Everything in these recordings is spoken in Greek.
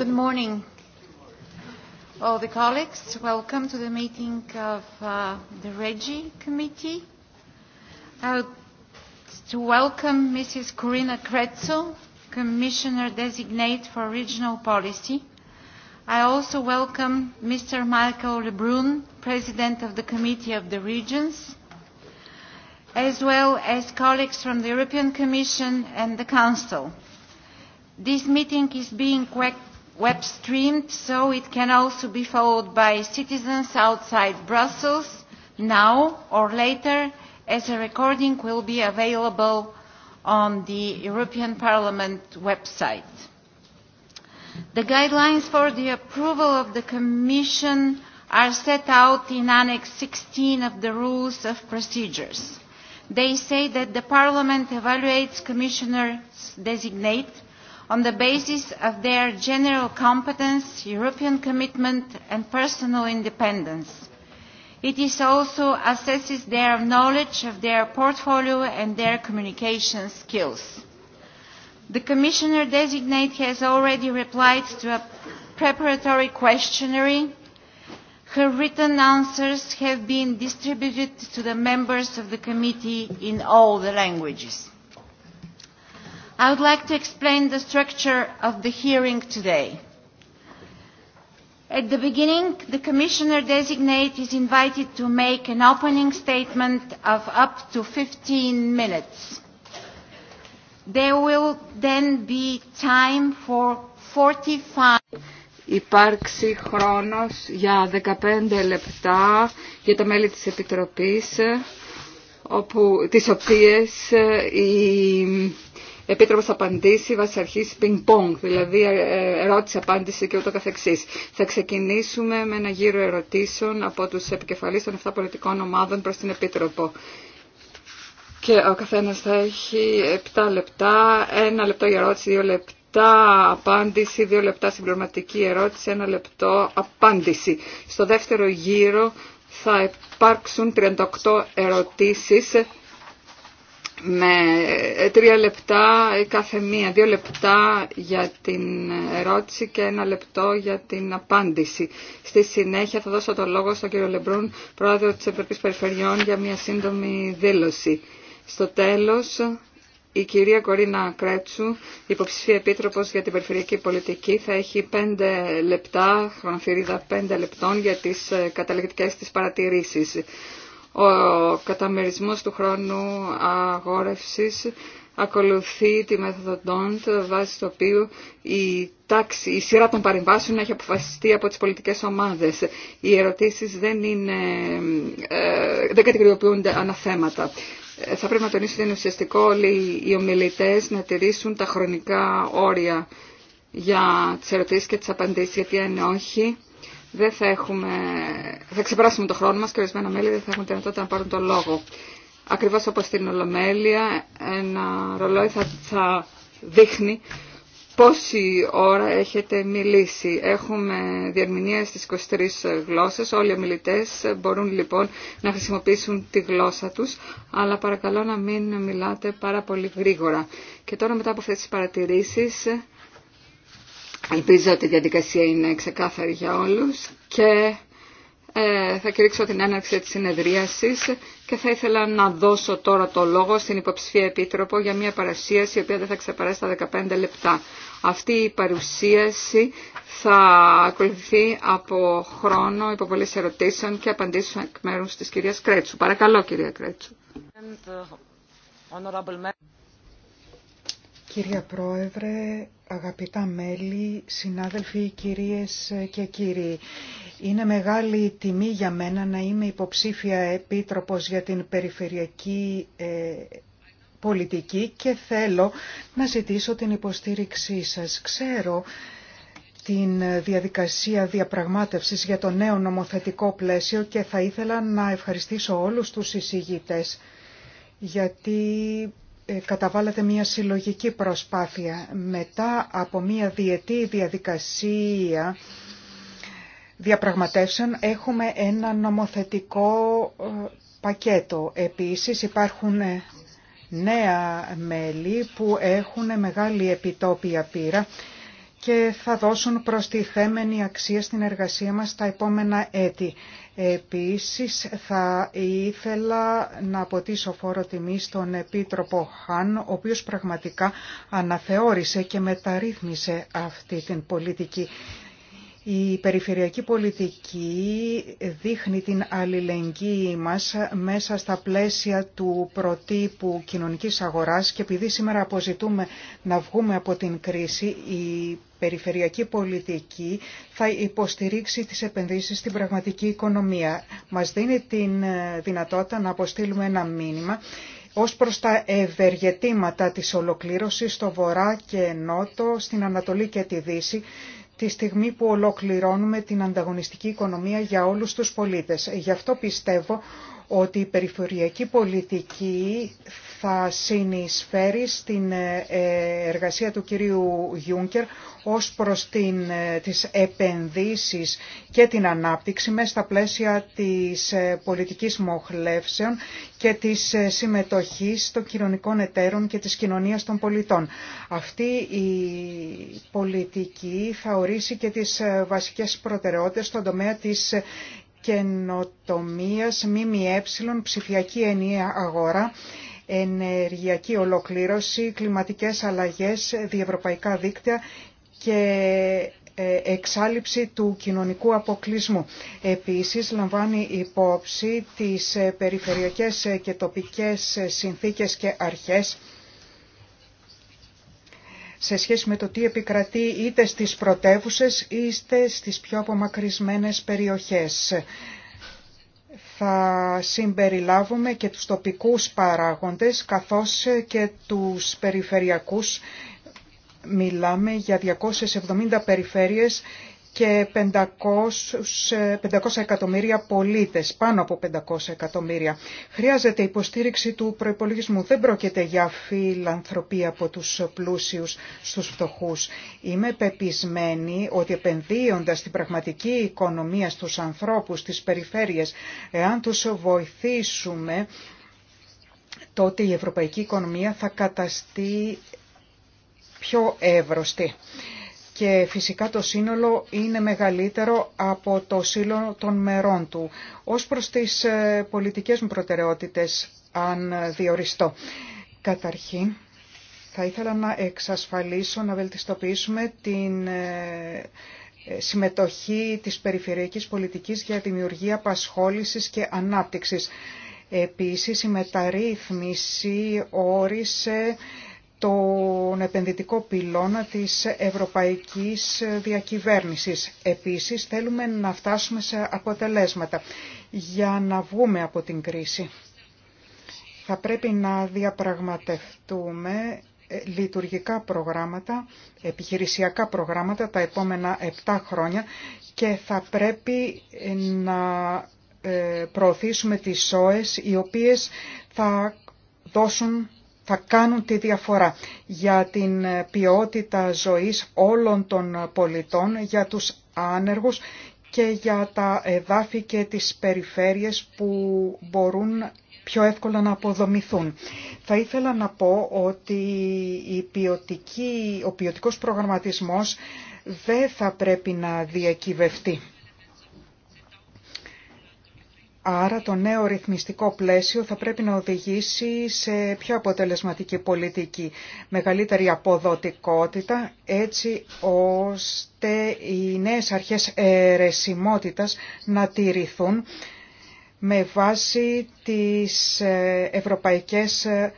Good morning, all the colleagues. Welcome to the meeting of the REGI Committee. I would to welcome Mrs. Corina Kretzel, Commissioner Designate for Regional Policy. I also welcome Mr. Michael Lebrun, President of the Committee of the Regions, as well as colleagues from the European Commission and the Council. This meeting is being web streamed, so it can also be followed by citizens outside Brussels now or later, as a recording will be available on the European Parliament website. The guidelines for the approval of the Commission are set out in Annex 16 of the Rules of Procedures. They say that the Parliament evaluates Commissioners designate on the basis of their general competence, European commitment and personal independence. It also assesses their knowledge of their portfolio and their communication skills. The Commissioner designate has already replied to a preparatory questionnaire. Her written answers have been distributed to the members of the committee in all the languages. I would like to explain the structure of the hearing today. At the beginning, the Commissioner designate is invited to make an opening statement of up to 15 minutes. There will then be time for 45 Υπάρξει χρόνος για 15 λεπτά για τα μέλη της Επιτροπής, όπου, τις οποίες οι επίτροπος απαντήσει βάσει αρχής ping-pong, δηλαδη δηλαδή ε, ερώτηση-απάντηση και ούτω καθεξής. Θα ξεκινήσουμε με ένα γύρο ερωτήσεων από τους επικεφαλείς των 7 πολιτικών ομάδων προς την Επίτροπο. Και ο καθένας θα έχει 7 λεπτά, 1 λεπτό για ερώτηση, 2 λεπτά απάντηση, 2 λεπτά συμπληρωματική ερώτηση, ένα λεπτό απάντηση. Στο δεύτερο γύρο θα υπάρξουν 38 ερωτήσεις με ε, τρία λεπτά ε, κάθε μία, δύο λεπτά για την ερώτηση και ένα λεπτό για την απάντηση. Στη συνέχεια θα δώσω το λόγο στον κύριο Λεμπρούν, πρόεδρο της Ευρωπαϊκής Περιφερειών, για μια σύντομη δήλωση. Στο τέλος, η κυρία Κορίνα Κρέτσου, υποψηφία επίτροπος για την περιφερειακή πολιτική, θα έχει πέντε λεπτά, χρονοφυρίδα πέντε λεπτών για τις ε, καταληκτικές της παρατηρήσεις. Ο καταμερισμός του χρόνου αγόρευσης ακολουθεί τη μέθοδο DONT, βάσει το οποίο η, τάξη, η σειρά των παρεμβάσεων έχει αποφασιστεί από τις πολιτικές ομάδες. Οι ερωτήσεις δεν, είναι, ε, δεν κατηγοριοποιούνται αναθέματα. Ε, θα πρέπει να τονίσω ότι είναι ουσιαστικό όλοι οι ομιλητές να τηρήσουν τα χρονικά όρια για τις ερωτήσεις και τις απαντήσεις, γιατί αν όχι δεν θα έχουμε, θα ξεπεράσουμε το χρόνο μας και ορισμένα μέλη δεν θα έχουν δυνατότητα να πάρουν το λόγο. Ακριβώς όπως στην Ολομέλεια, ένα ρολόι θα, θα δείχνει πόση ώρα έχετε μιλήσει. Έχουμε διερμηνία στις 23 γλώσσες. Όλοι οι ομιλητές μπορούν λοιπόν να χρησιμοποιήσουν τη γλώσσα τους, αλλά παρακαλώ να μην μιλάτε πάρα πολύ γρήγορα. Και τώρα μετά από αυτές τις παρατηρήσεις Ελπίζω ότι η διαδικασία είναι ξεκάθαρη για όλους και ε, θα κηρύξω την έναρξη της συνεδρίασης και θα ήθελα να δώσω τώρα το λόγο στην υποψηφία επίτροπο για μια παρουσίαση η οποία δεν θα ξεπεράσει τα 15 λεπτά. Αυτή η παρουσίαση θα ακολουθεί από χρόνο υποβολής ερωτήσεων και απαντήσεων εκ μέρους της κυρίας Κρέτσου. Παρακαλώ κυρία Κρέτσου. Ε, Κύριε Πρόεδρε, αγαπητά μέλη, συνάδελφοι, κυρίες και κύριοι. Είναι μεγάλη τιμή για μένα να είμαι υποψήφια επίτροπος για την περιφερειακή ε, πολιτική και θέλω να ζητήσω την υποστήριξή σας. Ξέρω την διαδικασία διαπραγμάτευσης για το νέο νομοθετικό πλαίσιο και θα ήθελα να ευχαριστήσω όλους τους εισηγητές γιατί ε, καταβάλατε μια συλλογική προσπάθεια μετά από μια διετή διαδικασία διαπραγματεύσεων έχουμε ένα νομοθετικό ε, πακέτο. Επίσης υπάρχουν ε, νέα μέλη που έχουν μεγάλη επιτόπια πείρα και θα δώσουν προστιθέμενη αξία στην εργασία μας τα επόμενα έτη. Επίσης θα ήθελα να αποτίσω φόρο τιμή στον Επίτροπο Χαν, ο οποίος πραγματικά αναθεώρησε και μεταρρύθμισε αυτή την πολιτική. Η περιφερειακή πολιτική δείχνει την αλληλεγγύη μας μέσα στα πλαίσια του προτύπου κοινωνικής αγοράς και επειδή σήμερα αποζητούμε να βγούμε από την κρίση, η περιφερειακή πολιτική θα υποστηρίξει τις επενδύσεις στην πραγματική οικονομία. Μας δίνει την ε, δυνατότητα να αποστείλουμε ένα μήνυμα ως προς τα ευεργετήματα της ολοκλήρωσης στο Βορρά και Νότο, στην Ανατολή και τη Δύση, τη στιγμή που ολοκληρώνουμε την ανταγωνιστική οικονομία για όλους τους πολίτες. Γι' αυτό πιστεύω ότι η περιφερειακή πολιτική θα συνεισφέρει στην ε, εργασία του κυρίου Γιούνκερ ως προς την, ε, τις επενδύσεις και την ανάπτυξη μέσα στα πλαίσια της ε, πολιτικής μοχλεύσεων και της συμμετοχής των κοινωνικών εταίρων και της κοινωνίας των πολιτών. Αυτή η πολιτική θα ορίσει και τις βασικές προτεραιότητες στον τομέα της καινοτομίας, ΜΜΕ, ψηφιακή ενιαία αγορά ενεργειακή ολοκλήρωση, κλιματικές αλλαγές, διευρωπαϊκά δίκτυα και ε, εξάλληψη του κοινωνικού αποκλεισμού. Επίσης, λαμβάνει υπόψη τις ε, περιφερειακές ε, και τοπικές συνθήκες και αρχές σε σχέση με το τι επικρατεί είτε στις πρωτεύουσες είτε στις πιο απομακρυσμένες περιοχές θα συμπεριλάβουμε και τους τοπικούς παράγοντες καθώς και τους περιφερειακούς. Μιλάμε για 270 περιφέρειες και 500, 500 εκατομμύρια πολίτες, πάνω από 500 εκατομμύρια. Χρειάζεται υποστήριξη του προϋπολογισμού. Δεν πρόκειται για φιλανθρωπία από τους πλούσιους στους φτωχούς. Είμαι πεπισμένη ότι επενδύοντας την πραγματική οικονομία στους ανθρώπους, στις περιφέρειες, εάν τους βοηθήσουμε, τότε η ευρωπαϊκή οικονομία θα καταστεί πιο εύρωστη και φυσικά το σύνολο είναι μεγαλύτερο από το σύνολο των μερών του. Ως προς τις ε, πολιτικές μου προτεραιότητες, αν διοριστώ. Καταρχήν, θα ήθελα να εξασφαλίσω, να βελτιστοποιήσουμε την ε, ε, συμμετοχή της περιφερειακής πολιτικής για δημιουργία απασχόλησης και ανάπτυξης. Επίσης, η μεταρρύθμιση όρισε τον επενδυτικό πυλώνα της ευρωπαϊκής διακυβέρνησης. Επίσης θέλουμε να φτάσουμε σε αποτελέσματα για να βγούμε από την κρίση. Θα πρέπει να διαπραγματευτούμε ε, λειτουργικά προγράμματα, επιχειρησιακά προγράμματα τα επόμενα 7 χρόνια και θα πρέπει ε, να ε, προωθήσουμε τις ΣΟΕΣ οι οποίες θα δώσουν θα κάνουν τη διαφορά για την ποιότητα ζωής όλων των πολιτών, για τους άνεργους και για τα εδάφη και τις περιφέρειες που μπορούν πιο εύκολα να αποδομηθούν. Θα ήθελα να πω ότι η ποιοτική, ο ποιοτικός προγραμματισμός δεν θα πρέπει να διακυβευτεί. Άρα το νέο ρυθμιστικό πλαίσιο θα πρέπει να οδηγήσει σε πιο αποτελεσματική πολιτική, μεγαλύτερη αποδοτικότητα, έτσι ώστε οι νέες αρχές ερεσιμότητας να τηρηθούν με βάση τις ε, ευρωπαϊκές ε,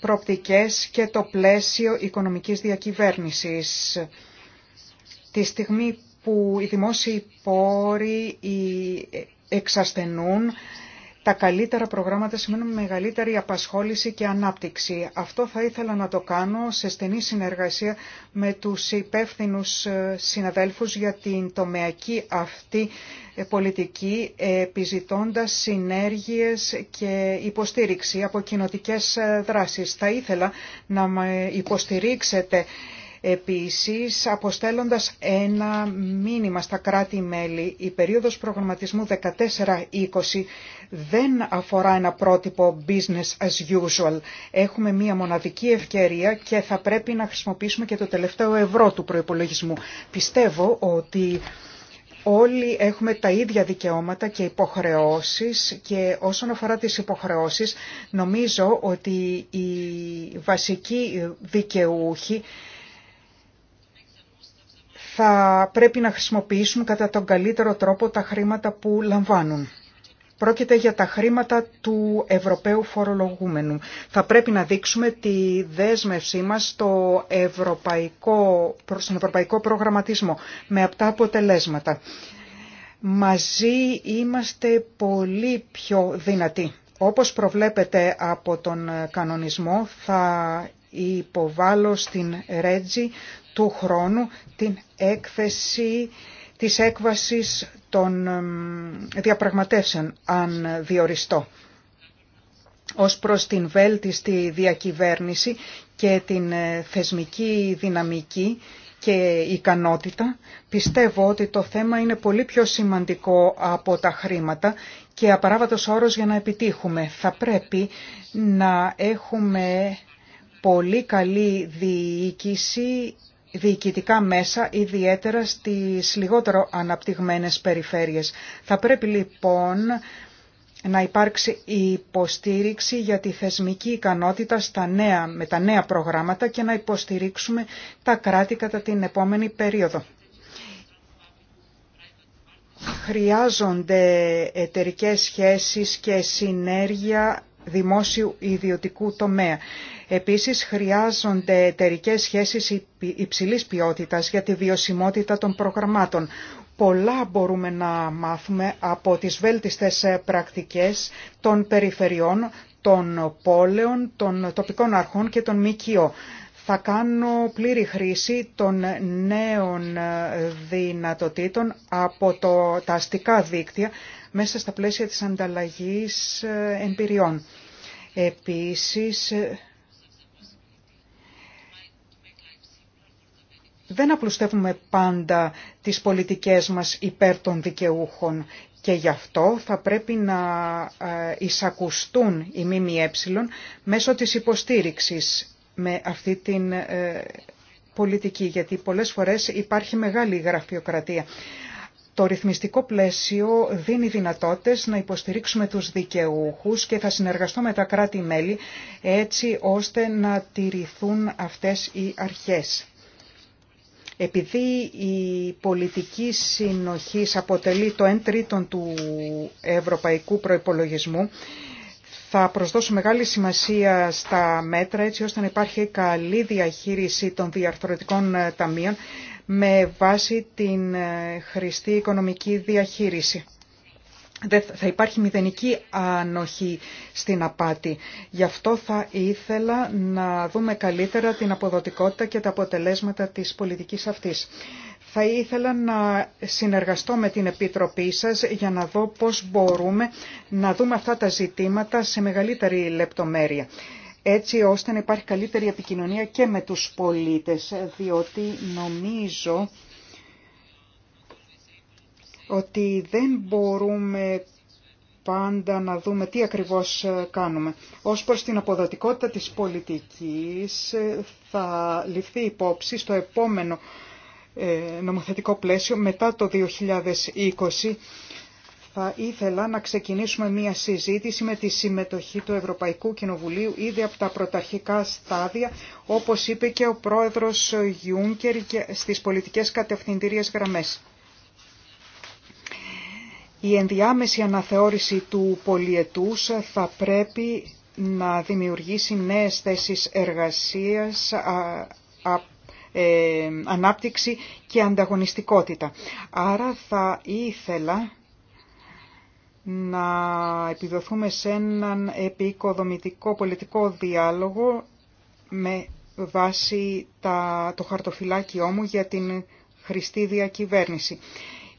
προπτικές και το πλαίσιο οικονομικής διακυβέρνησης. Τη στιγμή που οι δημόσιοι πόροι, οι εξασθενούν, τα καλύτερα προγράμματα σημαίνουν μεγαλύτερη απασχόληση και ανάπτυξη. Αυτό θα ήθελα να το κάνω σε στενή συνεργασία με τους υπεύθυνου ε, συναδέλφους για την τομεακή αυτή ε, πολιτική, επιζητώντας συνέργειες και υποστήριξη από κοινοτικές ε, δράσεις. Θα ήθελα να με υποστηρίξετε Επίσης, αποστέλλοντας ένα μήνυμα στα κράτη-μέλη, η περίοδος προγραμματισμού 14-20 δεν αφορά ένα πρότυπο business as usual. Έχουμε μία μοναδική ευκαιρία και θα πρέπει να χρησιμοποιήσουμε και το τελευταίο ευρώ του προϋπολογισμού. Πιστεύω ότι όλοι έχουμε τα ίδια δικαιώματα και υποχρεώσεις και όσον αφορά τις υποχρεώσεις νομίζω ότι οι βασικοί δικαιούχοι θα πρέπει να χρησιμοποιήσουν κατά τον καλύτερο τρόπο τα χρήματα που λαμβάνουν. Πρόκειται για τα χρήματα του Ευρωπαίου φορολογούμενου. Θα πρέπει να δείξουμε τη δέσμευσή μας στο ευρωπαϊκό, στον ευρωπαϊκό προγραμματισμό με αυτά αποτελέσματα. Μαζί είμαστε πολύ πιο δυνατοί. Όπως προβλέπετε από τον κανονισμό θα υποβάλλω στην Ρέτζη του χρόνου την έκθεση της έκβασης των διαπραγματεύσεων, αν διοριστώ. Ως προς την βέλτιστη διακυβέρνηση και την ε, θεσμική δυναμική και ικανότητα, πιστεύω ότι το θέμα είναι πολύ πιο σημαντικό από τα χρήματα και απαράβατος όρος για να επιτύχουμε. Θα πρέπει να έχουμε πολύ καλή διοίκηση διοικητικά μέσα, ιδιαίτερα στις λιγότερο αναπτυγμένες περιφέρειες. Θα πρέπει λοιπόν να υπάρξει υποστήριξη για τη θεσμική ικανότητα στα νέα, με τα νέα προγράμματα και να υποστηρίξουμε τα κράτη κατά την επόμενη περίοδο. Χρειάζονται εταιρικές σχέσεις και συνέργεια δημόσιου ιδιωτικού τομέα Επίσης χρειάζονται εταιρικέ σχέσεις υψηλής ποιότητας για τη βιωσιμότητα των προγραμμάτων. Πολλά μπορούμε να μάθουμε από τις βέλτιστες πρακτικές των περιφερειών, των πόλεων, των τοπικών αρχών και των ΜΚΙο. Θα κάνω πλήρη χρήση των νέων δυνατοτήτων από το, τα αστικά δίκτυα μέσα στα πλαίσια της ανταλλαγής ε, εμπειριών. Επίσης, δεν απλουστεύουμε πάντα τις πολιτικές μας υπέρ των δικαιούχων και γι' αυτό θα πρέπει να ε, εισακουστούν οι ΜΜΕ μέσω της υποστήριξης με αυτή την ε, πολιτική, γιατί πολλές φορές υπάρχει μεγάλη γραφειοκρατία. Το ρυθμιστικό πλαίσιο δίνει δυνατότητες να υποστηρίξουμε τους δικαιούχους και θα συνεργαστώ με τα κράτη-μέλη έτσι ώστε να τηρηθούν αυτές οι αρχές. Επειδή η πολιτική συνοχή αποτελεί το 1 τρίτο του ευρωπαϊκού προϋπολογισμού, θα προσδώσω μεγάλη σημασία στα μέτρα έτσι ώστε να υπάρχει καλή διαχείριση των διαρθρωτικών ε, ταμείων με βάση την ε, χρηστή οικονομική διαχείριση θα υπάρχει μηδενική ανοχή στην απάτη. Γι' αυτό θα ήθελα να δούμε καλύτερα την αποδοτικότητα και τα αποτελέσματα της πολιτικής αυτής. Θα ήθελα να συνεργαστώ με την Επιτροπή σας για να δω πώς μπορούμε να δούμε αυτά τα ζητήματα σε μεγαλύτερη λεπτομέρεια έτσι ώστε να υπάρχει καλύτερη επικοινωνία και με τους πολίτες, διότι νομίζω ότι δεν μπορούμε πάντα να δούμε τι ακριβώς ε, κάνουμε. Ως προς την αποδοτικότητα της πολιτικής ε, θα ληφθεί υπόψη στο επόμενο ε, νομοθετικό πλαίσιο μετά το 2020 θα ήθελα να ξεκινήσουμε μια συζήτηση με τη συμμετοχή του Ευρωπαϊκού Κοινοβουλίου ήδη από τα πρωταρχικά στάδια, όπως είπε και ο πρόεδρος Γιούνκερ στις πολιτικές κατευθυντήριες γραμμές. Η ενδιάμεση αναθεώρηση του πολιετούς θα πρέπει να δημιουργήσει νέες θέσεις εργασίας, α, ε, ανάπτυξη και ανταγωνιστικότητα. Άρα θα ήθελα να επιδοθούμε σε έναν επικοδομητικό πολιτικό διάλογο με βάση τα, το χαρτοφυλάκιό μου για την χρηστή διακυβέρνηση.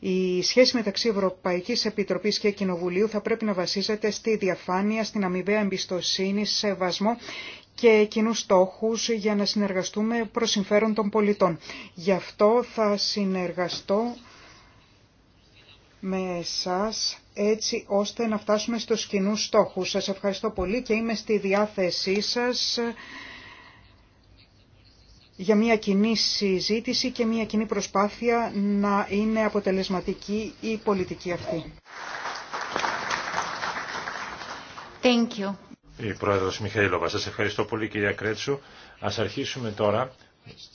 Η σχέση μεταξύ Ευρωπαϊκή Επιτροπής και Κοινοβουλίου θα πρέπει να βασίζεται στη διαφάνεια, στην αμοιβαία εμπιστοσύνη, σεβασμό και κοινού στόχους για να συνεργαστούμε προς συμφέρον των πολιτών. Γι' αυτό θα συνεργαστώ με σας, έτσι ώστε να φτάσουμε στους κοινού στόχους. Σας ευχαριστώ πολύ και είμαι στη διάθεσή σας για μια κοινή συζήτηση και μια κοινή προσπάθεια να είναι αποτελεσματική η πολιτική αυτή. Thank you. Η Πρόεδρος Μιχαήλοβα, σας ευχαριστώ πολύ κυρία Κρέτσου. Ας αρχίσουμε τώρα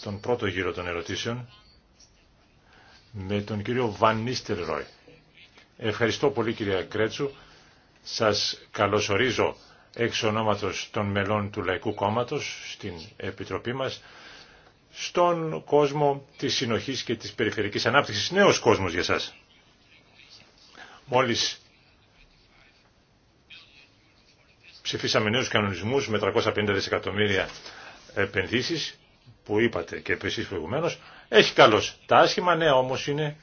τον πρώτο γύρο των ερωτήσεων με τον κύριο Βαν Νίστερ Ευχαριστώ πολύ κυρία Κρέτσου. Σας καλωσορίζω εξ ονόματος των μελών του Λαϊκού Κόμματος στην Επιτροπή μας στον κόσμο της συνοχής και της περιφερικής ανάπτυξης. Νέος κόσμος για σας. Μόλις ψηφίσαμε νέους κανονισμούς με 350 δισεκατομμύρια επενδύσεις που είπατε και εσείς προηγουμένως. Έχει καλώς. Τα άσχημα νέα όμως είναι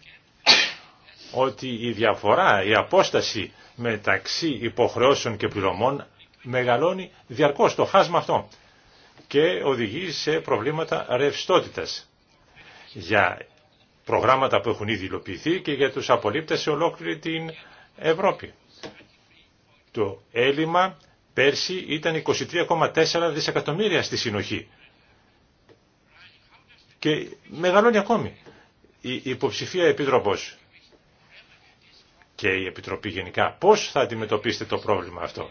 ότι η διαφορά, η απόσταση μεταξύ υποχρεώσεων και πληρωμών μεγαλώνει διαρκώς το χάσμα αυτό και οδηγεί σε προβλήματα ρευστότητας για προγράμματα που έχουν ήδη υλοποιηθεί και για τους απολύπτες σε ολόκληρη την Ευρώπη. Το έλλειμμα πέρσι ήταν 23,4 δισεκατομμύρια στη συνοχή και μεγαλώνει ακόμη η υποψηφία επίτροπος και η Επιτροπή γενικά. Πώς θα αντιμετωπίσετε το πρόβλημα αυτό.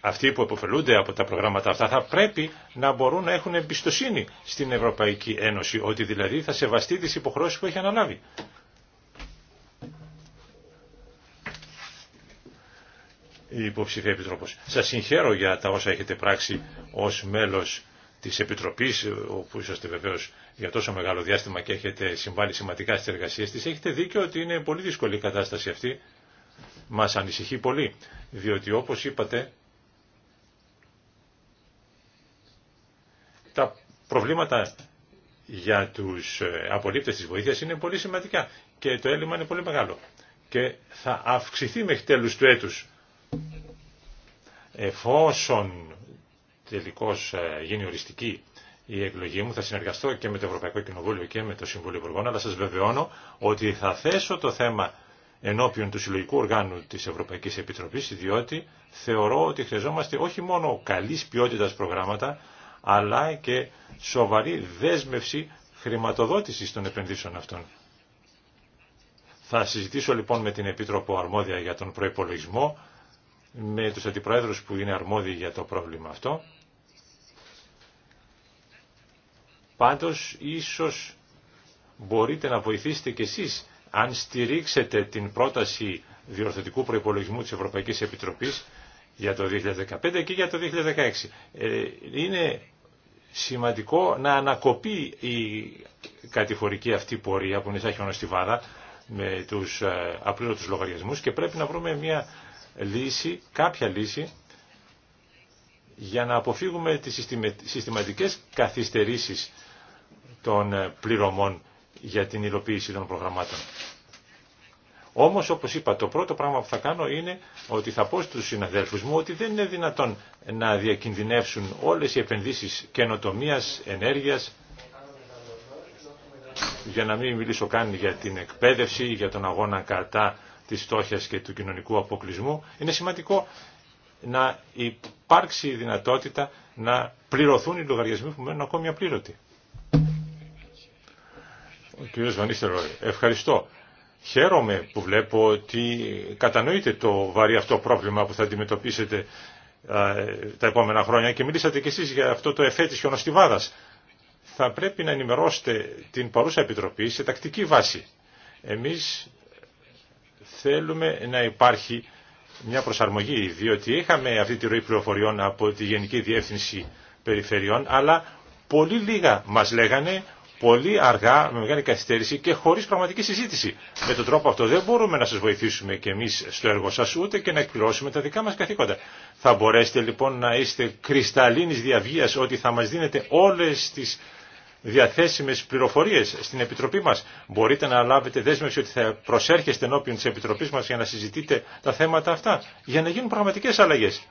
αυτοί που επωφελούνται από τα προγράμματα αυτά θα πρέπει να μπορούν να έχουν εμπιστοσύνη στην Ευρωπαϊκή Ένωση, ότι δηλαδή θα σεβαστεί τις υποχρώσεις που έχει αναλάβει. Η υποψηφία Επιτρόπος. Σας συγχαίρω για τα όσα έχετε πράξει ως μέλος της Επιτροπής, όπου είσαστε βεβαίως για τόσο μεγάλο διάστημα και έχετε συμβάλει σημαντικά στις εργασίες της. Έχετε δίκιο ότι είναι πολύ δύσκολη η κατάσταση αυτή. Μας ανησυχεί πολύ, διότι όπως είπατε τα προβλήματα για τους ε, απολύπτες της βοήθειας είναι πολύ σημαντικά και το έλλειμμα είναι πολύ μεγάλο και θα αυξηθεί μέχρι τέλους του έτους εφόσον τελικώς ε, γίνει οριστική η εκλογή μου, θα συνεργαστώ και με το Ευρωπαϊκό Κοινοβούλιο και με το Συμβούλιο Υπουργών, αλλά σας βεβαιώνω ότι θα θέσω το θέμα ενώπιον του συλλογικού οργάνου της Ευρωπαϊκής Επιτροπής, διότι θεωρώ ότι χρειαζόμαστε όχι μόνο καλής ποιότητας προγράμματα, αλλά και σοβαρή δέσμευση χρηματοδότησης των επενδύσεων αυτών. Θα συζητήσω λοιπόν με την Επίτροπο Αρμόδια για τον προϋπολογισμό, με τους αντιπροέδρους που είναι αρμόδιοι για το πρόβλημα αυτό. Πάντως, ίσως μπορείτε να βοηθήσετε κι εσείς αν στηρίξετε την πρόταση διορθωτικού προϋπολογισμού της Ευρωπαϊκής Επιτροπής για το 2015 και για το 2016. Ε, είναι σημαντικό να ανακοπεί η κατηφορική αυτή πορεία που είναι σαν χιονοστιβάδα με τους ε, απλήρωτους λογαριασμούς και πρέπει να βρούμε μια λύση, κάποια λύση για να αποφύγουμε τις συστηματικές καθυστερήσεις των ε, πληρωμών για την υλοποίηση των προγραμμάτων. Όμως όπως είπα το πρώτο πράγμα που θα κάνω είναι ότι θα πω στους συναδέλφους μου ότι δεν είναι δυνατόν να διακινδυνεύσουν όλες οι επενδύσεις καινοτομίας, ενέργειας, για να μην μιλήσω καν για την εκπαίδευση, για τον αγώνα κατά της στόχιας και του κοινωνικού αποκλεισμού. Είναι σημαντικό να υπάρξει η δυνατότητα να πληρωθούν οι λογαριασμοί που μένουν ακόμη απλήρωτοι. Ο κ. Βανίστερο, ευχαριστώ. Χαίρομαι που βλέπω ότι κατανοείτε το βαρύ αυτό πρόβλημα που θα αντιμετωπίσετε ε, τα επόμενα χρόνια και μιλήσατε κι εσείς για αυτό το εφέ της χιονοστιβάδας. Θα πρέπει να ενημερώσετε την παρούσα Επιτροπή σε τακτική βάση. Εμείς θέλουμε να υπάρχει μια προσαρμογή, διότι είχαμε αυτή τη ροή πληροφοριών από τη Γενική Διεύθυνση Περιφερειών, αλλά πολύ λίγα μας λέγανε πολύ αργά, με μεγάλη καθυστέρηση και χωρίς πραγματική συζήτηση. Με τον τρόπο αυτό δεν μπορούμε να σας βοηθήσουμε κι εμείς στο έργο σας ούτε και να εκπληρώσουμε τα δικά μας καθήκοντα. Θα μπορέσετε λοιπόν να είστε κρυσταλλίνης διαβίας ότι θα μας δίνετε όλες τις διαθέσιμες πληροφορίες στην Επιτροπή μας. Μπορείτε να λάβετε δέσμευση ότι θα προσέρχεστε ενώπιον της Επιτροπής μας για να συζητείτε τα θέματα αυτά, για να γίνουν πραγματικές αλλαγές.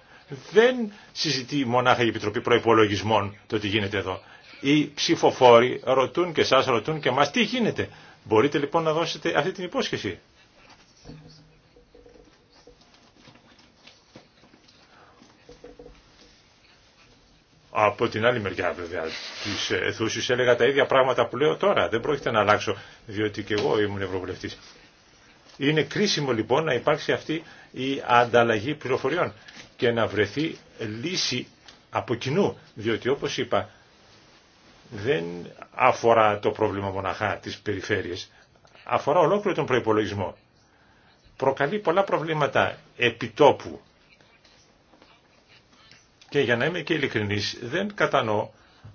Δεν συζητεί μονάχα η Επιτροπή Προϋπολογισμών το τι γίνεται εδώ οι ψηφοφόροι ρωτούν και σας ρωτούν και μας τι γίνεται. Μπορείτε λοιπόν να δώσετε αυτή την υπόσχεση. Από την άλλη μεριά βέβαια τη αιθούσης έλεγα τα ίδια πράγματα που λέω τώρα. Δεν πρόκειται να αλλάξω διότι και εγώ ήμουν ευρωβουλευτής. Είναι κρίσιμο λοιπόν να υπάρξει αυτή η ανταλλαγή πληροφοριών και να βρεθεί λύση από κοινού. Διότι όπως είπα δεν αφορά το πρόβλημα μοναχά της περιφέρειας, αφορά ολόκληρο τον προϋπολογισμό. Προκαλεί πολλά προβλήματα επιτόπου. Και για να είμαι και ειλικρινής, δεν κατανοώ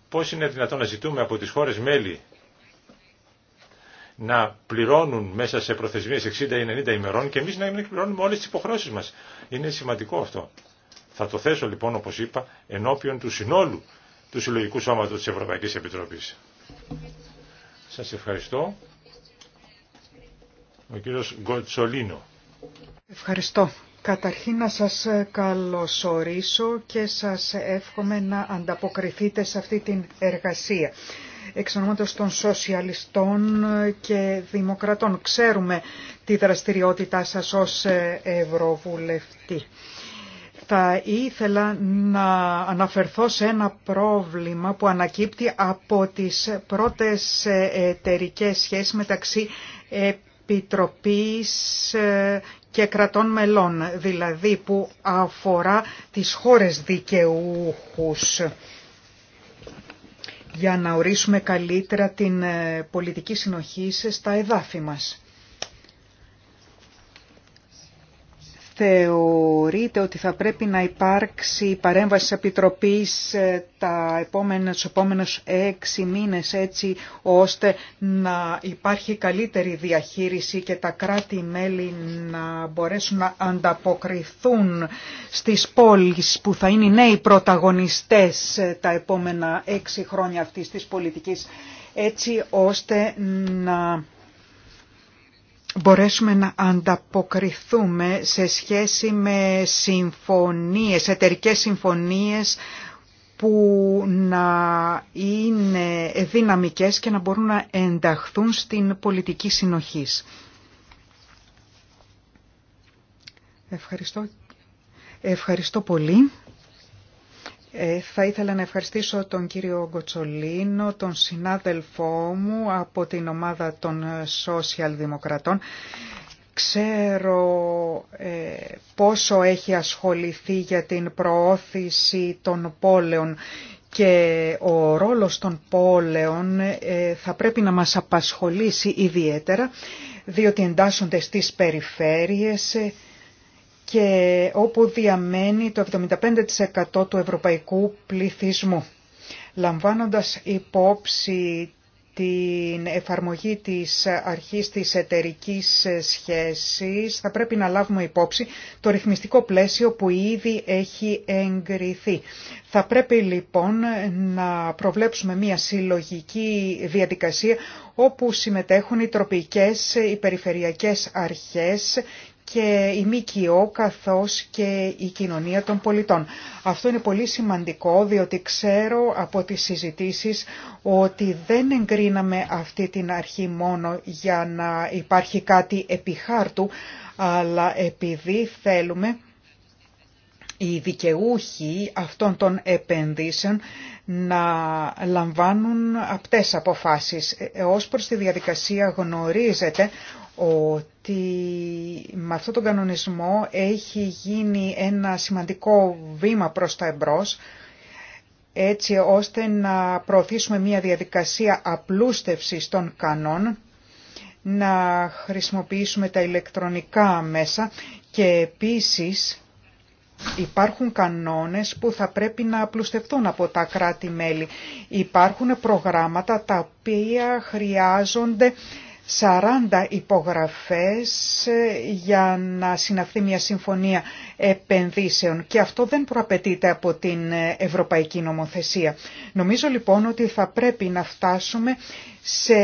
πώς είναι δυνατόν να ζητούμε από τις χώρες μέλη να πληρώνουν μέσα σε προθεσμίες ή 60-90 ημερών και εμείς να μην πληρώνουμε όλες τις υποχρεώσεις μας. Είναι σημαντικό αυτό. Θα το θέσω λοιπόν όπως είπα ενώπιον του συνόλου του Συλλογικού Σώματος της Ευρωπαϊκής Επιτροπής. Σας ευχαριστώ. Ο κύριος Γκοτσολίνο. Ευχαριστώ. Καταρχήν να σας ε, καλωσορίσω και σας εύχομαι να ανταποκριθείτε σε αυτή την εργασία. Εξ των σοσιαλιστών ε, και δημοκρατών ξέρουμε τη δραστηριότητά σας ως ε, ευρωβουλευτή. Θα ήθελα να αναφερθώ σε ένα πρόβλημα που ανακύπτει από τις πρώτες εταιρικέ σχέσεις μεταξύ Επιτροπής ε, και κρατών μελών, δηλαδή που αφορά τις χώρες δικαιούχους για να ορίσουμε καλύτερα την ε, πολιτική συνοχή στα εδάφη μας. Θεωρείτε ότι θα πρέπει να υπάρξει παρέμβαση επιτροπής ε, τα επόμενα, τους επόμενους έξι μήνες έτσι ώστε να υπάρχει καλύτερη διαχείριση και τα κράτη-μέλη να μπορέσουν να ανταποκριθούν στις πόλεις που θα είναι οι νέοι πρωταγωνιστές ε, τα επόμενα έξι χρόνια αυτής της πολιτικής έτσι ώστε να μπορέσουμε να ανταποκριθούμε σε σχέση με συμφωνίες, εταιρικέ συμφωνίες που να είναι δυναμικές και να μπορούν να ενταχθούν στην πολιτική συνοχής. Ευχαριστώ. Ευχαριστώ πολύ. Ε, θα ήθελα να ευχαριστήσω τον κύριο Γκοτσολίνο, τον συνάδελφό μου από την ομάδα των Σοσιαλδημοκρατών. Ξέρω ε, πόσο έχει ασχοληθεί για την προώθηση των πόλεων και ο ρόλος των πόλεων ε, θα πρέπει να μας απασχολήσει ιδιαίτερα διότι εντάσσονται στις περιφέρειες ε, και όπου διαμένει το 75% του ευρωπαϊκού πληθυσμού. Λαμβάνοντας υπόψη την εφαρμογή της αρχής της εταιρικής σχέσης θα πρέπει να λάβουμε υπόψη το ρυθμιστικό πλαίσιο που ήδη έχει εγκριθεί. Θα πρέπει λοιπόν να προβλέψουμε μια συλλογική διαδικασία όπου συμμετέχουν οι τροπικές, οι περιφερειακές αρχές και η ΜΚΟ καθώς και η κοινωνία των πολιτών. Αυτό είναι πολύ σημαντικό διότι ξέρω από τις συζητήσεις ότι δεν εγκρίναμε αυτή την αρχή μόνο για να υπάρχει κάτι επιχάρτου αλλά επειδή θέλουμε οι δικαιούχοι αυτών των επενδύσεων να λαμβάνουν απτές αποφάσεις. Ε, ως προς τη διαδικασία γνωρίζετε ότι με αυτόν τον κανονισμό έχει γίνει ένα σημαντικό βήμα προς τα εμπρός, έτσι ώστε να προωθήσουμε μια διαδικασία απλούστευσης των κανόν, να χρησιμοποιήσουμε τα ηλεκτρονικά μέσα και επίσης Υπάρχουν κανόνες που θα πρέπει να απλουστευτούν από τα κράτη-μέλη. Υπάρχουν προγράμματα τα οποία χρειάζονται 40 υπογραφές ε, για να συναυθεί μια συμφωνία επενδύσεων και αυτό δεν προαπαιτείται από την ε, Ευρωπαϊκή Νομοθεσία. Νομίζω λοιπόν ότι θα πρέπει να φτάσουμε σε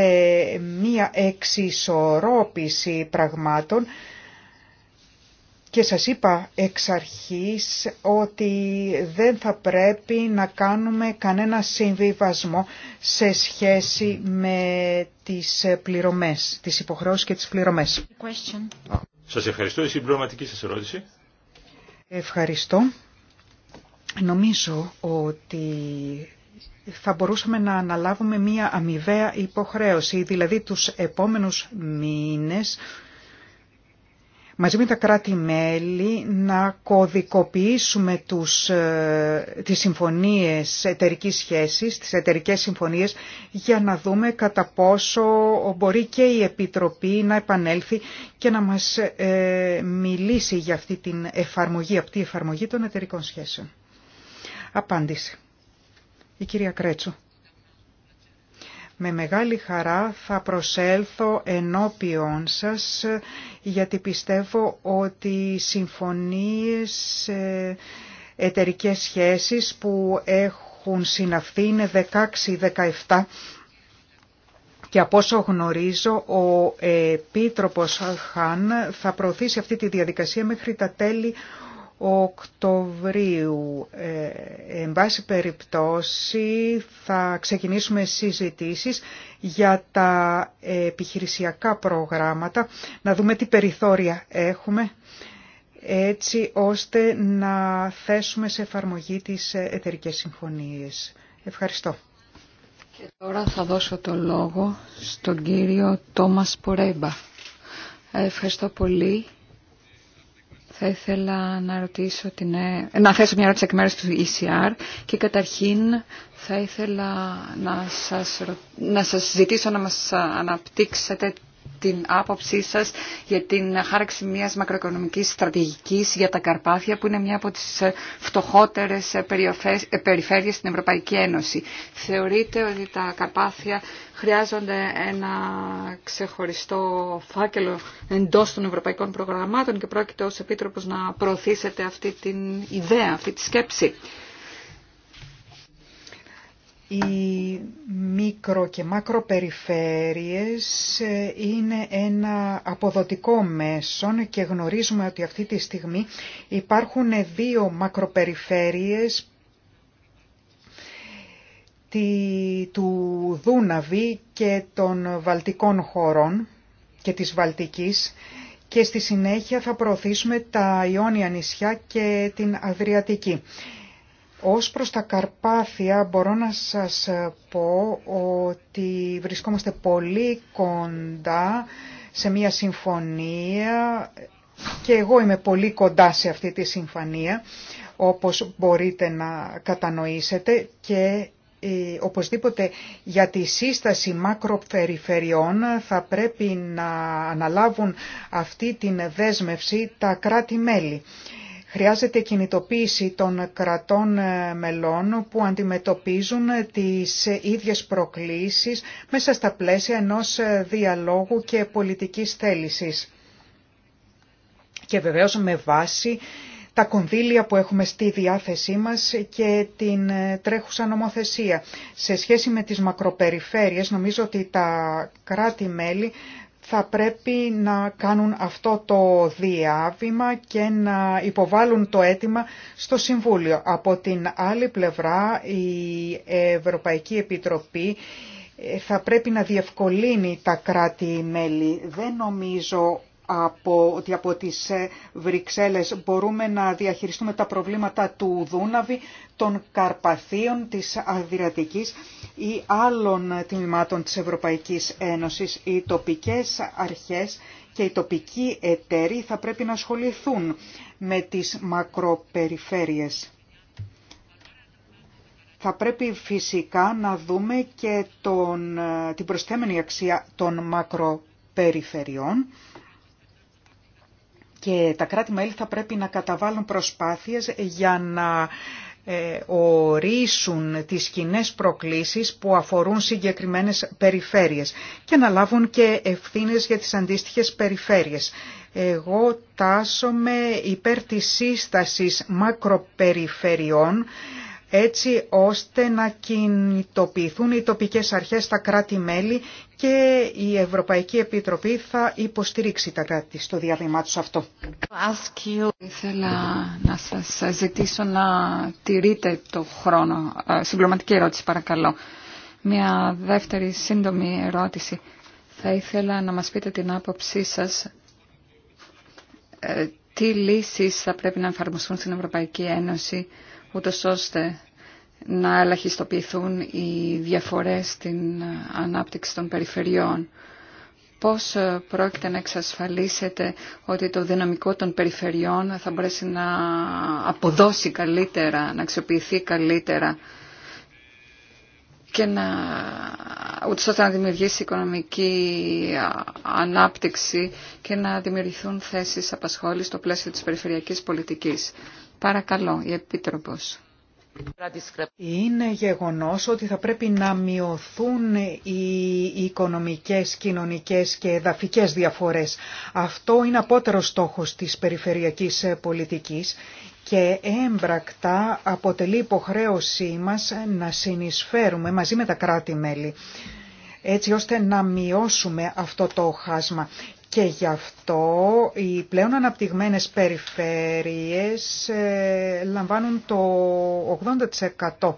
μια εξισορρόπηση πραγμάτων και σας είπα εξ αρχής ότι δεν θα πρέπει να κάνουμε κανένα συμβιβασμό σε σχέση με τις πληρωμές, τις υποχρεώσεις και τις πληρωμές. Σας ευχαριστώ. Η συμπληρωματική σας ερώτηση. Ευχαριστώ. Νομίζω ότι θα μπορούσαμε να αναλάβουμε μία αμοιβαία υποχρέωση, δηλαδή τους επόμενους μήνες μαζί με τα κράτη-μέλη να κωδικοποιήσουμε τους, ε, τις συμφωνίες εταιρικής σχέσης, τις εταιρικές συμφωνίες, για να δούμε κατά πόσο μπορεί και η Επιτροπή να επανέλθει και να μας ε, μιλήσει για αυτή την εφαρμογή, αυτή η εφαρμογή των εταιρικών σχέσεων. Απάντηση. Η κυρία Κρέτσου. Με μεγάλη χαρά θα προσέλθω ενώπιον σας γιατί πιστεύω ότι οι συμφωνίες ε, εταιρικές σχέσεις που έχουν συναυθεί είναι 16-17 και από όσο γνωρίζω ο Επίτροπος Χαν θα προωθήσει αυτή τη διαδικασία μέχρι τα τέλη Οκτωβρίου. Ε, εν πάση περιπτώσει θα ξεκινήσουμε συζητήσεις για τα επιχειρησιακά προγράμματα, να δούμε τι περιθώρια έχουμε έτσι ώστε να θέσουμε σε εφαρμογή τις εταιρικές συμφωνίες. Ευχαριστώ. Και τώρα θα δώσω το λόγο στον κύριο Τόμας Πορέμπα. Ε, ευχαριστώ πολύ. Θα ήθελα να, ρωτήσω την... Ε, να θέσω μια ερώτηση εκ μέρους του ECR και καταρχήν θα ήθελα να σας, να σας ζητήσω να μας αναπτύξετε την άποψή σας για την χάραξη μιας μακροοικονομικής στρατηγικής για τα Καρπάθια που είναι μια από τις ε, φτωχότερες ε, ε, περιφέρειες στην Ευρωπαϊκή Ένωση. Θεωρείτε ότι τα Καρπάθια χρειάζονται ένα ξεχωριστό φάκελο εντός των ευρωπαϊκών προγραμμάτων και πρόκειται ως Επίτροπος να προωθήσετε αυτή την ιδέα, αυτή τη σκέψη. Οι μικρο- και μακροπεριφέρειες ε, είναι ένα αποδοτικό μέσον και γνωρίζουμε ότι αυτή τη στιγμή υπάρχουν δύο μακροπεριφέρειες του Δούναβη και των Βαλτικών χωρών και της Βαλτικής και στη συνέχεια θα προωθήσουμε τα Ιόνια νησιά και την Αδριατική. Ως προς τα Καρπάθια μπορώ να σας πω ότι βρισκόμαστε πολύ κοντά σε μια συμφωνία και εγώ είμαι πολύ κοντά σε αυτή τη συμφωνία όπως μπορείτε να κατανοήσετε και ε, οπωσδήποτε για τη σύσταση μακροπεριφερειών θα πρέπει να αναλάβουν αυτή την δέσμευση τα κράτη-μέλη. Χρειάζεται κινητοποίηση των κρατών ε, μελών που αντιμετωπίζουν τις ίδιες προκλήσεις μέσα στα πλαίσια ενός ε, διαλόγου και πολιτικής θέλησης. Και βεβαίως με βάση τα κονδύλια που έχουμε στη διάθεσή μας και την ε, τρέχουσα νομοθεσία. Σε σχέση με τις μακροπεριφέρειες, νομίζω ότι τα κράτη-μέλη θα πρέπει να κάνουν αυτό το διάβημα και να υποβάλουν το αίτημα στο Συμβούλιο. Από την άλλη πλευρά η Ευρωπαϊκή Επιτροπή ε, θα πρέπει να διευκολύνει τα κράτη-μέλη. Δεν νομίζω από, ότι από τις ε, Βρυξέλλες μπορούμε να διαχειριστούμε τα προβλήματα του Δούναβη, των Καρπαθίων, της Αδυρατικής ή άλλων τμήματων της Ευρωπαϊκής Ένωσης. Οι τοπικές αρχές και οι τοπικοί εταίροι θα πρέπει να ασχοληθούν με τις μακροπεριφέρειες. Θα πρέπει φυσικά να δούμε και τον, την προσθέμενη αξία των μακροπεριφερειών και τα κράτη-μέλη θα πρέπει να καταβάλουν προσπάθειες για να ε, ορίσουν τις κοινέ προκλήσεις που αφορούν συγκεκριμένες περιφέρειες και να λάβουν και ευθύνες για τις αντίστοιχες περιφέρειες. Εγώ τάσομαι υπέρ της σύστασης μακροπεριφερειών έτσι ώστε να κινητοποιηθούν οι τοπικές αρχές στα κράτη-μέλη και η Ευρωπαϊκή Επιτροπή θα υποστηρίξει τα κράτη στο διαβήμα τους αυτό. Ήθελα να σας ζητήσω να τηρείτε το χρόνο. Ε, συμπληρωματική ερώτηση παρακαλώ. Μια δεύτερη σύντομη ερώτηση. Θα ήθελα να μας πείτε την άποψή σας ε, τι λύσεις θα πρέπει να εφαρμοστούν στην Ευρωπαϊκή Ένωση ούτως ώστε να ελαχιστοποιηθούν οι διαφορές στην ανάπτυξη των περιφερειών. Πώς ε, πρόκειται να εξασφαλίσετε ότι το δυναμικό των περιφερειών θα μπορέσει να αποδώσει καλύτερα, να αξιοποιηθεί καλύτερα και να, ούτως ώστε να δημιουργήσει οικονομική ανάπτυξη και να δημιουργηθούν θέσεις απασχόλησης στο πλαίσιο της περιφερειακής πολιτικής. Παρακαλώ, η Επίτροπος. Είναι γεγονός ότι θα πρέπει να μειωθούν οι οικονομικές, κοινωνικές και εδαφικές διαφορές. Αυτό είναι απότερο στόχος της περιφερειακής πολιτικής και έμπρακτα αποτελεί υποχρέωσή μας να συνεισφέρουμε μαζί με τα κράτη-μέλη έτσι ώστε να μειώσουμε αυτό το χάσμα και γι' αυτό οι πλέον αναπτυγμένες περιφέρειες ε, λαμβάνουν το 80%.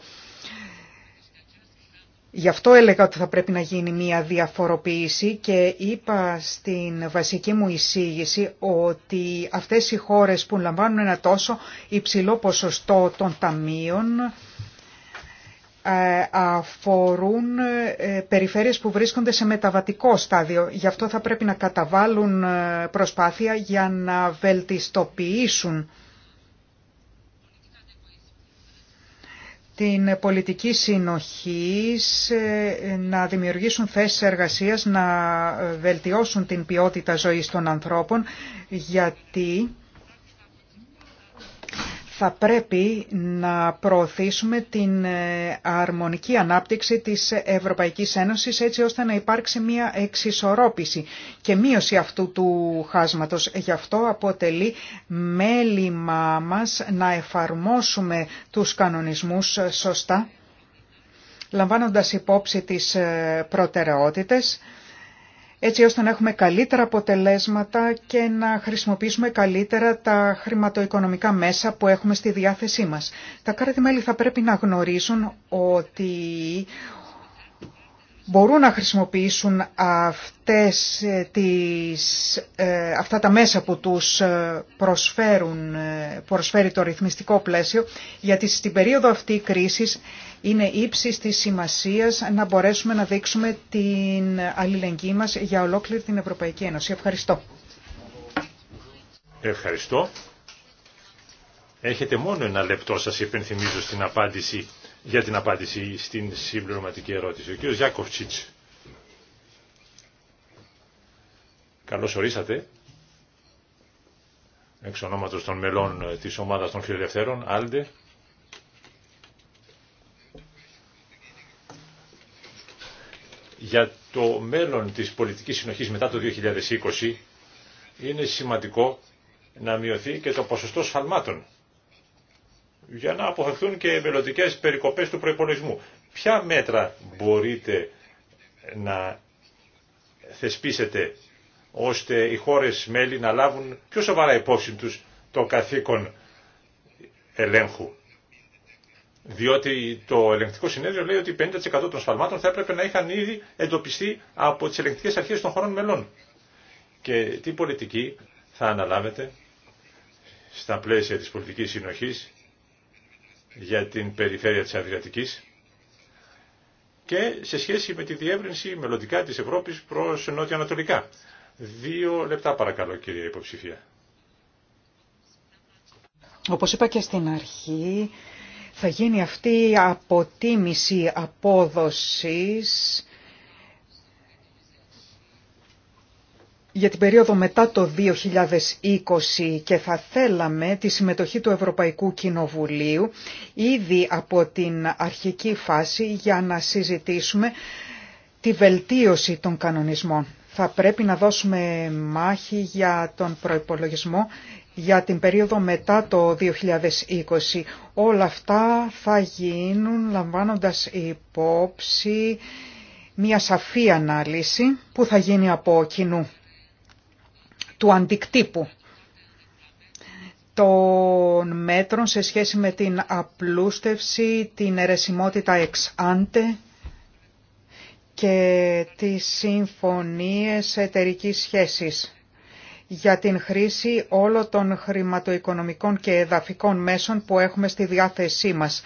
Γι' αυτό έλεγα ότι θα πρέπει να γίνει μία διαφοροποίηση και είπα στην βασική μου εισήγηση ότι αυτές οι χώρες που λαμβάνουν ένα τόσο υψηλό ποσοστό των ταμείων ε, αφορούν ε, περιφέρειες που βρίσκονται σε μεταβατικό στάδιο. Γι' αυτό θα πρέπει να καταβάλουν ε, προσπάθεια για να βελτιστοποιήσουν την πολιτική συνοχή, να δημιουργήσουν θέσεις εργασίας, να βελτιώσουν την ποιότητα ζωής των ανθρώπων, γιατί θα πρέπει να προωθήσουμε την ε, αρμονική ανάπτυξη της Ευρωπαϊκής Ένωσης έτσι ώστε να υπάρξει μια εξισορρόπηση και μείωση αυτού του χάσματος. Γι' αυτό αποτελεί μέλημά μας να εφαρμόσουμε τους κανονισμούς σωστά λαμβάνοντας υπόψη τις ε, προτεραιότητες έτσι ώστε να έχουμε καλύτερα αποτελέσματα και να χρησιμοποιήσουμε καλύτερα τα χρηματοοικονομικά μέσα που έχουμε στη διάθεσή μας. Τα κράτη-μέλη θα πρέπει να γνωρίζουν ότι μπορούν να χρησιμοποιήσουν αυτές ε, τις, ε, αυτά τα μέσα που τους ε, προσφέρουν, προσφέρει το ρυθμιστικό πλαίσιο, γιατί στην περίοδο αυτή κρίσης είναι ύψη της σημασίας να μπορέσουμε να δείξουμε την αλληλεγγύη μας για ολόκληρη την Ευρωπαϊκή Ένωση. Ευχαριστώ. Ευχαριστώ. Έχετε μόνο ένα λεπτό σας υπενθυμίζω στην απάντηση για την απάντηση στην συμπληρωματική ερώτηση. Ο κύριος Γιάκοφτσίτς. Καλώς ορίσατε. Εξ ονόματος των μελών ε, της ομάδας των φιλελευθέρων, Άλντε. Για το μέλλον της πολιτικής συνοχής μετά το 2020 είναι σημαντικό να μειωθεί και το ποσοστό σφαλμάτων για να αποφευθούν και μελλοντικέ περικοπές του προϋπολογισμού. Ποια μέτρα μπορείτε να θεσπίσετε ώστε οι χώρες μέλη να λάβουν πιο σοβαρά υπόψη τους το καθήκον ελέγχου. Διότι το ελεγκτικό συνέδριο λέει ότι 50% των σφαλμάτων θα έπρεπε να είχαν ήδη εντοπιστεί από τις ελεγκτικές αρχές των χωρών μελών. Και τι πολιτική θα αναλάβετε στα πλαίσια της πολιτικής συνοχής για την περιφέρεια της Αδριατικής και σε σχέση με τη διεύρυνση μελλοντικά της Ευρώπης προς νότια-ανατολικά. Δύο λεπτά παρακαλώ κυρία υποψηφία. Όπως είπα και στην αρχή, θα γίνει αυτή η αποτίμηση απόδοσης για την περίοδο μετά το 2020 και θα θέλαμε τη συμμετοχή του Ευρωπαϊκού Κοινοβουλίου ήδη από την αρχική φάση για να συζητήσουμε τη βελτίωση των κανονισμών. Θα πρέπει να δώσουμε μάχη για τον προϋπολογισμό για την περίοδο μετά το 2020. Όλα αυτά θα γίνουν λαμβάνοντας υπόψη μια σαφή ανάλυση που θα γίνει από κοινού του αντικτύπου των μέτρων σε σχέση με την απλούστευση, την αιρεσιμότητα εξάντε... και τις συμφωνίες εταιρικής σχέσης για την χρήση όλων των χρηματοοικονομικών και εδαφικών μέσων που έχουμε στη διάθεσή μας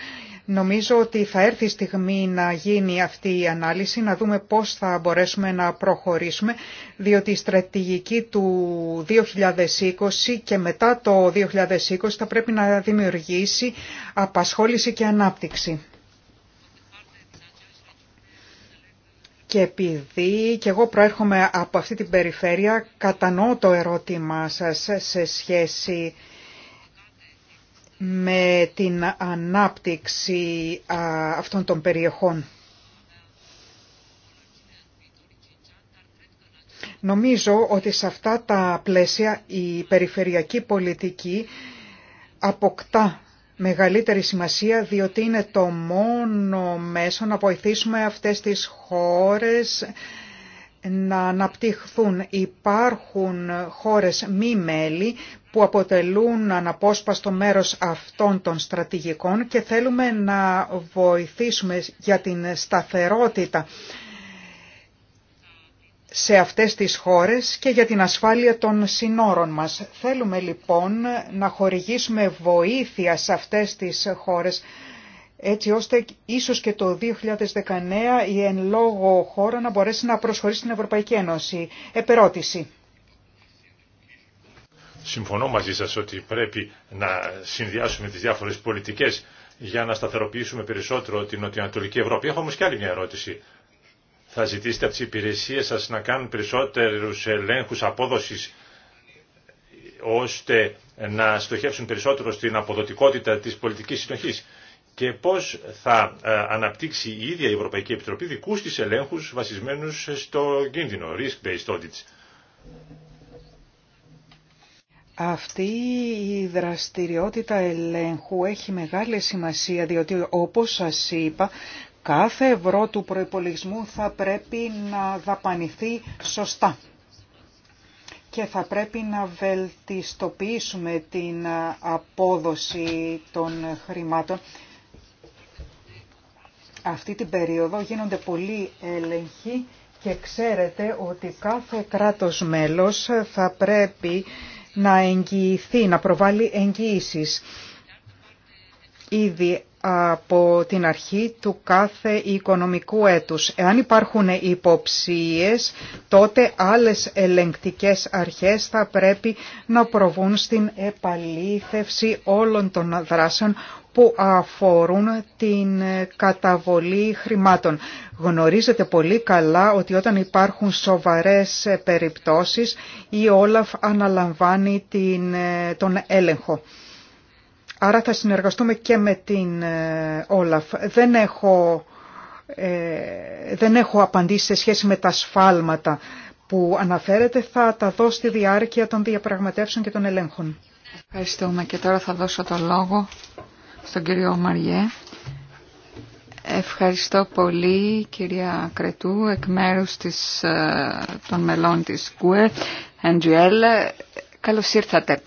Νομίζω ότι θα έρθει η στιγμή να γίνει αυτή η ανάλυση, να δούμε πώς θα μπορέσουμε να προχωρήσουμε, διότι η στρατηγική του 2020 και μετά το 2020 θα πρέπει να δημιουργήσει απασχόληση και ανάπτυξη. Και επειδή και εγώ προέρχομαι από αυτή την περιφέρεια, κατανοώ το ερώτημά σας σε σχέση με την ανάπτυξη αυτών των περιοχών. Νομίζω ότι σε αυτά τα πλαίσια η περιφερειακή πολιτική αποκτά μεγαλύτερη σημασία διότι είναι το μόνο μέσο να βοηθήσουμε αυτές τις χώρες να αναπτυχθούν. Υπάρχουν χώρες μη μέλη που αποτελούν αναπόσπαστο μέρος αυτών των στρατηγικών και θέλουμε να βοηθήσουμε για την σταθερότητα σε αυτές τις χώρες και για την ασφάλεια των συνόρων μας. Θέλουμε λοιπόν να χορηγήσουμε βοήθεια σε αυτές τις χώρες έτσι ώστε ίσως και το 2019 η εν λόγω χώρα να μπορέσει να προσχωρήσει στην Ευρωπαϊκή Ένωση. Επερώτηση. Συμφωνώ μαζί σας ότι πρέπει να συνδυάσουμε τις διάφορες πολιτικές για να σταθεροποιήσουμε περισσότερο την Νοτιοανατολική Ευρώπη. Έχω όμως και άλλη μια ερώτηση. Θα ζητήσετε από τις υπηρεσίες σας να κάνουν περισσότερους ελέγχους απόδοσης ώστε να στοχεύσουν περισσότερο στην αποδοτικότητα της πολιτικής συνοχής και πώς θα ε, αναπτύξει η ίδια η Ευρωπαϊκή Επιτροπή δικούς της ελέγχους βασισμένους στο κίνδυνο, risk-based audits. Αυτή η δραστηριότητα ελέγχου έχει μεγάλη σημασία διότι όπως σας είπα κάθε ευρώ του προϋπολογισμού θα πρέπει να δαπανηθεί σωστά και θα πρέπει να βελτιστοποιήσουμε την ε, απόδοση των χρημάτων αυτή την περίοδο γίνονται πολλοί έλεγχοι και ξέρετε ότι κάθε κράτος μέλος θα πρέπει να εγγυηθεί, να προβάλλει εγγυήσεις ήδη από την αρχή του κάθε οικονομικού έτους. Εάν υπάρχουν υποψίες, τότε άλλες ελεγκτικές αρχές θα πρέπει να προβούν στην επαλήθευση όλων των δράσεων που αφορούν την καταβολή χρημάτων. Γνωρίζετε πολύ καλά ότι όταν υπάρχουν σοβαρές περιπτώσεις η Όλαφ αναλαμβάνει την, τον έλεγχο. Άρα θα συνεργαστούμε και με την ε, Όλαφ. Δεν έχω, ε, δεν έχω απαντήσει σε σχέση με τα σφάλματα που αναφέρεται. Θα τα δω στη διάρκεια των διαπραγματεύσεων και των ελέγχων. Ευχαριστούμε και τώρα θα δώσω το λόγο στον κύριο Μαριέ. Ευχαριστώ πολύ κυρία Κρετού εκ μέρους της, ε, των μελών της ΚΟΕ, NGL. Καλώς ήρθατε.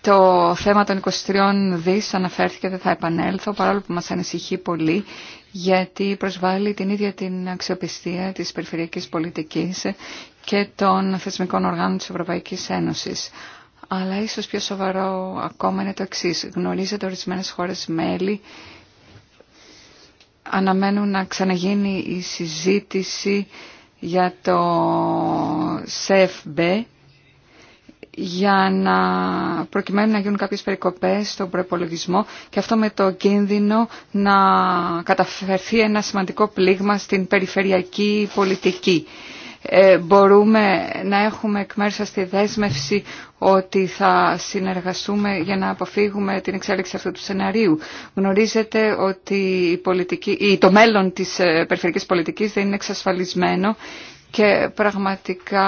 Το θέμα των 23 δις αναφέρθηκε, δεν θα επανέλθω, παρόλο που μας ανησυχεί πολύ, γιατί προσβάλλει την ίδια την αξιοπιστία της περιφερειακής πολιτικής και των θεσμικών οργάνων της Ευρωπαϊκής Ένωσης αλλά ίσως πιο σοβαρό ακόμα είναι το εξή. Γνωρίζετε ορισμένε χώρες μέλη αναμένουν να ξαναγίνει η συζήτηση για το ΣΕΦΜΠΕ για να προκειμένου να γίνουν κάποιες περικοπές στον προπολογισμό και αυτό με το κίνδυνο να καταφερθεί ένα σημαντικό πλήγμα στην περιφερειακή πολιτική. Ε, μπορούμε να έχουμε εκ μέρους σας τη δέσμευση ότι θα συνεργαστούμε για να αποφύγουμε την εξέλιξη αυτού του σενάριου. Γνωρίζετε ότι η πολιτική, το μέλλον της ε, περιφερειακής πολιτικής δεν είναι εξασφαλισμένο και πραγματικά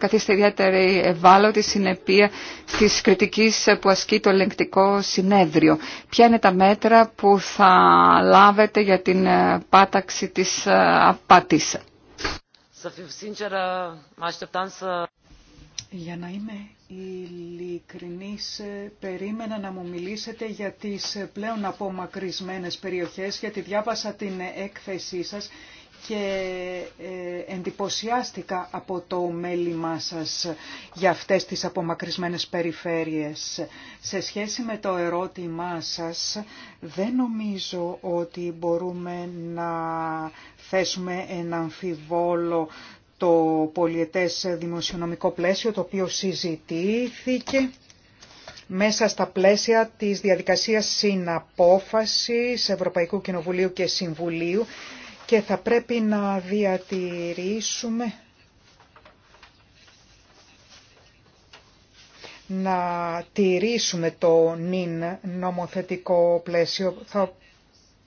καθίστε ιδιαίτερη ευάλωτη συνεπία της κριτικής που ασκεί το ελεγκτικό συνέδριο. Ποια είναι τα μέτρα που θα λάβετε για την ε, πάταξη της απάτης. Să fiu sinceră, Για να είμαι ειλικρινής, περίμενα να μου μιλήσετε για τις πλέον απομακρυσμένες περιοχές, γιατί διάβασα την έκθεσή σας και ε, εντυπωσιάστηκα από το μέλημά σας για αυτές τις απομακρυσμένες περιφέρειες. Σε σχέση με το ερώτημά σας, δεν νομίζω ότι μπορούμε να θέσουμε ένα αμφιβόλο το πολιετές δημοσιονομικό πλαίσιο, το οποίο συζητήθηκε μέσα στα πλαίσια της διαδικασίας συναπόφασης Ευρωπαϊκού Κοινοβουλίου και Συμβουλίου και θα πρέπει να διατηρήσουμε να τηρήσουμε το νυν νομοθετικό πλαίσιο. Θα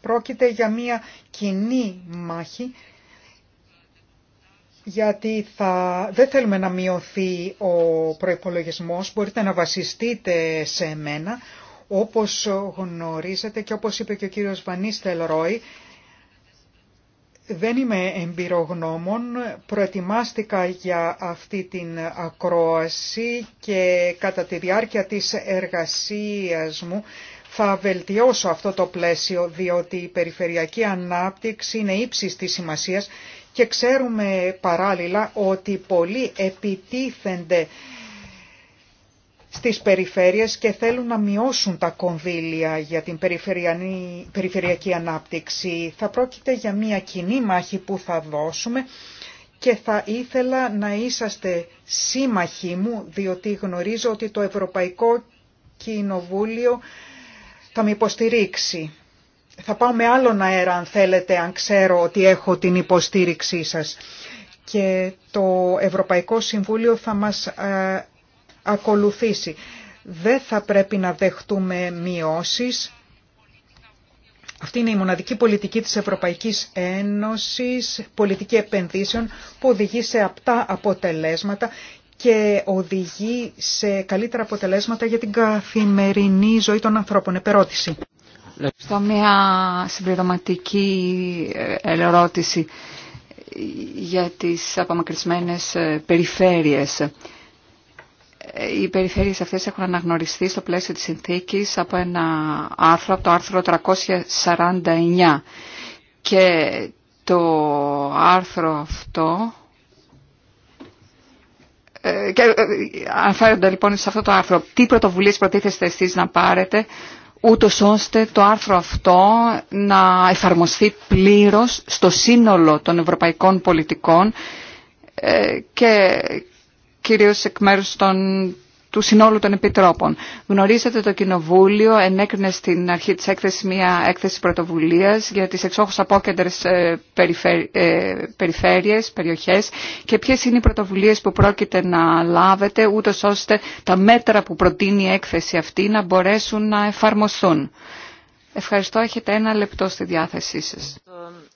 πρόκειται για μια κοινή μάχη γιατί θα, δεν θέλουμε να μειωθεί ο προϋπολογισμός. Μπορείτε να βασιστείτε σε μένα. Όπως γνωρίζετε και όπως είπε και ο κύριος Βανίστελ Ρόι, δεν είμαι εμπειρογνώμων, προετοιμάστηκα για αυτή την ακρόαση και κατά τη διάρκεια της εργασίας μου θα βελτιώσω αυτό το πλαίσιο διότι η περιφερειακή ανάπτυξη είναι ύψης της σημασίας και ξέρουμε παράλληλα ότι πολλοί επιτίθενται στις περιφέρειες και θέλουν να μειώσουν τα κονδύλια για την περιφερειακή ανάπτυξη. Θα πρόκειται για μια κοινή μάχη που θα δώσουμε και θα ήθελα να είσαστε σύμμαχοί μου, διότι γνωρίζω ότι το Ευρωπαϊκό Κοινοβούλιο θα με υποστηρίξει. Θα πάω με άλλον αέρα αν θέλετε, αν ξέρω ότι έχω την υποστήριξή σας. Και το Ευρωπαϊκό Συμβούλιο θα μας ε, ακολουθήσει. Δεν θα πρέπει να δεχτούμε μειώσεις. Αυτή είναι η μοναδική πολιτική της Ευρωπαϊκής Ένωσης, πολιτική επενδύσεων που οδηγεί σε απτά αποτελέσματα και οδηγεί σε καλύτερα αποτελέσματα για την καθημερινή ζωή των ανθρώπων. Επερώτηση. Στο μια συμπληρωματική ερώτηση για τις απομακρυσμένες περιφέρειες οι περιφέρειες αυτές έχουν αναγνωριστεί στο πλαίσιο της συνθήκης από ένα άρθρο, από το άρθρο 349. Και το άρθρο αυτό... Ε, και ε, αναφέρονται λοιπόν σε αυτό το άρθρο τι πρωτοβουλίες προτίθεστε εσείς να πάρετε ούτω ώστε το άρθρο αυτό να εφαρμοστεί πλήρως στο σύνολο των ευρωπαϊκών πολιτικών ε, και κυρίως εκ μέρους των του συνόλου των επιτρόπων. Γνωρίζετε το Κοινοβούλιο ενέκρινε στην αρχή της έκθεσης μια έκθεση πρωτοβουλίας για τις εξόχους απόκεντρες ε, ε, περιφέρειες, περιοχές και ποιες είναι οι πρωτοβουλίες που πρόκειται να λάβετε ούτω ώστε τα μέτρα που προτείνει η έκθεση αυτή να μπορέσουν να εφαρμοστούν. Ευχαριστώ, έχετε ένα λεπτό στη διάθεσή σας. Ε,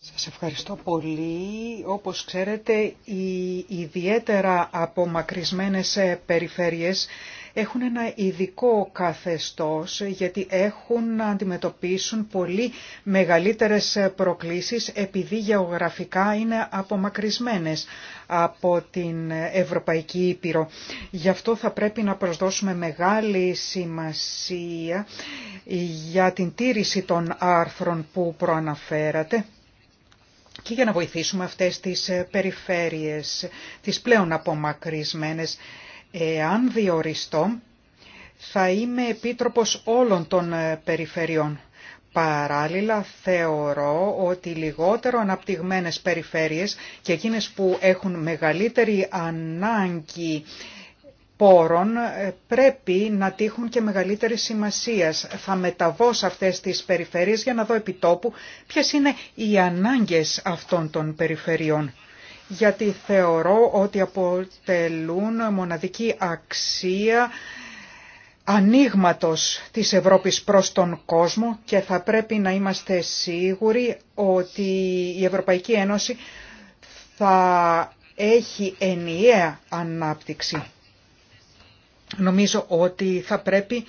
σας ευχαριστώ πολύ. Όπως ξέρετε, οι ιδιαίτερα απομακρυσμένες περιφέρειες έχουν ένα ειδικό καθεστώς γιατί έχουν να αντιμετωπίσουν πολύ μεγαλύτερες προκλήσεις επειδή γεωγραφικά είναι απομακρυσμένες από την Ευρωπαϊκή Ήπειρο. Γι' αυτό θα πρέπει να προσδώσουμε μεγάλη σημασία για την τήρηση των άρθρων που προαναφέρατε και για να βοηθήσουμε αυτές τις ε, περιφέρειες, τις πλέον απομακρυσμένες. Εάν διοριστώ, θα είμαι επίτροπος όλων των ε, περιφερειών. Παράλληλα, θεωρώ ότι λιγότερο αναπτυγμένες περιφέρειες και εκείνες που έχουν μεγαλύτερη ανάγκη πόρων ε, πρέπει να τύχουν και μεγαλύτερη σημασία. Θα μεταβώ σε αυτές τις περιφερειές για να δω επιτόπου ποιες είναι οι ανάγκες αυτών των περιφερειών γιατί θεωρώ ότι αποτελούν μοναδική αξία ανοίγματο της Ευρώπης προς τον κόσμο και θα πρέπει να είμαστε σίγουροι ότι η Ευρωπαϊκή Ένωση θα έχει ενιαία ανάπτυξη. Νομίζω ότι θα πρέπει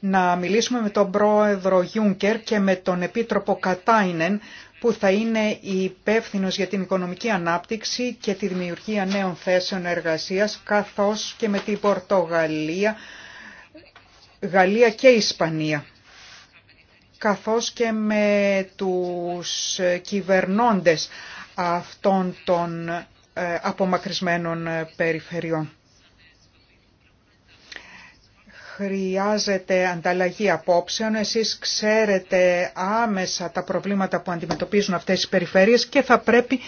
να μιλήσουμε με τον πρόεδρο Γιούνκερ και με τον επίτροπο Κατάινεν που θα είναι υπεύθυνο για την οικονομική ανάπτυξη και τη δημιουργία νέων θέσεων εργασίας καθώς και με την Πορτογαλία, Γαλλία και Ισπανία καθώς και με τους κυβερνώντες αυτών των ε, απομακρυσμένων ε, περιφερειών χρειάζεται ανταλλαγή απόψεων. Εσείς ξέρετε άμεσα τα προβλήματα που αντιμετωπίζουν αυτές οι περιφέρειες και θα πρέπει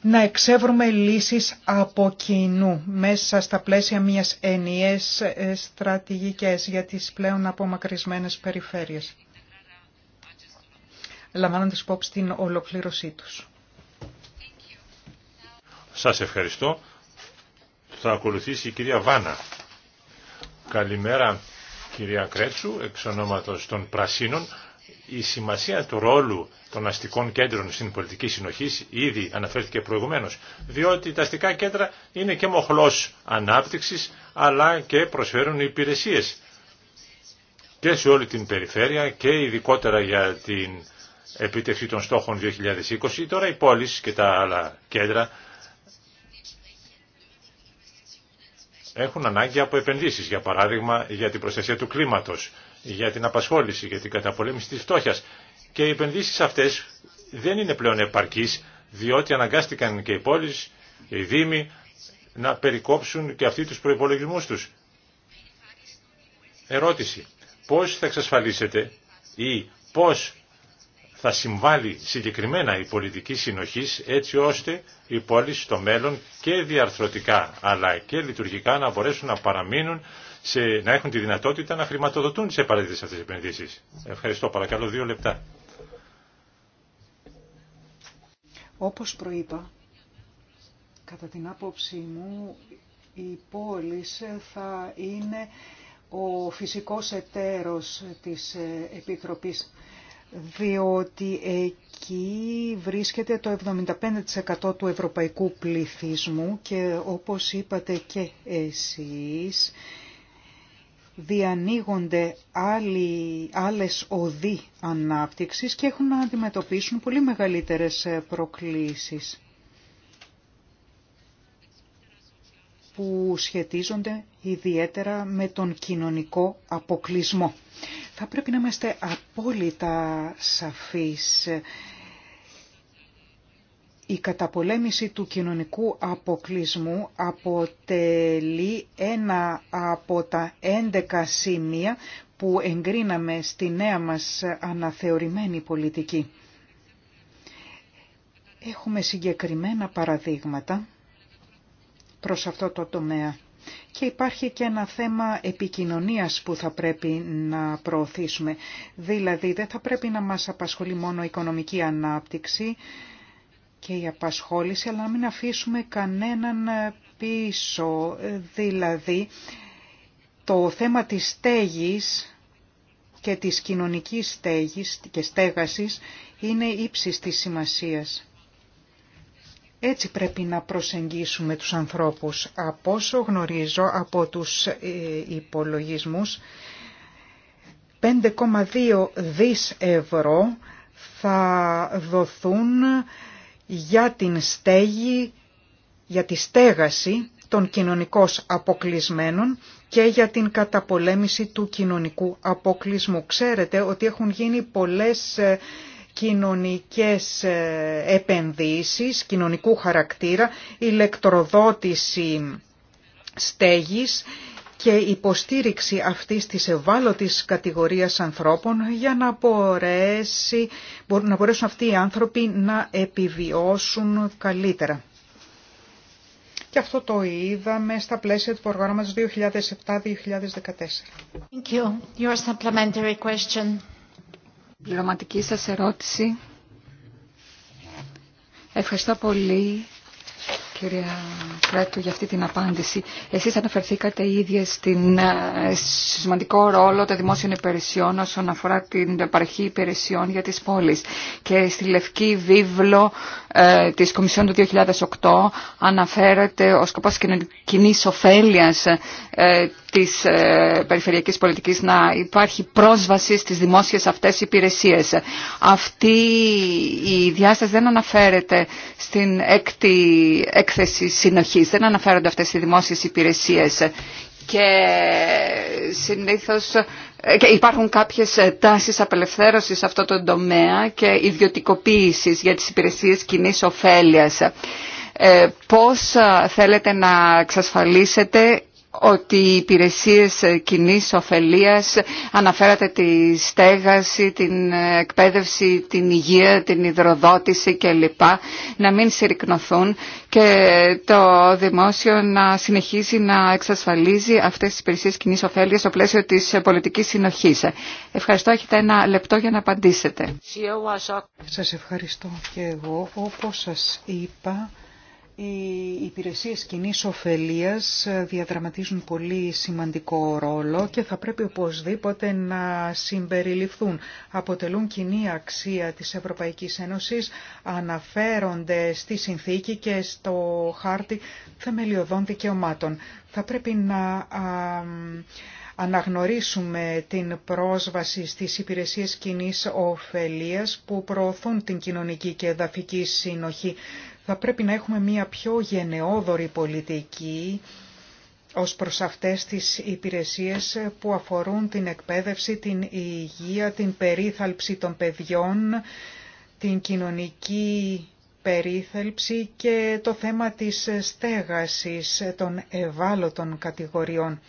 να εξεύρουμε λύσεις από κοινού μέσα στα πλαίσια μιας ενιαίας ε, στρατηγικής για τις πλέον απομακρυσμένες περιφέρειες, λαμβάνοντας υπόψη την ολοκλήρωσή τους. Σας ευχαριστώ. Θα ακολουθήσει η κυρία Βάνα. Καλημέρα κυρία Κρέτσου, εξ ονόματος των Πρασίνων. Η σημασία του ρόλου των αστικών κέντρων στην πολιτική συνοχή ήδη αναφέρθηκε προηγουμένως, διότι τα αστικά κέντρα είναι και μοχλός ανάπτυξης, αλλά και προσφέρουν υπηρεσίες και σε όλη την περιφέρεια και ειδικότερα για την επίτευξη των στόχων 2020. Τώρα οι πόλεις και τα άλλα κέντρα έχουν ανάγκη από επενδύσεις, για παράδειγμα για την προστασία του κλίματος, για την απασχόληση, για την καταπολέμηση της φτώχειας. Και οι επενδύσεις αυτές δεν είναι πλέον επαρκείς, διότι αναγκάστηκαν και οι πόλεις, και οι δήμοι, να περικόψουν και αυτοί τους προϋπολογισμούς τους. Ερώτηση. Πώς θα εξασφαλίσετε ή πώς θα συμβάλλει συγκεκριμένα η πολιτική συνοχή, έτσι ώστε οι πόλεις στο μέλλον και διαρθρωτικά αλλά και λειτουργικά να μπορέσουν να παραμείνουν σε, να έχουν τη δυνατότητα να χρηματοδοτούν σε επαραδίτες αυτές τις επενδύσεις. Ευχαριστώ. Παρακαλώ δύο λεπτά. Όπως προείπα, κατά την άποψή μου, οι πόλη θα είναι ο φυσικός εταίρος της Επιτροπής διότι εκεί βρίσκεται το 75% του ευρωπαϊκού πληθυσμού και όπως είπατε και εσείς, διανοίγονται άλλοι, άλλες οδοί ανάπτυξης και έχουν να αντιμετωπίσουν πολύ μεγαλύτερες προκλήσεις που σχετίζονται ιδιαίτερα με τον κοινωνικό αποκλεισμό. Θα πρέπει να είμαστε απόλυτα σαφείς. Η καταπολέμηση του κοινωνικού αποκλεισμού αποτελεί ένα από τα 11 σημεία που εγκρίναμε στη νέα μας αναθεωρημένη πολιτική. Έχουμε συγκεκριμένα παραδείγματα προς αυτό το τομέα. Και υπάρχει και ένα θέμα επικοινωνίας που θα πρέπει να προωθήσουμε. Δηλαδή δεν θα πρέπει να μας απασχολεί μόνο η οικονομική ανάπτυξη και η απασχόληση, αλλά να μην αφήσουμε κανέναν πίσω. Δηλαδή το θέμα της στέγης και της κοινωνικής στέγης και στέγασης είναι ύψης της σημασίας. Έτσι πρέπει να προσεγγίσουμε τους ανθρώπους. Από όσο γνωρίζω από τους ε, υπολογισμούς, 5,2 δις ευρώ θα δοθούν για την στέγη, για τη στέγαση των κοινωνικών αποκλεισμένων και για την καταπολέμηση του κοινωνικού αποκλεισμού. Ξέρετε ότι έχουν γίνει πολλές ε, κοινωνικές ε, επενδύσεις, κοινωνικού χαρακτήρα, ηλεκτροδότηση στέγης και υποστήριξη αυτής της ευάλωτης κατηγορίας ανθρώπων για να, μπορέσει, να μπορέσουν αυτοί οι άνθρωποι να επιβιώσουν καλύτερα. Και αυτό το είδαμε στα πλαίσια του προγράμματος 2007-2014 πληρωματική σας ερώτηση. Ευχαριστώ πολύ κυρία Κρέτου για αυτή την απάντηση. Εσείς αναφερθήκατε ίδια στην, ε, στο σημαντικό ρόλο των δημόσιων υπηρεσιών όσον αφορά την επαρχή υπηρεσιών για τις πόλεις. Και στη Λευκή Βίβλο ε, της Κομισιόν του 2008 αναφέρεται ο σκοπός κοινή ε, της ε, περιφερειακής πολιτικής να υπάρχει πρόσβαση στις δημόσιες αυτές υπηρεσίες. Αυτή η διάσταση δεν αναφέρεται στην έκτη έκθεση συνοχής, δεν αναφέρονται αυτές οι δημόσιες υπηρεσίες και συνήθως ε, υπάρχουν κάποιες ε, τάσεις απελευθέρωσης σε αυτό το τομέα και ιδιωτικοποίηση για τις υπηρεσίες κοινή ωφέλειας. Ε, πώς θέλετε να εξασφαλίσετε ότι οι υπηρεσίες κοινή ωφελίας αναφέρατε τη στέγαση, την εκπαίδευση, την υγεία, την υδροδότηση κλπ. να μην συρρυκνωθούν και το δημόσιο να συνεχίζει να εξασφαλίζει αυτές τις υπηρεσίες κοινή ωφέλειας στο πλαίσιο της πολιτικής συνοχής. Ευχαριστώ. Έχετε ένα λεπτό για να απαντήσετε. Σας ευχαριστώ και εγώ. Όπως σας είπα... Οι υπηρεσίες κοινή ωφελία διαδραματίζουν πολύ σημαντικό ρόλο και θα πρέπει οπωσδήποτε να συμπεριληφθούν. Αποτελούν κοινή αξία της Ευρωπαϊκής Ένωσης, αναφέρονται στη συνθήκη και στο χάρτη θεμελιωδών δικαιωμάτων. Θα πρέπει να αναγνωρίσουμε την πρόσβαση στις υπηρεσίες κοινή ωφελίας που προωθούν την κοινωνική και εδαφική συνοχή θα πρέπει να έχουμε μια πιο γενναιόδορη πολιτική ως προς αυτές τις υπηρεσίες που αφορούν την εκπαίδευση, την υγεία, την περίθαλψη των παιδιών, την κοινωνική περίθαλψη και το θέμα της στέγασης των ευάλωτων κατηγοριών.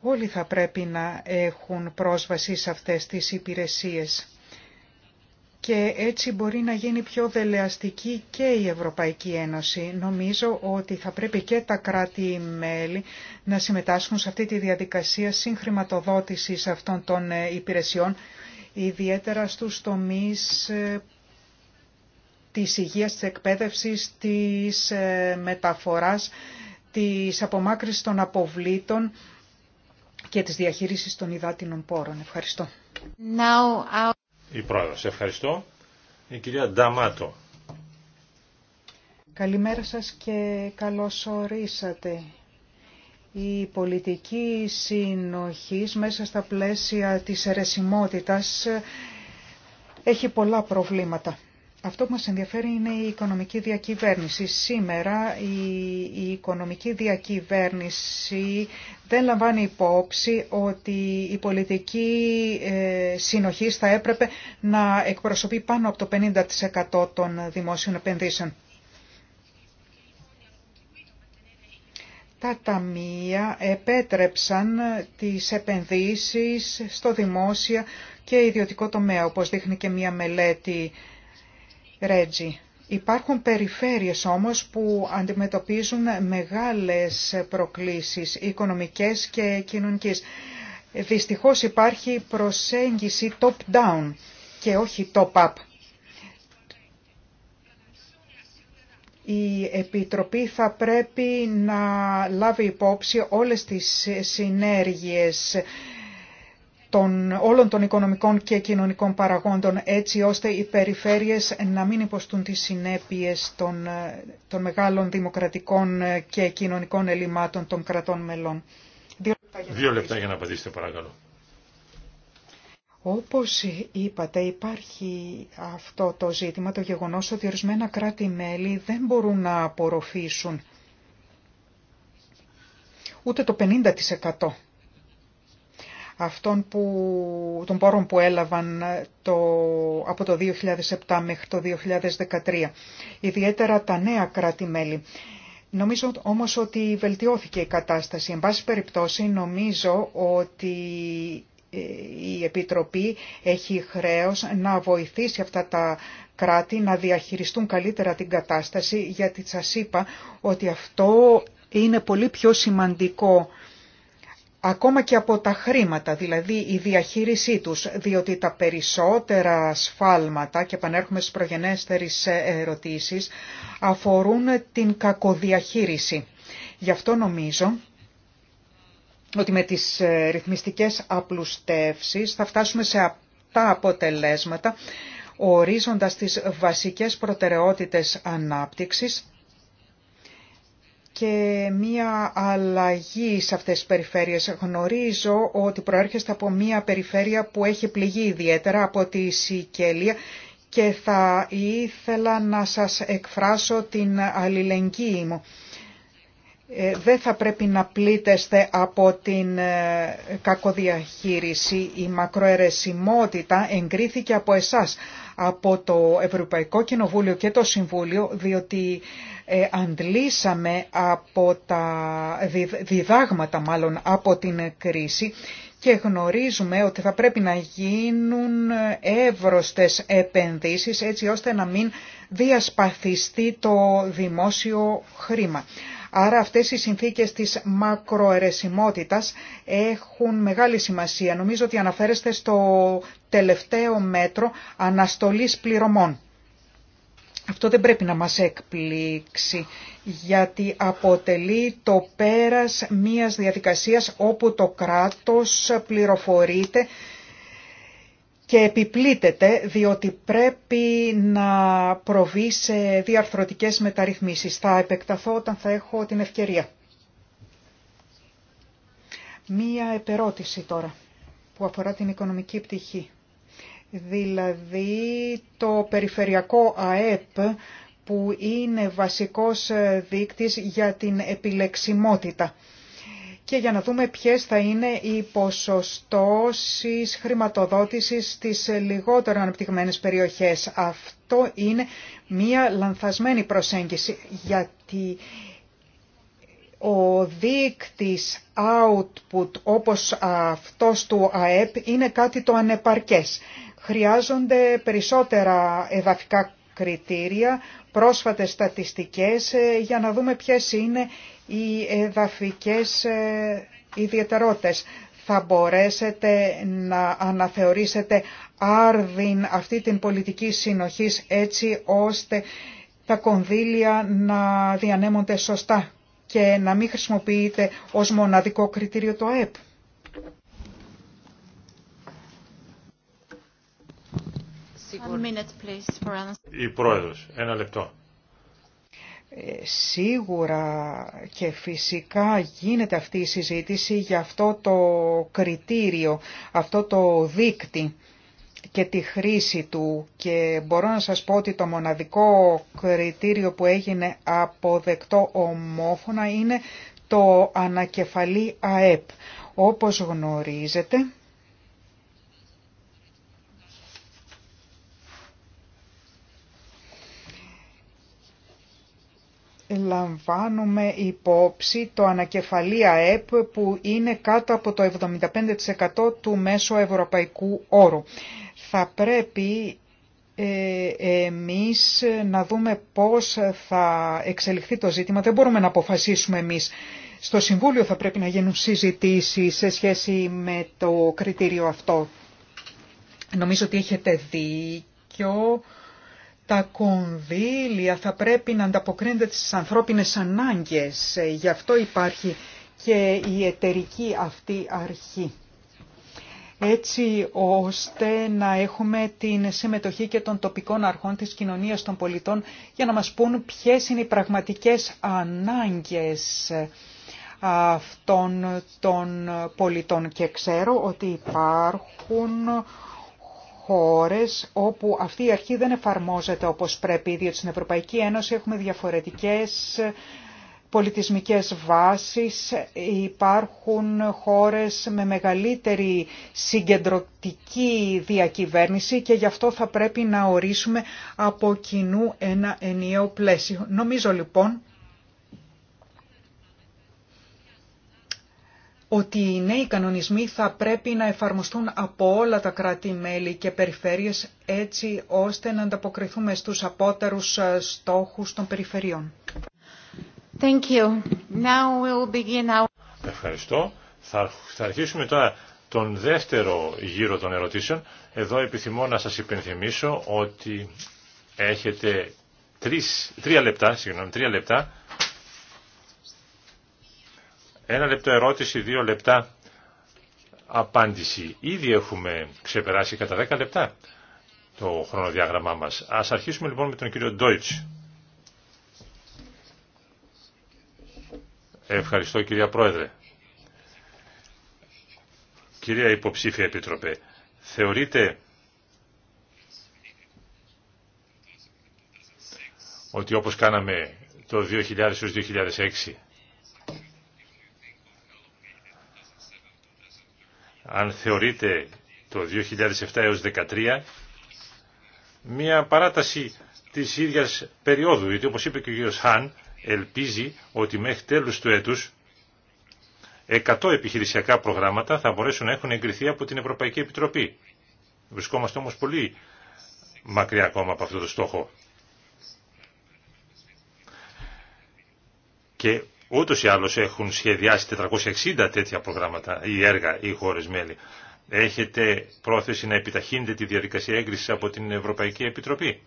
Όλοι θα πρέπει να έχουν πρόσβαση σε αυτές τις υπηρεσίες και έτσι μπορεί να γίνει πιο δελεαστική και η Ευρωπαϊκή Ένωση. Νομίζω ότι θα πρέπει και τα κράτη-μέλη να συμμετάσχουν σε αυτή τη διαδικασία συγχρηματοδότησης αυτών των ε, υπηρεσιών, ιδιαίτερα στους τομείς ε, της υγείας, της εκπαίδευσης, της ε, μεταφοράς, της απομάκρυσης των αποβλήτων και της διαχείρισης των υδάτινων πόρων. Ευχαριστώ. Now, η πρόεδρος. Ευχαριστώ. Η κυρία Νταμάτο. Καλημέρα σας και καλώς ορίσατε. Η πολιτική συνοχή μέσα στα πλαίσια της αιρεσιμότητας έχει πολλά προβλήματα αυτό που μας ενδιαφέρει είναι η οικονομική διακυβέρνηση. Σήμερα η, οικονομική διακυβέρνηση δεν λαμβάνει υπόψη ότι η πολιτική ε, συνοχή θα έπρεπε να εκπροσωπεί πάνω από το 50% των δημόσιων επενδύσεων. Τα ταμεία επέτρεψαν τις επενδύσεις στο δημόσια και ιδιωτικό τομέα, όπως δείχνει και μια μελέτη Ρέτζι. Υπάρχουν περιφέρειες όμως που αντιμετωπίζουν μεγάλες προκλήσεις οικονομικές και κοινωνικές. Δυστυχώς υπάρχει προσέγγιση top-down και όχι top-up. Η Επιτροπή θα πρέπει να λάβει υπόψη όλες τις συνέργειες όλων των οικονομικών και κοινωνικών παραγόντων έτσι ώστε οι περιφέρειες να μην υποστούν τις συνέπειες των, ε, των μεγάλων δημοκρατικών ε, και κοινωνικών ελλημάτων των κρατών μελών. Δύο λεπτά για να, Δύο για να απαντήσετε παρακαλώ. Όπως είπατε υπάρχει αυτό το ζήτημα, το γεγονός ότι ορισμένα κράτη-μέλη δεν μπορούν να απορροφήσουν ούτε το 50% αυτών που, των πόρων που έλαβαν ε, το, από το 2007 μέχρι το 2013, ιδιαίτερα τα νέα κράτη-μέλη. Νομίζω όμως ότι βελτιώθηκε η κατάσταση. Εν πάση περιπτώσει νομίζω ότι ε, η Επιτροπή έχει χρέος να βοηθήσει αυτά τα κράτη να διαχειριστούν καλύτερα την κατάσταση γιατί σας είπα ότι αυτό είναι πολύ πιο σημαντικό ακόμα και από τα χρήματα, δηλαδή η διαχείρισή τους, διότι τα περισσότερα σφάλματα, και επανέρχομαι στις προγενέστερες ερωτήσεις, αφορούν την κακοδιαχείριση. Γι' αυτό νομίζω ότι με τις ε, ρυθμιστικές απλουστεύσεις θα φτάσουμε σε αυτά αποτελέσματα, ορίζοντας τις βασικές προτεραιότητες ανάπτυξης και μία αλλαγή σε αυτές τις περιφέρειες. Γνωρίζω ότι προέρχεστε από μία περιφέρεια που έχει πληγεί ιδιαίτερα από τη Σικελία και θα ήθελα να σας εκφράσω την αλληλεγγύη μου. Ε, δεν θα πρέπει να πλήτεστε από την ε, κακοδιαχείριση. Η μακροαιρεσιμότητα εγκρίθηκε από εσάς από το Ευρωπαϊκό Κοινοβούλιο και το Συμβούλιο, διότι ε, αντλήσαμε από τα διδάγματα μάλλον από την κρίση και γνωρίζουμε ότι θα πρέπει να γίνουν εύρωστες επενδύσεις έτσι ώστε να μην διασπαθιστεί το δημόσιο χρήμα. Άρα αυτές οι συνθήκες της μακροαιρεσιμότητας έχουν μεγάλη σημασία. Νομίζω ότι αναφέρεστε στο τελευταίο μέτρο αναστολής πληρωμών. Αυτό δεν πρέπει να μας εκπλήξει, γιατί αποτελεί το πέρας μιας διαδικασίας όπου το κράτος πληροφορείται και επιπλήτεται διότι πρέπει να προβεί σε διαρθρωτικές μεταρρυθμίσεις. Θα επεκταθώ όταν θα έχω την ευκαιρία. Μία επερώτηση τώρα που αφορά την οικονομική πτυχή. Δηλαδή το περιφερειακό ΑΕΠ που είναι βασικός δείκτης για την επιλεξιμότητα και για να δούμε ποιες θα είναι οι ποσοστώσεις χρηματοδότησης στις λιγότερο αναπτυγμένες περιοχές. Αυτό είναι μία λανθασμένη προσέγγιση, γιατί ο δείκτης output όπως αυτός του ΑΕΠ είναι κάτι το ανεπαρκές. Χρειάζονται περισσότερα εδαφικά κριτήρια πρόσφατες στατιστικές ε, για να δούμε ποιες είναι οι εδαφικές ε, ιδιαιτερότητες. Θα μπορέσετε να αναθεωρήσετε άρδιν αυτή την πολιτική συνοχής έτσι ώστε τα κονδύλια να διανέμονται σωστά και να μην χρησιμοποιείτε ως μοναδικό κριτήριο το ΑΕΠ. Η πρόεδρο. ένα λεπτό. Ε, σίγουρα και φυσικά γίνεται αυτή η συζήτηση για αυτό το κριτήριο, αυτό το δίκτυ και τη χρήση του και μπορώ να σας πω ότι το μοναδικό κριτήριο που έγινε αποδεκτό ομόφωνα είναι το ανακεφαλή ΑΕΠ. Όπως γνωρίζετε λαμβάνουμε υπόψη το ανακεφαλή ΑΕΠ που είναι κάτω από το 75% του μέσου ευρωπαϊκού όρου. Θα πρέπει ε, εμείς να δούμε πώς θα εξελιχθεί το ζήτημα. Δεν μπορούμε να αποφασίσουμε εμείς. Στο Συμβούλιο θα πρέπει να γίνουν συζητήσεις σε σχέση με το κριτήριο αυτό. Νομίζω ότι έχετε δίκιο τα κονδύλια θα πρέπει να ανταποκρίνονται στις ανθρώπινες ανάγκες. Γι' αυτό υπάρχει και η εταιρική αυτή αρχή. Έτσι ώστε να έχουμε την συμμετοχή και των τοπικών αρχών της κοινωνίας των πολιτών για να μας πούν ποιες είναι οι πραγματικές ανάγκες αυτών των πολιτών. Και ξέρω ότι υπάρχουν χώρες όπου αυτή η αρχή δεν εφαρμόζεται όπως πρέπει, διότι στην Ευρωπαϊκή Ένωση έχουμε διαφορετικές πολιτισμικές βάσεις, υπάρχουν χώρες με μεγαλύτερη συγκεντρωτική διακυβέρνηση και γι' αυτό θα πρέπει να ορίσουμε από κοινού ένα ενιαίο πλαίσιο. Νομίζω λοιπόν ότι οι νέοι κανονισμοί θα πρέπει να εφαρμοστούν από όλα τα κράτη-μέλη και περιφέρειες έτσι ώστε να ανταποκριθούμε στους απότερους ε, στόχους των περιφερειών. Thank you. Now begin our... Ευχαριστώ. Θα, θα αρχίσουμε τώρα τον δεύτερο γύρο των ερωτήσεων. Εδώ επιθυμώ να σας υπενθυμίσω ότι έχετε τρία λεπτά, συγγνώμη, τρία λεπτά ένα λεπτό ερώτηση, δύο λεπτά απάντηση. Ήδη έχουμε ξεπεράσει κατά 10 λεπτά το χρονοδιάγραμμά μας. Ας αρχίσουμε λοιπόν με τον κύριο Ντόιτς. Ευχαριστώ κυρία Πρόεδρε. Κυρία Υποψήφια Επίτροπε, θεωρείτε ότι όπως κάναμε το 2000-2006 αν θεωρείται το 2007 έως 2013, μια παράταση της ίδιας περίοδου, γιατί όπως είπε και ο κ. Χάν, ελπίζει ότι μέχρι τέλους του έτους 100 επιχειρησιακά προγράμματα θα μπορέσουν να έχουν εγκριθεί από την Ευρωπαϊκή Επιτροπή. Βρισκόμαστε όμως πολύ μακριά ακόμα από αυτό το στόχο. Και Ούτως ή άλλως έχουν σχεδιάσει 460 τέτοια προγράμματα ή έργα ή χώρες μέλη. Έχετε πρόθεση να επιταχύνετε τη διαδικασία έγκρισης από την Ευρωπαϊκή Επιτροπή.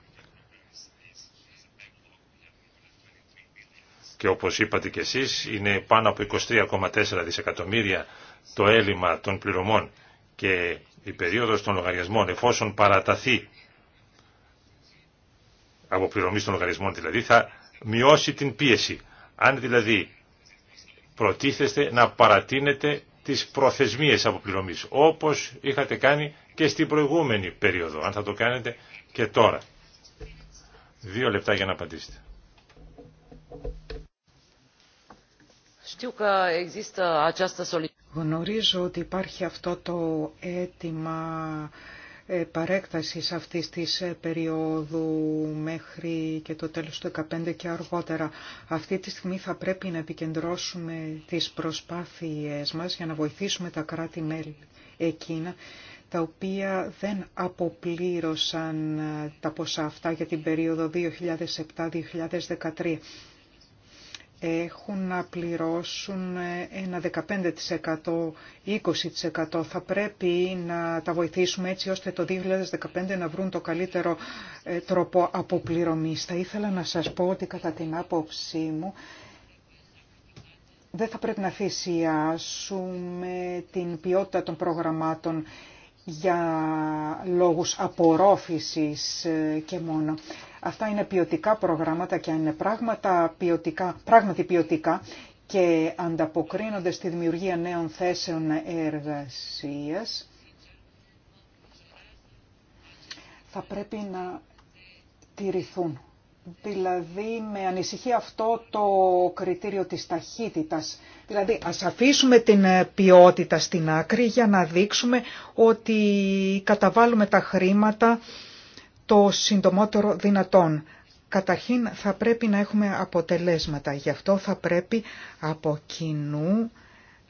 Και όπως είπατε και εσείς, είναι πάνω από 23,4 δισεκατομμύρια το έλλειμμα των πληρωμών και η περίοδος των λογαριασμών, εφόσον παραταθεί από πληρωμή των λογαριασμών δηλαδή, θα μειώσει την πίεση. Αν δηλαδή προτίθεστε να παρατείνετε τις προθεσμίες αποπληρωμής, όπως είχατε κάνει και στην προηγούμενη περίοδο, αν θα το κάνετε και τώρα. Δύο λεπτά για να απαντήσετε. Uh, uh, Γνωρίζω ότι υπάρχει αυτό το αίτημα παρέκτασης αυτής της περίοδου μέχρι και το τέλος του 2015 και αργότερα. Αυτή τη στιγμή θα πρέπει να επικεντρώσουμε τις προσπάθειές μας για να βοηθήσουμε τα κράτη-μέλη εκείνα τα οποία δεν αποπλήρωσαν τα ποσά αυτά για την περίοδο 2007-2013 έχουν να πληρώσουν ένα 15%, 20%. Θα πρέπει να τα βοηθήσουμε έτσι ώστε το 2015 να βρουν το καλύτερο ε, τρόπο αποπληρωμής. Θα ήθελα να σας πω ότι κατά την άποψή μου δεν θα πρέπει να θυσιάσουμε την ποιότητα των προγραμμάτων για λόγους απορρόφησης ε, και μόνο. Αυτά είναι ποιοτικά προγράμματα και αν είναι πράγματα ποιοτικά, πράγματι ποιοτικά και ανταποκρίνονται στη δημιουργία νέων θέσεων εργασίας, θα πρέπει να τηρηθούν Δηλαδή με ανησυχεί αυτό το κριτήριο της ταχύτητας. Δηλαδή ας αφήσουμε την ε, ποιότητα στην άκρη για να δείξουμε ότι καταβάλουμε τα χρήματα το συντομότερο δυνατόν. Καταρχήν θα πρέπει να έχουμε αποτελέσματα. Γι' αυτό θα πρέπει από κοινού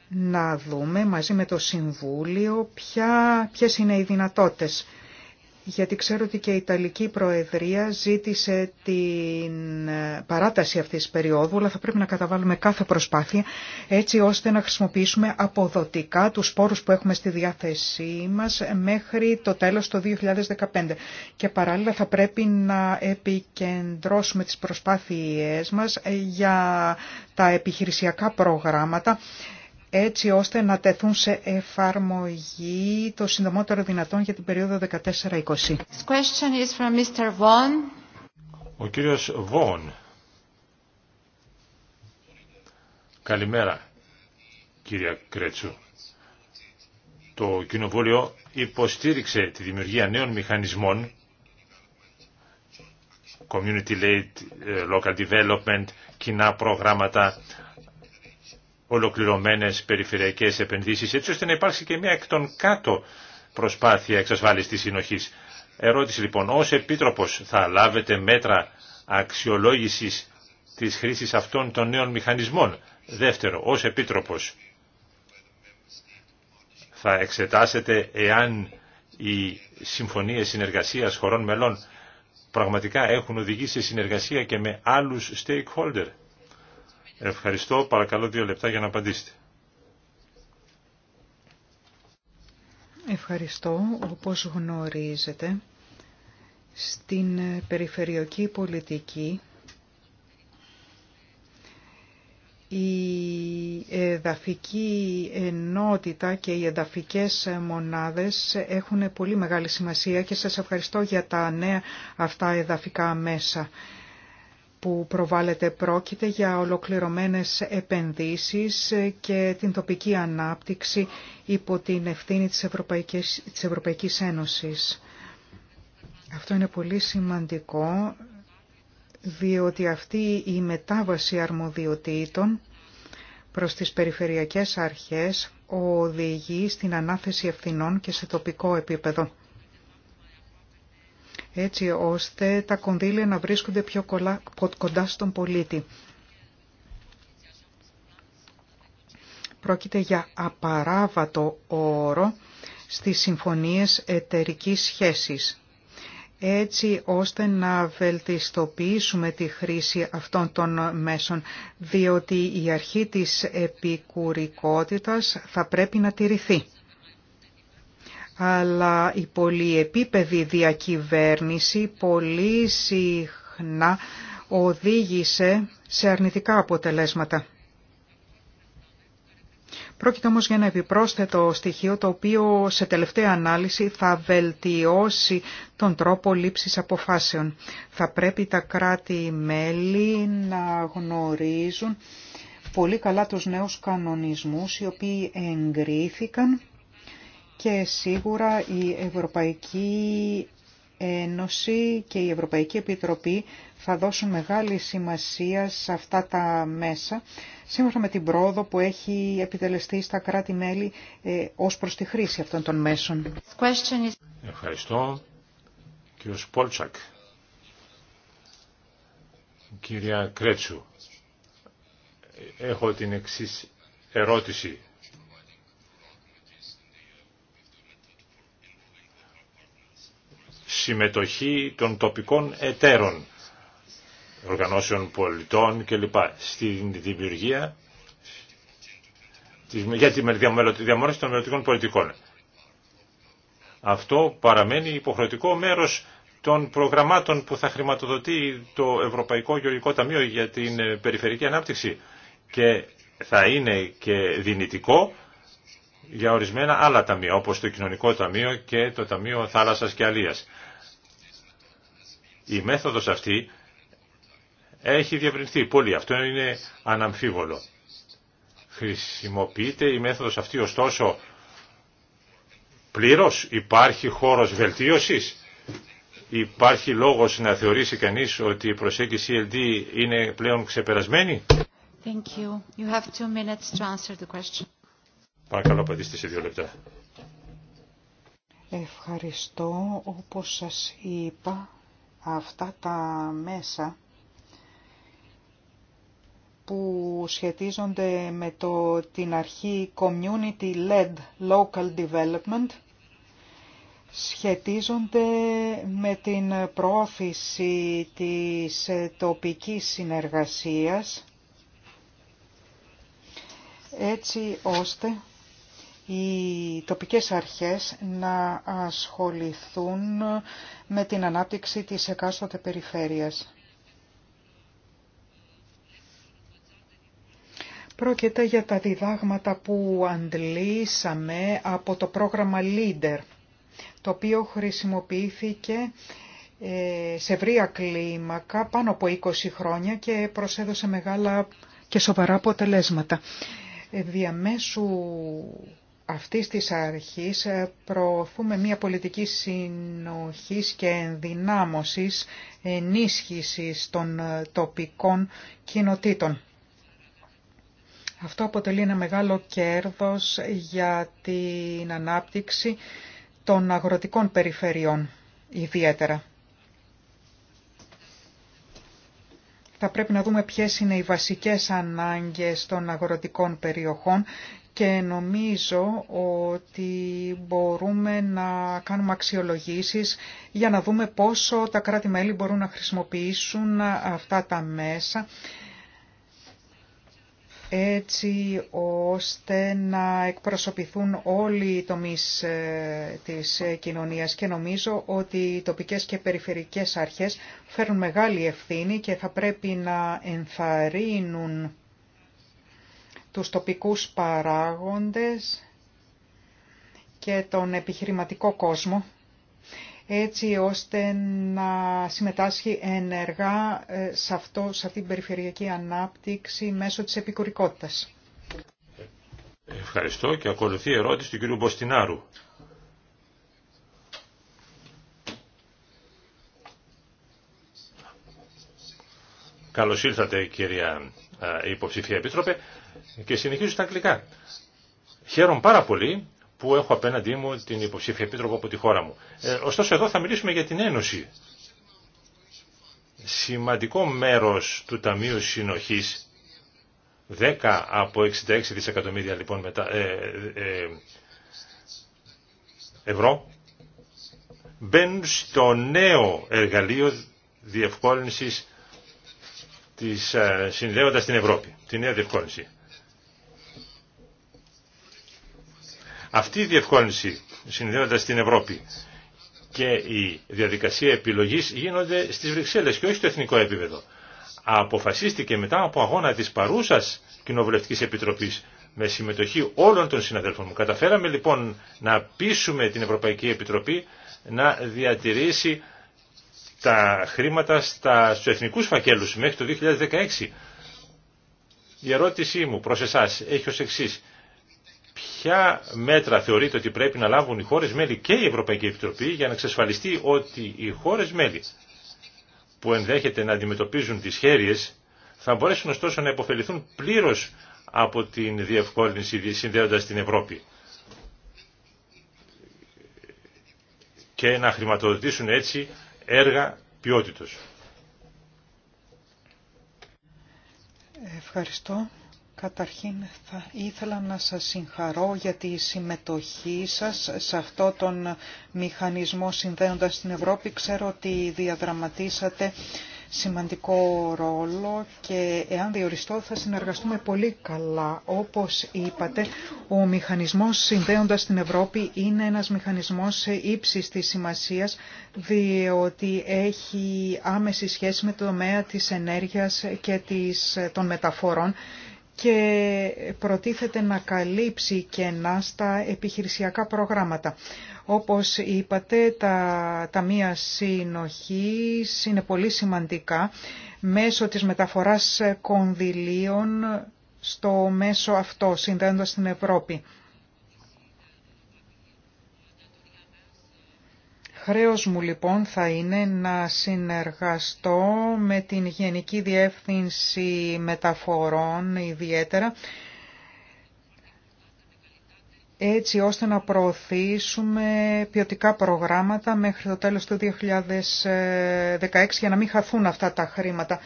να δούμε μαζί με το Συμβούλιο ποια, ποιες είναι οι δυνατότητες γιατί ξέρω ότι και η Ιταλική Προεδρία ζήτησε την ε, παράταση αυτής της περίοδου, αλλά θα πρέπει να καταβάλουμε κάθε προσπάθεια έτσι ώστε να χρησιμοποιήσουμε αποδοτικά τους πόρους που έχουμε στη διάθεσή μας μέχρι το τέλος του 2015. Και παράλληλα θα πρέπει να επικεντρώσουμε τις προσπάθειές μας για τα επιχειρησιακά προγράμματα έτσι ώστε να τεθούν σε εφαρμογή το συντομότερο δυνατόν για την περίοδο 14-20. Ο κύριος Βόν. Καλημέρα, κύριε Κρέτσου. Το Κοινοβούλιο υποστήριξε τη δημιουργία νέων μηχανισμών community-led, ε, local development, κοινά προγράμματα ολοκληρωμένες περιφερειακές επενδύσεις, έτσι ώστε να υπάρξει και μια εκ των κάτω προσπάθεια εξασφάλισης της συνοχής. Ερώτηση λοιπόν, ως Επίτροπος θα λάβετε μέτρα αξιολόγησης της χρήσης αυτών των νέων μηχανισμών. Δεύτερο, ως Επίτροπος θα εξετάσετε εάν οι συμφωνίες συνεργασίας χωρών μελών πραγματικά έχουν οδηγήσει σε συνεργασία και με άλλους stakeholder. Ευχαριστώ. Παρακαλώ δύο λεπτά για να απαντήσετε. Ευχαριστώ. Όπως γνωρίζετε, στην περιφερειακή πολιτική η εδαφική ενότητα και οι εδαφικές μονάδες έχουν πολύ μεγάλη σημασία και σας ευχαριστώ για τα νέα αυτά εδαφικά μέσα που προβάλλεται πρόκειται για ολοκληρωμένες επενδύσεις και την τοπική ανάπτυξη υπό την ευθύνη της Ευρωπαϊκής, της Ένωσης. Αυτό είναι πολύ σημαντικό διότι αυτή η μετάβαση αρμοδιοτήτων προς τις περιφερειακές αρχές οδηγεί στην ανάθεση ευθυνών και σε τοπικό επίπεδο έτσι ώστε τα κονδύλια να βρίσκονται πιο κοντά στον πολίτη. Πρόκειται για απαράβατο όρο στις συμφωνίες εταιρικής σχέσης έτσι ώστε να βελτιστοποιήσουμε τη χρήση αυτών των μέσων, διότι η αρχή της επικουρικότητας θα πρέπει να τηρηθεί αλλά η πολυεπίπεδη διακυβέρνηση πολύ συχνά οδήγησε σε αρνητικά αποτελέσματα. Πρόκειται όμως για ένα επιπρόσθετο στοιχείο το οποίο σε τελευταία ανάλυση θα βελτιώσει τον τρόπο λήψης αποφάσεων. Θα πρέπει τα κράτη-μέλη να γνωρίζουν πολύ καλά τους νέους κανονισμούς οι οποίοι εγκρίθηκαν και σίγουρα η Ευρωπαϊκή Ένωση και η Ευρωπαϊκή Επιτροπή θα δώσουν μεγάλη σημασία σε αυτά τα μέσα, σύμφωνα με την πρόοδο που έχει επιτελεστεί στα κράτη-μέλη ε, ως προς τη χρήση αυτών των μέσων. Ευχαριστώ. Κύριος Πόλτσακ. Κυρία Κρέτσου, έχω την εξής ερώτηση συμμετοχή των τοπικών εταίρων, οργανώσεων πολιτών κλπ. Στην δημιουργία για τη διαμόρφωση των μελλοντικών πολιτικών. Αυτό παραμένει υποχρεωτικό μέρος των προγραμμάτων που θα χρηματοδοτεί το Ευρωπαϊκό Γεωργικό Ταμείο για την ε, Περιφερική Ανάπτυξη και θα είναι και δυνητικό για ορισμένα άλλα ταμεία, όπως το Κοινωνικό Ταμείο και το Ταμείο Θάλασσας και Αλίας. Η μέθοδος αυτή έχει διευρυνθεί πολύ. Αυτό είναι αναμφίβολο. Χρησιμοποιείται η μέθοδος αυτή ωστόσο πλήρως. Υπάρχει χώρος βελτίωσης. Υπάρχει λόγος να θεωρήσει κανείς ότι η προσέγγιση ELD είναι πλέον ξεπερασμένη. Thank you. You have minutes to answer the question. Παρακαλώ απαντήστε σε δύο λεπτά. Ευχαριστώ. Όπως σας είπα, αυτά τα μέσα που σχετίζονται με το, την αρχή Community Led Local Development σχετίζονται με την προώθηση της τοπικής συνεργασίας έτσι ώστε οι τοπικές αρχές να ασχοληθούν με την ανάπτυξη της εκάστοτε περιφέρειας. Πρόκειται για τα διδάγματα που αντλήσαμε από το πρόγραμμα LEADER, το οποίο χρησιμοποιήθηκε ε, σε ευρία κλίμακα πάνω από 20 χρόνια και προσέδωσε μεγάλα και σοβαρά αποτελέσματα. Ε, διαμέσου αυτής της αρχής ε, προωθούμε μια πολιτική συνοχής και ενδυνάμωσης ενίσχυσης των ε, τοπικών κοινοτήτων. Αυτό αποτελεί ένα μεγάλο κέρδος για την ανάπτυξη των αγροτικών περιφερειών ιδιαίτερα. Θα πρέπει να δούμε ποιες είναι οι βασικές ανάγκες των αγροτικών περιοχών και νομίζω ότι μπορούμε να κάνουμε αξιολογήσεις για να δούμε πόσο τα κράτη-μέλη μπορούν να χρησιμοποιήσουν αυτά τα μέσα έτσι ώστε να εκπροσωπηθούν όλοι οι τομείς ε, της ε, κοινωνίας και νομίζω ότι οι τοπικές και περιφερικές αρχές φέρουν μεγάλη ευθύνη και θα πρέπει να ενθαρρύνουν τους τοπικούς παράγοντες και τον επιχειρηματικό κόσμο, έτσι ώστε να συμμετάσχει ενεργά ε, σε, αυτό, αυτή την περιφερειακή ανάπτυξη μέσω της επικουρικότητας. Ευχαριστώ και ακολουθεί η ερώτηση του κ. Μποστινάρου. Καλώς ήρθατε κυρία υποψηφία επίτροπε και συνεχίζω στα αγγλικά. Χαίρομαι πάρα πολύ που έχω απέναντί μου την υποψήφια επίτροπο από τη χώρα μου. Ε, ωστόσο εδώ θα μιλήσουμε για την Ένωση. Σημαντικό μέρος του Ταμείου Συνοχής 10 από 66 δισεκατομμύρια λοιπόν μετά, ε, ε, ε, ευρώ μπαίνουν στο νέο εργαλείο διευκόλυνσης της ε, συνδέοντας την Ευρώπη, την νέα διευκόλυνση. Αυτή η διευκόλυνση συνδέοντας την Ευρώπη και η διαδικασία επιλογής γίνονται στις Βρυξέλλες και όχι στο εθνικό επίπεδο. Αποφασίστηκε μετά από αγώνα της παρούσας Κοινοβουλευτικής Επιτροπής με συμμετοχή όλων των συναδέλφων μου. Καταφέραμε λοιπόν να πείσουμε την Ευρωπαϊκή Επιτροπή να διατηρήσει τα χρήματα στα, στους εθνικούς φακέλους μέχρι το 2016. Η ερώτησή μου προς εσάς έχει ως εξής. Ποια μέτρα θεωρείτε ότι πρέπει να λάβουν οι χώρες μέλη και η Ευρωπαϊκή Επιτροπή για να εξασφαλιστεί ότι οι χώρες μέλη που ενδέχεται να αντιμετωπίζουν τις χέρειες θα μπορέσουν ωστόσο να υποφεληθούν πλήρως από την διευκόλυνση συνδέοντα την Ευρώπη και να χρηματοδοτήσουν έτσι έργα ποιότητος. Ευχαριστώ. Καταρχήν θα ήθελα να σας συγχαρώ για τη συμμετοχή σας σε αυτό τον μηχανισμό συνδέοντας την Ευρώπη. Ξέρω ότι διαδραματίσατε σημαντικό ρόλο και εάν διοριστώ θα συνεργαστούμε πολύ καλά. Όπως είπατε, ο μηχανισμός συνδέοντας την Ευρώπη είναι ένας μηχανισμός ύψης της σημασίας διότι έχει άμεση σχέση με το τομέα της ενέργειας και των μεταφορών και προτίθεται να καλύψει κενά στα επιχειρησιακά προγράμματα. Όπως είπατε, τα ταμεία συνοχής είναι πολύ σημαντικά μέσω της μεταφοράς κονδυλίων στο μέσο αυτό, συνδέοντας την Ευρώπη. Χρέος μου λοιπόν θα είναι να συνεργαστώ με την Γενική Διεύθυνση Μεταφορών ιδιαίτερα, έτσι ώστε να προωθήσουμε ποιοτικά προγράμματα μέχρι το τέλος του 2016 για να μην χαθούν αυτά τα χρήματα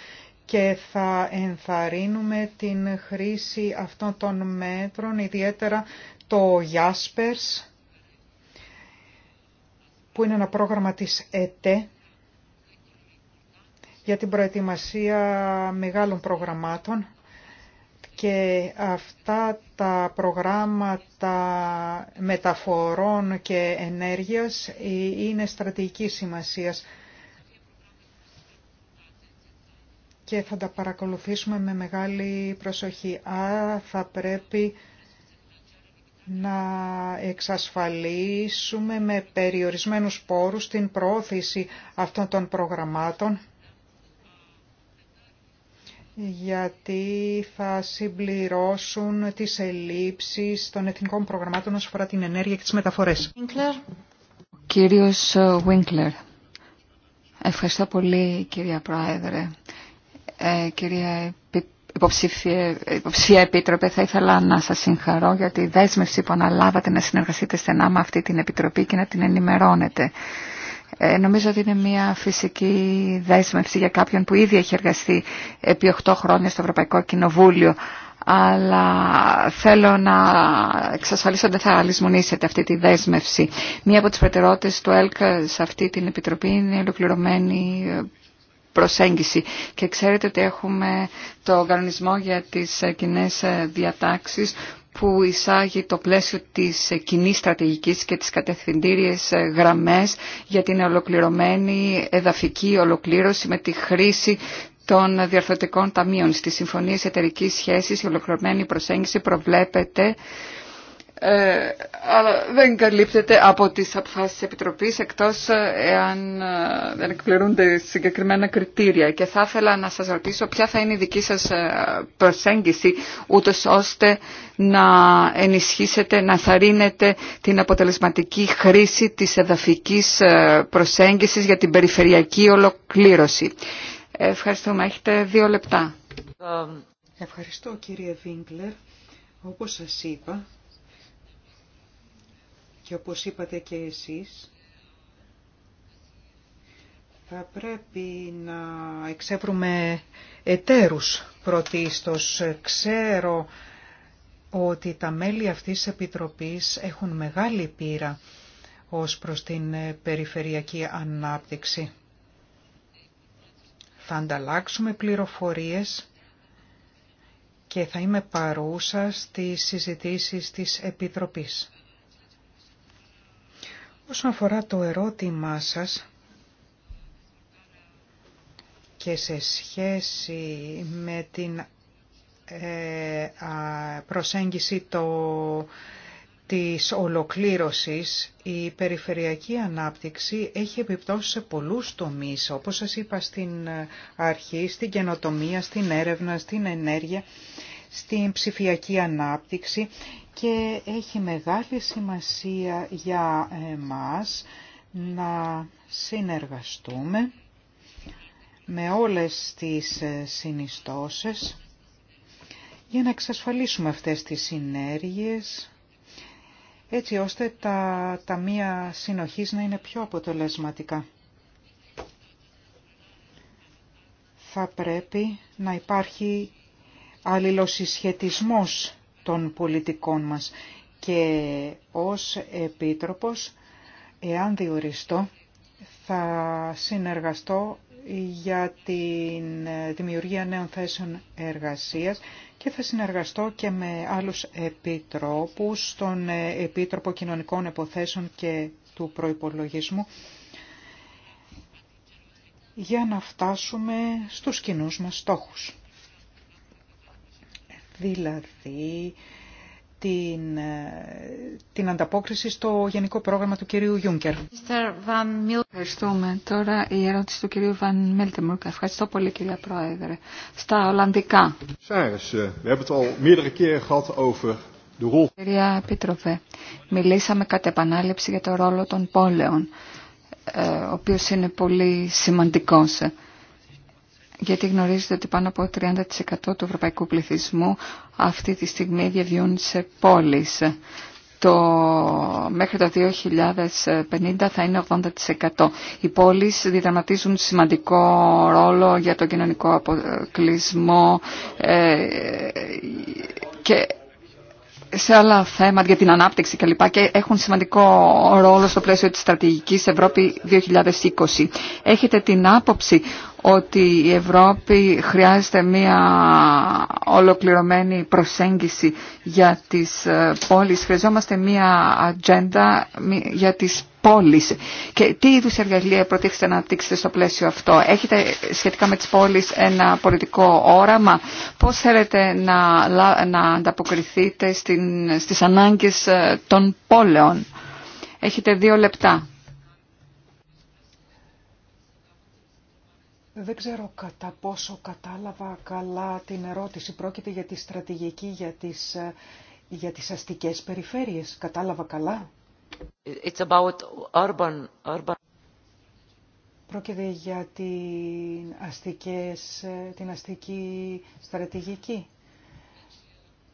και θα ενθαρρύνουμε την χρήση αυτών των μέτρων, ιδιαίτερα το ΓΙΑΣΠΕΡΣ που είναι ένα πρόγραμμα της ΕΤΕ για την προετοιμασία μεγάλων προγραμμάτων και αυτά τα προγράμματα μεταφορών και ενέργειας είναι στρατηγικής σημασίας και θα τα παρακολουθήσουμε με μεγάλη προσοχή. Α, θα πρέπει να εξασφαλίσουμε με περιορισμένους πόρους την πρόθεση αυτών των προγραμμάτων γιατί θα συμπληρώσουν τις ελλείψεις των εθνικών προγραμμάτων όσον αφορά την ενέργεια και τις μεταφορές. κύριος ευχαριστώ πολύ κυρία Πρόεδρε. Ε, κυρία Υποψήφια, υποψήφια Επίτροπε, θα ήθελα να σας συγχαρώ για τη δέσμευση που αναλάβατε να συνεργαστείτε στενά με αυτή την Επιτροπή και να την ενημερώνετε. Ε, νομίζω ότι είναι μια φυσική δέσμευση για κάποιον που ήδη έχει εργαστεί επί 8 χρόνια στο Ευρωπαϊκό Κοινοβούλιο αλλά θέλω να εξασφαλίσω ότι θα λησμονήσετε αυτή τη δέσμευση. Μία από τις προτεραιότητες του ΕΛΚ σε αυτή την Επιτροπή είναι η ολοκληρωμένη προσέγγιση. Και ξέρετε ότι έχουμε το οργανισμό για τις κοινέ διατάξεις που εισάγει το πλαίσιο της κοινή στρατηγικής και τις κατευθυντήριες γραμμές για την ολοκληρωμένη εδαφική ολοκλήρωση με τη χρήση των διαρθρωτικών ταμείων. Στις συμφωνίες εταιρικής σχέσης η ολοκληρωμένη προσέγγιση προβλέπεται ε, αλλά δεν καλύπτεται από τις αποφάσεις της Επιτροπής εκτός ε, εάν ε, δεν εκπληρούνται συγκεκριμένα κριτήρια και θα ήθελα να σας ρωτήσω ποια θα είναι η δική σας προσέγγιση ούτως ώστε να ενισχύσετε, να θαρρύνετε την αποτελεσματική χρήση της εδαφικής προσέγγισης για την περιφερειακή ολοκλήρωση. Ευχαριστούμε. Έχετε δύο λεπτά. Ευχαριστώ κύριε Βίγκλερ. Όπως σας είπα, και όπως είπατε και εσείς, θα πρέπει να εξεύρουμε εταίρους πρωτίστως. Ξέρω ότι τα μέλη αυτής της Επιτροπής έχουν μεγάλη πείρα ως προς την περιφερειακή ανάπτυξη. Θα ανταλλάξουμε πληροφορίες και θα είμαι παρούσα στις συζητήσεις της Επιτροπής. Όσον αφορά το ερώτημά σας και σε σχέση με την ε, προσέγγιση το, της ολοκλήρωσης, η περιφερειακή ανάπτυξη έχει επιπτώσει σε πολλούς τομείς, όπως σας είπα στην αρχή, στην καινοτομία, στην έρευνα, στην ενέργεια, στην ψηφιακή ανάπτυξη και έχει μεγάλη σημασία για εμάς να συνεργαστούμε με όλες τις συνιστώσεις για να εξασφαλίσουμε αυτές τις συνέργειες έτσι ώστε τα ταμεία συνοχής να είναι πιο αποτελεσματικά. Θα πρέπει να υπάρχει αλληλοσυσχετισμός των πολιτικών μας. Και ως Επίτροπος, εάν διοριστώ, θα συνεργαστώ για την δημιουργία νέων θέσεων εργασίας και θα συνεργαστώ και με άλλους επιτρόπους, τον Επίτροπο Κοινωνικών Εποθέσεων και του Προϋπολογισμού, για να φτάσουμε στους κοινούς μας στόχους δηλαδή την, την ανταπόκριση στο γενικό πρόγραμμα του κυρίου Γιούγκερ. Ευχαριστούμε. Τώρα η ερώτηση του κυρίου Βαν Μίλτεμουρκ. Ευχαριστώ πολύ κυρία Πρόεδρε. Στα Ολλανδικά. Κυρία Επίτροπε, μιλήσαμε κατά επανάληψη για το ρόλο των πόλεων, ε, ο οποίος είναι πολύ σημαντικός γιατί γνωρίζετε ότι πάνω από 30% του ευρωπαϊκού πληθυσμού αυτή τη στιγμή διαβιούν σε πόλεις. Το, μέχρι το 2050 θα είναι 80%. Οι πόλεις διδραματίζουν σημαντικό ρόλο για τον κοινωνικό αποκλεισμό ε, και σε άλλα θέματα για την ανάπτυξη κλπ. Και έχουν σημαντικό ρόλο στο πλαίσιο της στρατηγικής Ευρώπη 2020. Έχετε την άποψη ότι η Ευρώπη χρειάζεται μια ολοκληρωμένη προσέγγιση για τις ε, πόλεις. Χρειαζόμαστε μια ατζέντα για τις πόλεις. Και τι είδου εργαλεία προτίθεται να δείξετε στο πλαίσιο αυτό. Έχετε σχετικά με τις πόλεις ένα πολιτικό όραμα. Πώς θέλετε να, να ανταποκριθείτε στην, στις ανάγκες ε, των πόλεων. Έχετε δύο λεπτά. Δεν ξέρω κατά πόσο κατάλαβα καλά την ερώτηση. Πρόκειται για τη στρατηγική για τις, για τις αστικές περιφέρειες. Κατάλαβα καλά. It's about urban, urban. Πρόκειται για την, αστικές, την αστική στρατηγική.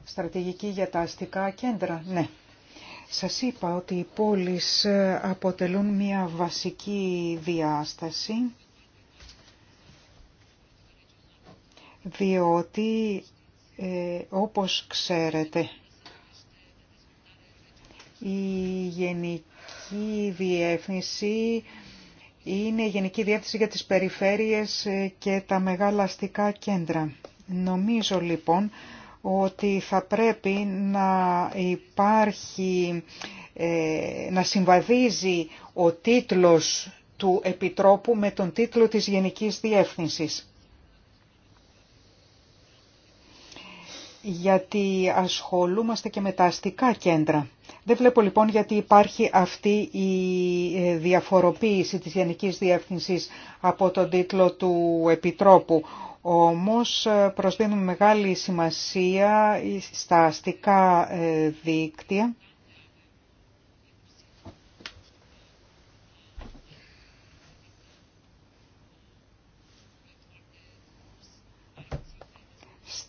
Στρατηγική για τα αστικά κέντρα, ναι. Σας είπα ότι οι πόλεις αποτελούν μια βασική διάσταση διότι ε, όπως ξέρετε η Γενική Διεύθυνση είναι η Γενική Διεύθυνση για τις Περιφέρειες ε, και τα Μεγάλα Αστικά Κέντρα. Νομίζω λοιπόν ότι θα πρέπει να υπάρχει, ε, να συμβαδίζει ο τίτλος του Επιτρόπου με τον τίτλο της Γενικής Διεύθυνσης. γιατί ασχολούμαστε και με τα αστικά κέντρα. Δεν βλέπω λοιπόν γιατί υπάρχει αυτή η ε, διαφοροποίηση της Γενικής Διεύθυνσης από τον τίτλο του Επιτρόπου. Όμως ε, προσδίνουμε μεγάλη σημασία στα αστικά ε, δίκτυα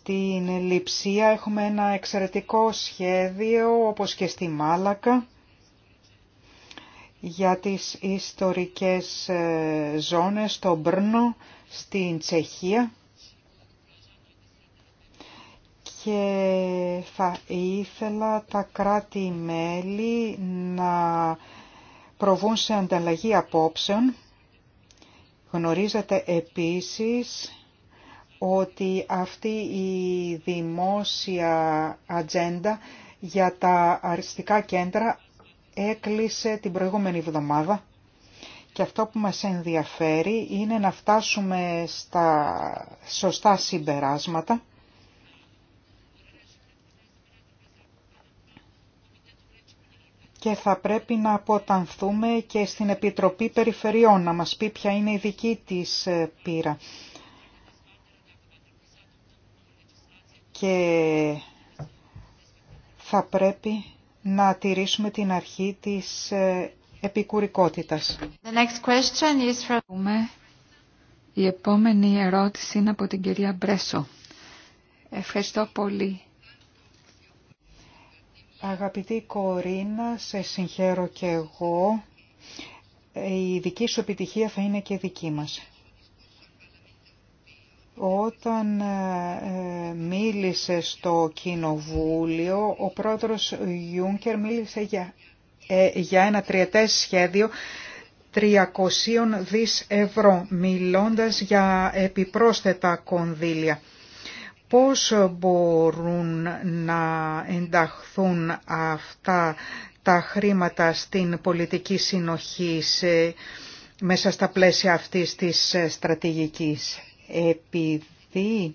στην Λιψία έχουμε ένα εξαιρετικό σχέδιο, όπως και στη Μάλακα, για τις ιστορικές ε, ζώνες στο Μπρνο, στην Τσεχία. Και θα ήθελα τα κράτη-μέλη να προβούν σε ανταλλαγή απόψεων. Γνωρίζετε επίσης ότι αυτή η δημόσια ατζέντα για τα αριστικά κέντρα έκλεισε την προηγούμενη εβδομάδα και αυτό που μας ενδιαφέρει είναι να φτάσουμε στα σωστά συμπεράσματα και θα πρέπει να αποτανθούμε και στην Επιτροπή Περιφερειών να μας πει ποια είναι η δική της ε, πείρα και θα πρέπει να τηρήσουμε την αρχή της ε, επικουρικότητας. Η επόμενη ερώτηση είναι από την κυρία Μπρέσο. Ευχαριστώ πολύ. Αγαπητή Κορίνα, σε συγχαίρω και εγώ. Ε, η δική σου επιτυχία θα είναι και δική μας. Όταν ε, ε, μίλησε στο Κοινοβούλιο, ο πρόεδρος Γιούνκερ μίλησε για, ε, για ένα τριετές σχέδιο 300 δις ευρώ, μιλώντας για επιπρόσθετα κονδύλια. Πώς μπορούν να ενταχθούν αυτά τα χρήματα στην πολιτική συνοχή μέσα στα πλαίσια αυτής της στρατηγικής επειδή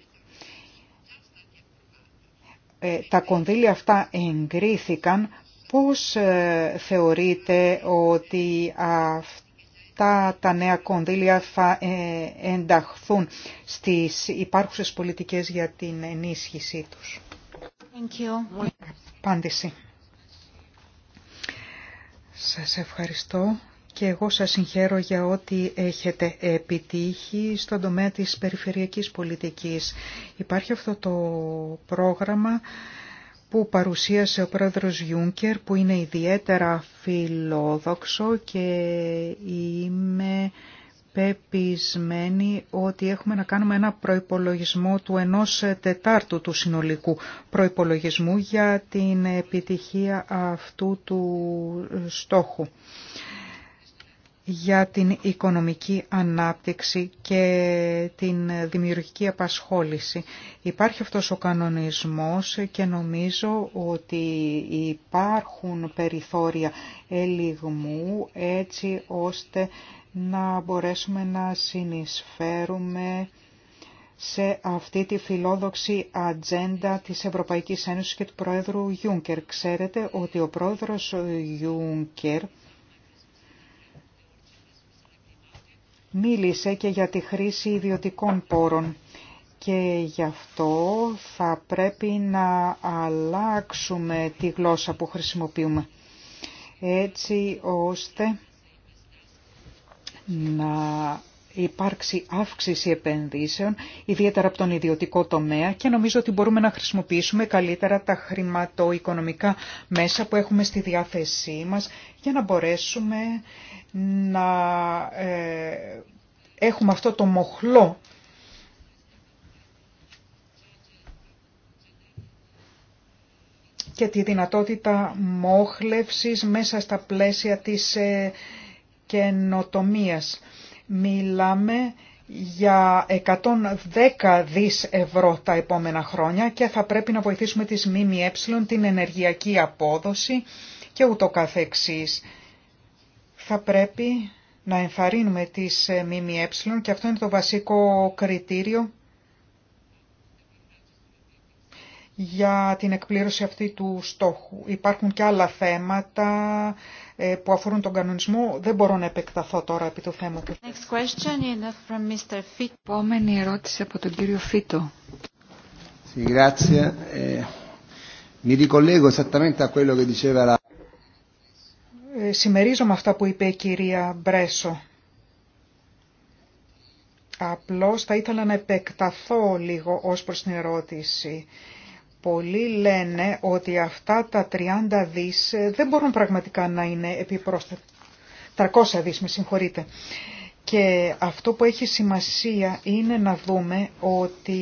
ε, τα κονδύλια αυτά εγκρίθηκαν, πώς ε, θεωρείτε ότι αυτά τα νέα κονδύλια θα ε, ενταχθούν στις υπάρχουσες πολιτικές για την ενίσχυσή τους. Thank Σας ευχαριστώ και εγώ σας συγχαίρω για ό,τι έχετε επιτύχει στον τομέα της περιφερειακής πολιτικής. Υπάρχει αυτό το πρόγραμμα που παρουσίασε ο πρόεδρος Γιούνκερ που είναι ιδιαίτερα φιλόδοξο και είμαι πεπισμένη ότι έχουμε να κάνουμε ένα προϋπολογισμό του ενός τετάρτου του συνολικού προϋπολογισμού για την επιτυχία αυτού του στόχου για την οικονομική ανάπτυξη και την δημιουργική απασχόληση. Υπάρχει αυτός ο κανονισμός και νομίζω ότι υπάρχουν περιθώρια ελιγμού έτσι ώστε να μπορέσουμε να συνεισφέρουμε σε αυτή τη φιλόδοξη ατζέντα της Ευρωπαϊκής Ένωσης και του Πρόεδρου Γιούνκερ. Ξέρετε ότι ο Πρόεδρος Γιούνκερ μίλησε και για τη χρήση ιδιωτικών πόρων και γι' αυτό θα πρέπει να αλλάξουμε τη γλώσσα που χρησιμοποιούμε έτσι ώστε να υπάρξει αύξηση επενδύσεων, ιδιαίτερα από τον ιδιωτικό τομέα και νομίζω ότι μπορούμε να χρησιμοποιήσουμε καλύτερα τα χρηματοοικονομικά μέσα που έχουμε στη διάθεσή μας για να μπορέσουμε να ε, έχουμε αυτό το μοχλό και τη δυνατότητα μόχλευσης μέσα στα πλαίσια της ε, καινοτομίας. Μιλάμε για 110 δις ευρώ τα επόμενα χρόνια και θα πρέπει να βοηθήσουμε τις ΜΜΕ, την ενεργειακή απόδοση και ούτω καθεξής. Θα πρέπει να ενθαρρύνουμε τις ΜΜΕ και αυτό είναι το βασικό κριτήριο για την εκπλήρωση αυτή του στόχου. Υπάρχουν και άλλα θέματα ε, που αφορούν τον κανονισμό. Δεν μπορώ να επεκταθώ τώρα επί του θέματος. Next Επόμενη ερώτηση από τον κύριο Φίτο. Ε, ε, Σημερίζω με αυτά που είπε η κυρία Μπρέσο. Απλώς θα ήθελα να επεκταθώ λίγο ως προς την ερώτηση. Πολλοί λένε ότι αυτά τα 30 δις ε, δεν μπορούν πραγματικά να είναι επιπρόσθετα. 300 δις, με συγχωρείτε. Και αυτό που έχει σημασία είναι να δούμε ότι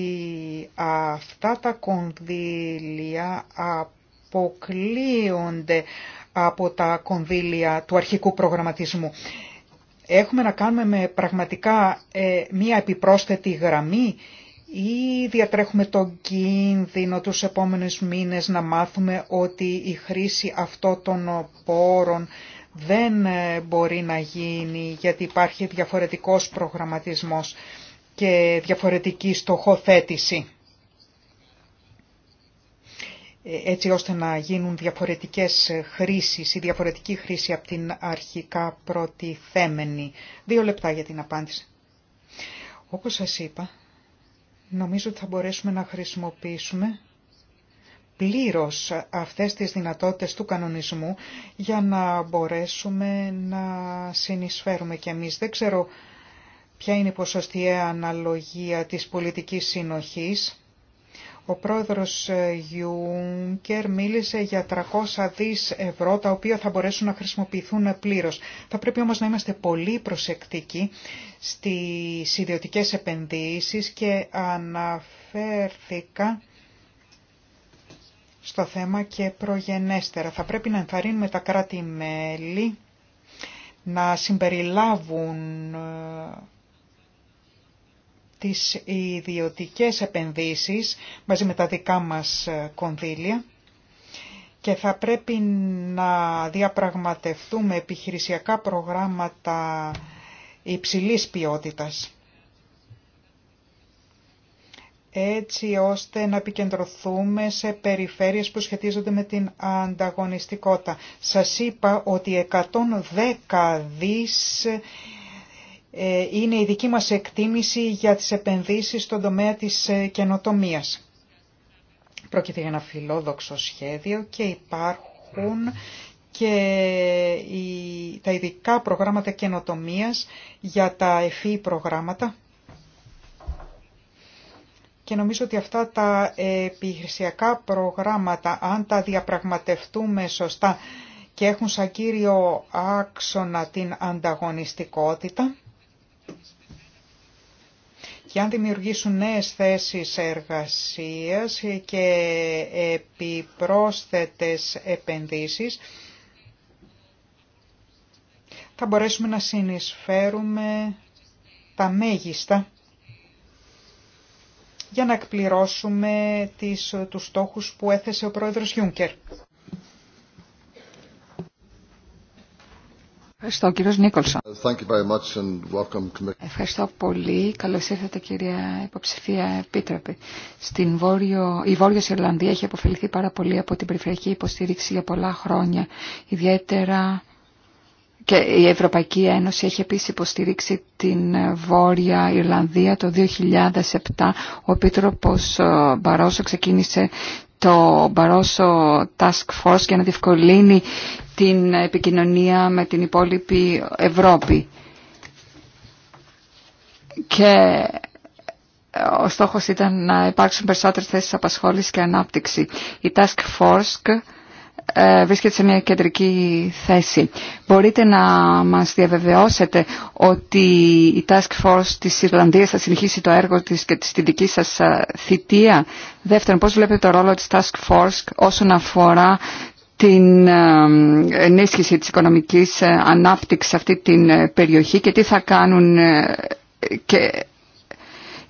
αυτά τα κονδύλια αποκλείονται από τα κονδύλια του αρχικού προγραμματισμού. Έχουμε να κάνουμε με πραγματικά ε, μία επιπρόσθετη γραμμή ή διατρέχουμε τον κίνδυνο τους επόμενους μήνες να μάθουμε ότι η χρήση αυτών των πόρων δεν μπορεί να γίνει γιατί υπάρχει διαφορετικός προγραμματισμός και διαφορετική στοχοθέτηση έτσι ώστε να γίνουν διαφορετικές χρήσεις ή διαφορετική χρήση από την αρχικά προτιθέμενη. Δύο λεπτά για την απάντηση. Όπως σας είπα, Νομίζω ότι θα μπορέσουμε να χρησιμοποιήσουμε πλήρως αυτές τις δυνατότητες του κανονισμού για να μπορέσουμε να συνεισφέρουμε κι εμείς. Δεν ξέρω ποια είναι η ποσοστιαία αναλογία της πολιτικής συνοχής ο πρόεδρος ε, Γιούνκερ μίλησε για 300 δις ευρώ, τα οποία θα μπορέσουν να χρησιμοποιηθούν πλήρως. Θα πρέπει όμως να είμαστε πολύ προσεκτικοί στις ιδιωτικές επενδύσεις και αναφέρθηκα στο θέμα και προγενέστερα. Θα πρέπει να ενθαρρύνουμε τα κράτη-μέλη να συμπεριλάβουν ε, τις ιδιωτικές επενδύσεις μαζί με τα δικά μας ε, κονδύλια και θα πρέπει να διαπραγματευτούμε επιχειρησιακά προγράμματα υψηλής ποιότητας έτσι ώστε να επικεντρωθούμε σε περιφέρειες που σχετίζονται με την ανταγωνιστικότητα. Σας είπα ότι 110 δις ε, είναι η δική μας εκτίμηση για τις επενδύσεις στον τομέα της ε, καινοτομίας. Πρόκειται για ένα φιλόδοξο σχέδιο και υπάρχουν και τα ειδικά προγράμματα καινοτομίας για τα ΕΦΗ προγράμματα και νομίζω ότι αυτά τα επιχειρησιακά προγράμματα, αν τα διαπραγματευτούμε σωστά και έχουν σαν κύριο άξονα την ανταγωνιστικότητα, για να δημιουργήσουν νέες θέσεις εργασίας και επιπρόσθετες επενδύσεις, θα μπορέσουμε να συνεισφέρουμε τα μέγιστα για να εκπληρώσουμε τις, τους στόχους που έθεσε ο πρόεδρος Γιούνκερ. Ευχαριστώ κύριο Νίκολσον. Ευχαριστώ πολύ. Καλώ ήρθατε κυρία υποψηφία επίτροπε. Στην Βόρειο... Η Βόρειο Ιρλανδία έχει αποφεληθεί πάρα πολύ από την περιφερειακή υποστήριξη για πολλά χρόνια. Ιδιαίτερα και η Ευρωπαϊκή Ένωση έχει επίσης υποστηρίξει την Βόρεια Ιρλανδία το 2007. Ο Επίτροπος ε, Μπαρόσο ξεκίνησε το παρόσο Task Force για να διευκολύνει την επικοινωνία με την υπόλοιπη Ευρώπη. Και ε, ο στόχος ήταν να υπάρξουν περισσότερες θέσεις απασχόλησης και ανάπτυξη. Η Task Force ε, βρίσκεται σε μια κεντρική θέση. Μπορείτε να μας διαβεβαιώσετε ότι η Task Force της Ιρλανδίας θα συνεχίσει το έργο της και τη δική σας ε, θητεία. Δεύτερον, πώς βλέπετε το ρόλο της Task Force όσον αφορά την ε, ενίσχυση της οικονομικής ανάπτυξης σε αυτή την περιοχή και τι θα κάνουν και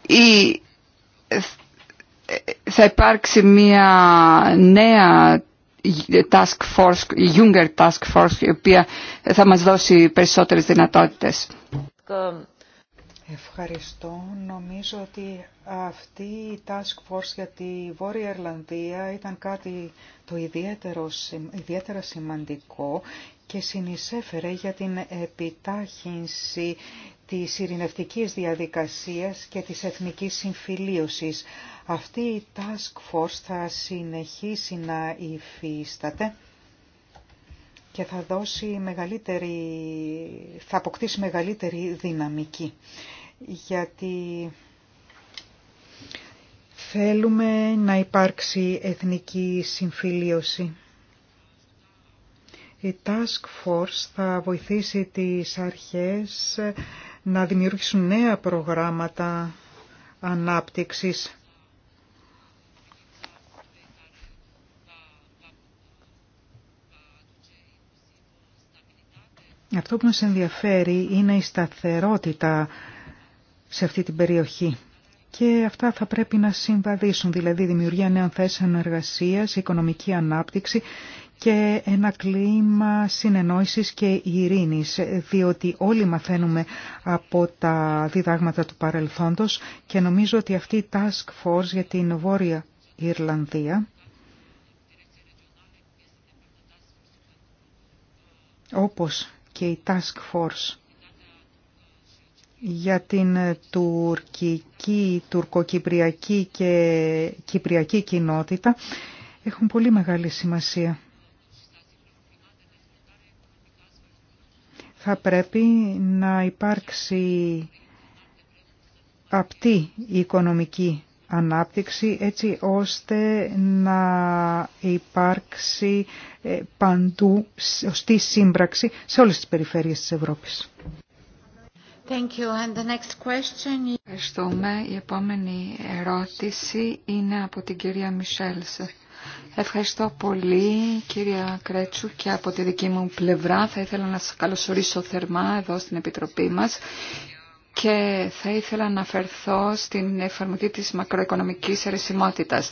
ή θα υπάρξει μια νέα task force, η Juncker Task Force, η οποία θα μας δώσει περισσότερες δυνατότητες. Ευχαριστώ. Νομίζω ότι αυτή η Task Force για τη Βόρεια Ιρλανδία ήταν κάτι το ιδιαίτερο, ιδιαίτερα σημαντικό και συνεισέφερε για την επιτάχυνση της ειρηνευτικής διαδικασίας και της εθνικής συμφιλίωσης. Αυτή η Task Force θα συνεχίσει να υφίσταται και θα δώσει μεγαλύτερη, θα αποκτήσει μεγαλύτερη δυναμική γιατί θέλουμε να υπάρξει εθνική συμφιλίωση. Η Task Force θα βοηθήσει τις αρχές να δημιουργήσουν νέα προγράμματα ανάπτυξης. Αυτό που μας ενδιαφέρει είναι η σταθερότητα σε αυτή την περιοχή. Και αυτά θα πρέπει να συμβαδίσουν, δηλαδή δημιουργία νέων θέσεων εργασίας, οικονομική ανάπτυξη και ένα κλίμα συνεννόησης και ειρήνης, διότι όλοι μαθαίνουμε από τα διδάγματα του παρελθόντος και νομίζω ότι αυτή η Task Force για την Βόρεια Ιρλανδία, όπως και η Task Force για την ε, τουρκική, τουρκοκυπριακή και κυπριακή κοινότητα έχουν πολύ μεγάλη σημασία. Θα πρέπει να υπάρξει απτή οικονομική ανάπτυξη έτσι ώστε να υπάρξει ε, παντού σωστή σύμπραξη σε όλες τις περιφέρειες της Ευρώπης. Ευχαριστούμε. Η επόμενη ερώτηση είναι από την κυρία Μισελς. Ευχαριστώ πολύ κυρία Κρέτσου και από τη δική μου πλευρά θα ήθελα να σας καλωσορίσω θερμά εδώ στην Επιτροπή μας και θα ήθελα να αφαιρθώ στην εφαρμογή της μακροοικονομικής αρισιμότητας.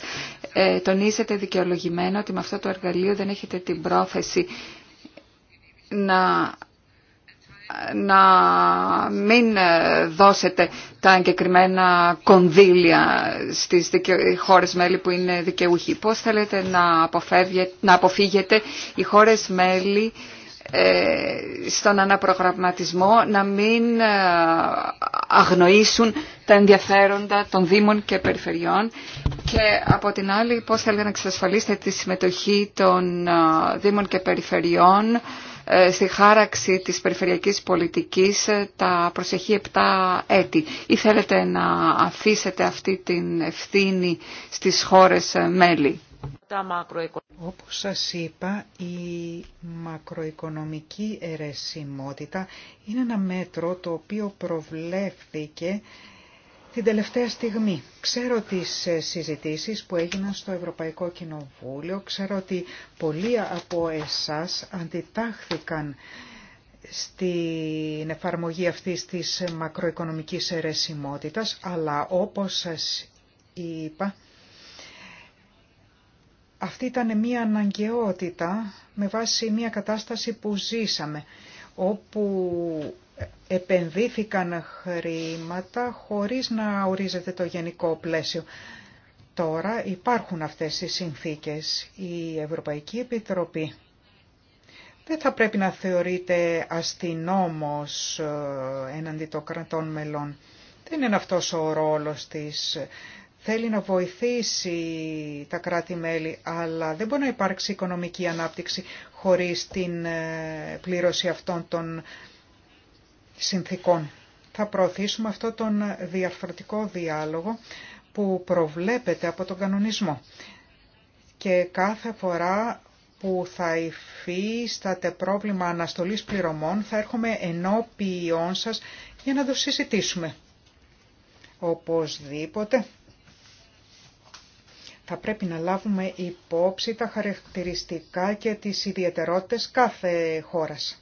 Ε, τονίζετε δικαιολογημένο ότι με αυτό το εργαλείο δεν έχετε την πρόθεση να να μην ε, δώσετε τα εγκεκριμένα κονδύλια στις χώρες μέλη που είναι δικαιούχοι. Πώς θέλετε να, να αποφύγετε οι χώρες μέλη ε, στον αναπρογραμματισμό να μην ε, αγνοήσουν τα ενδιαφέροντα των Δήμων και Περιφερειών και από την άλλη πώς θέλετε να εξασφαλίσετε τη συμμετοχή των Δήμων και Περιφερειών ε, στη χάραξη της περιφερειακής πολιτικής ε, τα προσεχή 7 έτη. Ή θέλετε να αφήσετε αυτή την ευθύνη στις χώρες ε, μέλη. Όπως σας είπα, η μακροοικονομική αιρεσιμότητα είναι ειπα η μακροοικονομικη ερεσιμότητα μέτρο το οποίο προβλέφθηκε την τελευταία στιγμή. Ξέρω τις ε, συζητήσεις που έγιναν στο Ευρωπαϊκό Κοινοβούλιο, ξέρω ότι πολλοί από εσάς αντιτάχθηκαν στην εφαρμογή αυτής της μακροοικονομικής αιρεσιμότητας, αλλά όπως σας είπα, αυτή ήταν μια αναγκαιότητα με βάση μια κατάσταση που ζήσαμε, όπου επενδύθηκαν χρήματα χωρίς να ορίζεται το γενικό πλαίσιο. Τώρα υπάρχουν αυτές οι συνθήκες. Η Ευρωπαϊκή Επιτροπή δεν θα πρέπει να θεωρείται αστυνόμος ε, εναντί των κρατών μελών. Δεν είναι αυτός ο ρόλος της. Θέλει να βοηθήσει τα κράτη-μέλη, αλλά δεν μπορεί να υπάρξει οικονομική ανάπτυξη χωρίς την ε, πλήρωση αυτών των συνθήκων. Θα προωθήσουμε αυτό τον διαφορετικό διάλογο που προβλέπεται από τον κανονισμό. Και κάθε φορά που θα υφίσταται πρόβλημα αναστολής πληρωμών θα έρχομαι ενώπιον σας για να το συζητήσουμε. Οπωσδήποτε θα πρέπει να λάβουμε υπόψη τα χαρακτηριστικά και τις ιδιαιτερότητες κάθε χώρας.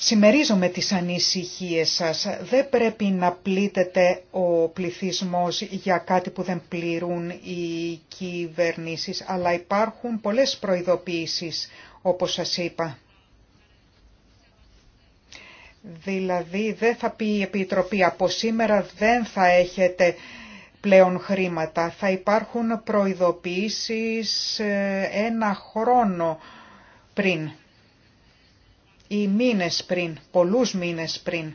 Συμμερίζομαι τις ανησυχίες σας. Δεν πρέπει να πλήτεται ο πληθυσμός για κάτι που δεν πληρούν οι κυβερνήσεις, αλλά υπάρχουν πολλές προειδοποίησεις, όπως σας είπα. Δηλαδή δεν θα πει η Επιτροπή από σήμερα δεν θα έχετε πλέον χρήματα. Θα υπάρχουν προειδοποίησεις ε, ένα χρόνο πριν ή μήνες πριν, πολλούς μήνες πριν.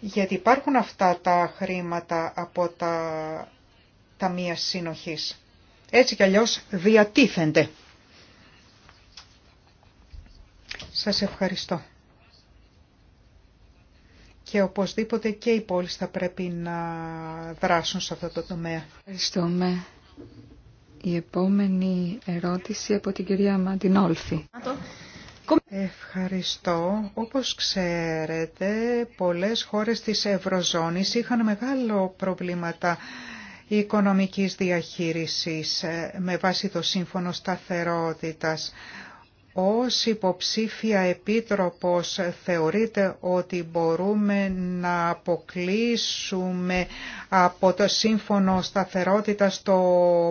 Γιατί υπάρχουν αυτά τα χρήματα από τα ταμεία συνοχής. Έτσι κι αλλιώς διατίθενται. Σας ευχαριστώ. Και οπωσδήποτε και οι πόλεις θα πρέπει να δράσουν σε αυτό το τομέα. Ευχαριστούμε. Η επόμενη ερώτηση από την κυρία Μαντινόλφη. Ευχαριστώ. Όπως ξέρετε, πολλές χώρες της Ευρωζώνης είχαν μεγάλο προβλήματα οικονομικής διαχείρισης ε, με βάση το Σύμφωνο Σταθερότητας ως υποψήφια επίτροπος θεωρείτε ότι μπορούμε να αποκλείσουμε από το σύμφωνο σταθερότητας το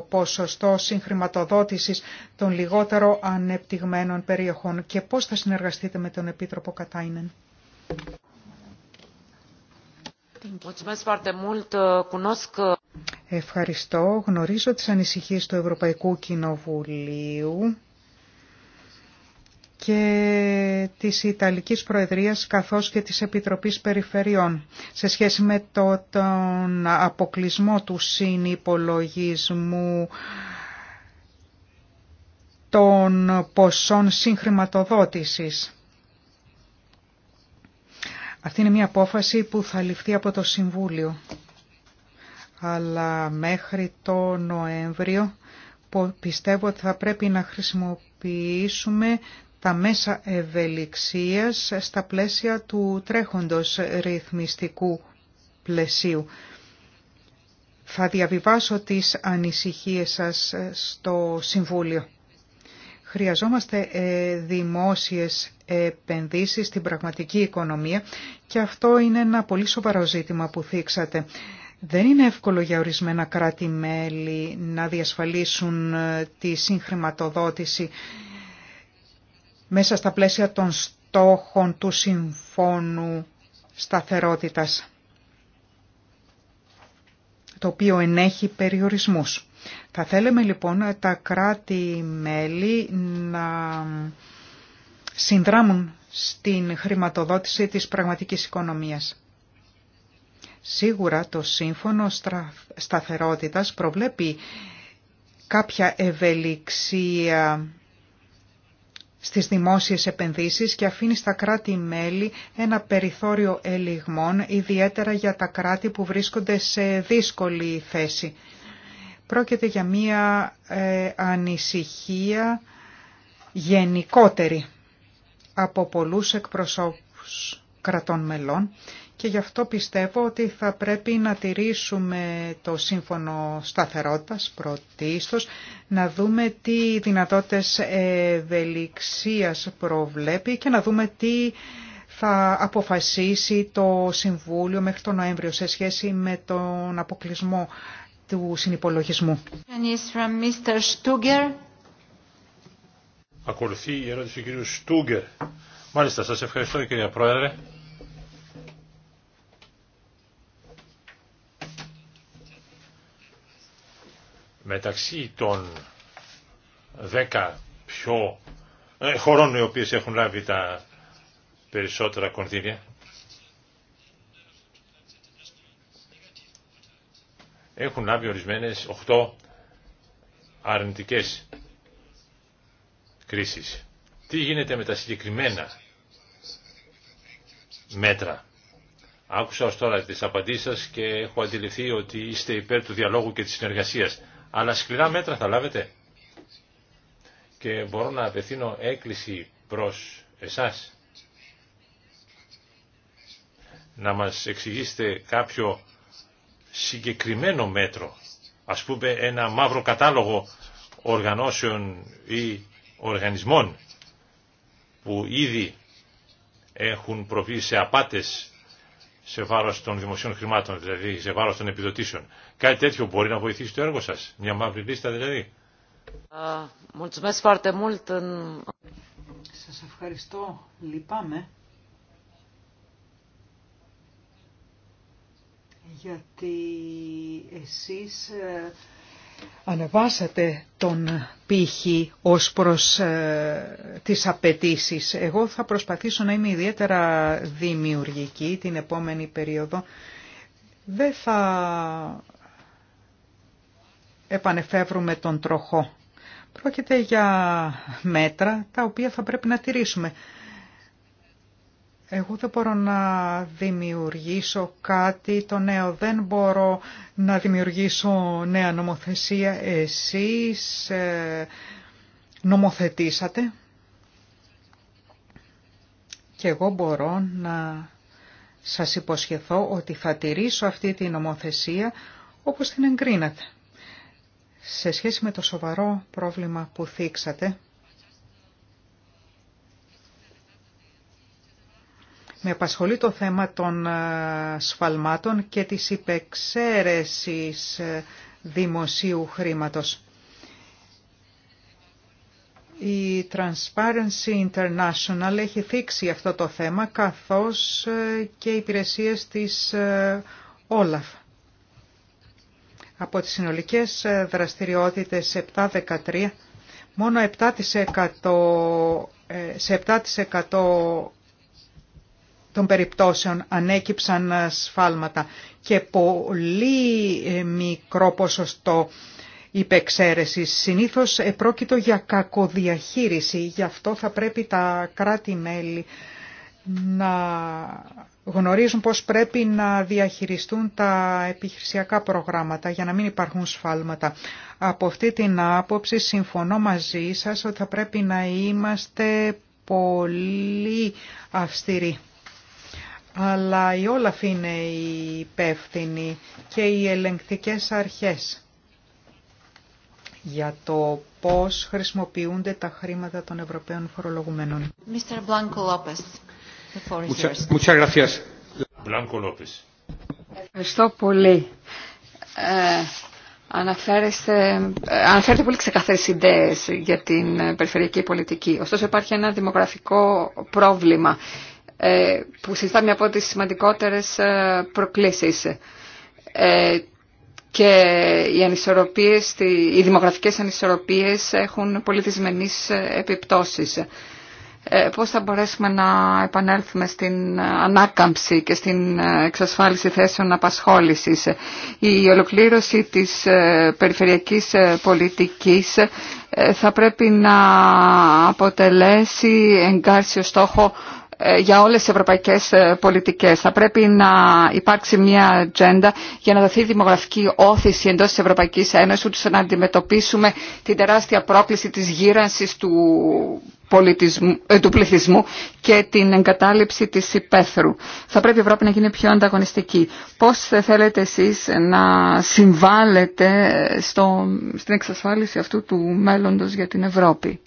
ποσοστό συγχρηματοδότησης των λιγότερο ανεπτυγμένων περιοχών και πώς θα συνεργαστείτε με τον Επίτροπο Κατάινεν. Ευχαριστώ. Γνωρίζω τις ανησυχίες του Ευρωπαϊκού Κοινοβουλίου και της Ιταλικής Προεδρίας καθώς και της Επιτροπής Περιφερειών σε σχέση με τον αποκλεισμό του συνυπολογισμού των ποσών συγχρηματοδότησης. Αυτή είναι μια απόφαση που θα ληφθεί από το Συμβούλιο. Αλλά μέχρι το Νοέμβριο πιστεύω ότι θα πρέπει να χρησιμοποιήσουμε τα μέσα ευελιξίας στα πλαίσια του τρέχοντος ρυθμιστικού πλαισίου. Θα διαβιβάσω τις ανησυχίες σας στο Συμβούλιο. Χρειαζόμαστε ε, δημόσιες επενδύσεις στην πραγματική οικονομία και αυτό είναι ένα πολύ σοβαρό ζήτημα που θίξατε. Δεν είναι εύκολο για ορισμένα κράτη-μέλη να διασφαλίσουν ε, τη συγχρηματοδότηση μέσα στα πλαίσια των στόχων του Συμφώνου Σταθερότητας, το οποίο ενέχει περιορισμούς. Θα θέλαμε λοιπόν τα κράτη-μέλη να συνδράμουν στην χρηματοδότηση της πραγματικής οικονομίας. Σίγουρα το Σύμφωνο Σταθερότητας προβλέπει κάποια ευελιξία στις δημόσιες επενδύσεις και αφήνει στα κράτη-μέλη ένα περιθώριο ελιγμών, ιδιαίτερα για τα κράτη που βρίσκονται σε δύσκολη θέση. Πρόκειται για μία ε, ανησυχία γενικότερη από πολλούς εκπροσώπους κρατών μελών και γι' αυτό πιστεύω ότι θα πρέπει να τηρήσουμε το σύμφωνο σταθερότητας πρωτίστως, να δούμε τι δυνατότητες ευελιξίας προβλέπει και να δούμε τι θα αποφασίσει το Συμβούλιο μέχρι τον Νοέμβριο σε σχέση με τον αποκλεισμό του συνυπολογισμού. Ακολουθεί η ερώτηση του κ. Στούγκερ. Μάλιστα, σας ευχαριστώ κ. Πρόεδρε. μεταξύ των δέκα πιο ε, χωρών οι οποίες έχουν λάβει τα περισσότερα κονδύλια έχουν λάβει ορισμένες 8 αρνητικές κρίσεις. Τι γίνεται με τα συγκεκριμένα μέτρα. Άκουσα ως τώρα τις απαντήσεις σας και έχω αντιληφθεί ότι είστε υπέρ του διαλόγου και της συνεργασίας αλλά σκληρά μέτρα θα λάβετε. Και μπορώ να απευθύνω έκκληση προς εσάς να μας εξηγήσετε κάποιο συγκεκριμένο μέτρο, ας πούμε ένα μαύρο κατάλογο οργανώσεων ή οργανισμών που ήδη έχουν προβεί σε απάτες σε βάρος των δημοσίων χρημάτων, δηλαδή σε βάρος των επιδοτήσεων. Κάτι τέτοιο μπορεί να βοηθήσει το έργο σας. Μια μαύρη λίστα δηλαδή. Σας ευχαριστώ. Λυπάμαι. Γιατί εσείς ε, ανεβάσατε τον πύχη ως προς ε, τις απαιτήσει. Εγώ θα προσπαθήσω να είμαι ιδιαίτερα δημιουργική την επόμενη περίοδο. Δεν θα επανεφεύρουμε τον τροχό. Πρόκειται για μέτρα τα οποία θα πρέπει να τηρήσουμε. Εγώ δεν μπορώ να δημιουργήσω κάτι το νέο, δεν μπορώ να δημιουργήσω νέα νομοθεσία. Εσείς ε, νομοθετήσατε και εγώ μπορώ να σας υποσχεθώ ότι θα τηρήσω αυτή τη νομοθεσία όπως την εγκρίνατε. Σε σχέση με το σοβαρό πρόβλημα που θίξατε, με απασχολεί το θέμα των ε, σφαλμάτων και της υπεξαίρεσης ε, δημοσίου χρήματος. Η Transparency International έχει θίξει αυτό το θέμα καθώς ε, και οι υπηρεσίες της Όλαφ. Από τις συνολικές ε, δραστηριότητες 7-13, μόνο 7% ε, σε 7% των περιπτώσεων ανέκυψαν ε, σφάλματα και πολύ μικρό ποσοστό υπεξαίρεση. Συνήθως πρόκειτο για κακοδιαχείριση, γι' αυτό θα πρέπει τα κράτη-μέλη να γνωρίζουν πώς πρέπει να διαχειριστούν τα επιχειρησιακά προγράμματα για να μην υπάρχουν σφάλματα. Από αυτή την άποψη συμφωνώ μαζί σας ότι θα πρέπει να είμαστε πολύ αυστηροί. Αλλά η Όλαφ είναι η υπεύθυνη και οι ελεγκτικές αρχές για το πώς χρησιμοποιούνται τα χρήματα των Ευρωπαίων φορολογουμένων. Ευχαριστώ πολύ. Ε, αναφέρεστε, αναφέρετε πολύ ξεκαθαρές ιδέες για την ε, περιφερειακή πολιτική. Ωστόσο υπάρχει ένα δημογραφικό πρόβλημα ε, που συζητά μια από τις σημαντικότερες προκλήσεις. και οι, οι δημογραφικές ανισορροπίες έχουν πολύ δυσμενείς επιπτώσεις. Ε, πώς θα μπορέσουμε να επανέλθουμε στην ανάκαμψη και στην ε, εξασφάλιση θέσεων απασχόλησης. Η ολοκλήρωση της ε, περιφερειακής πολιτικής θα πρέπει να αποτελέσει εγκάρσιο στόχο ε, για όλες τις ευρωπαϊκές ε, πολιτικές. Θα πρέπει να υπάρξει μια ατζέντα για να δοθεί δημογραφική όθηση εντός της Ευρωπαϊκής Ένωσης, ώστε να αντιμετωπίσουμε την τεράστια πρόκληση της γύρανσης ε, του, πληθυσμού και την εγκατάλειψη της υπαίθρου. Θα πρέπει η Ευρώπη να γίνει πιο ανταγωνιστική. Πώς θέλετε εσείς να συμβάλλετε στο, στην εξασφάλιση αυτού του μέλλοντος για την Ευρώπη.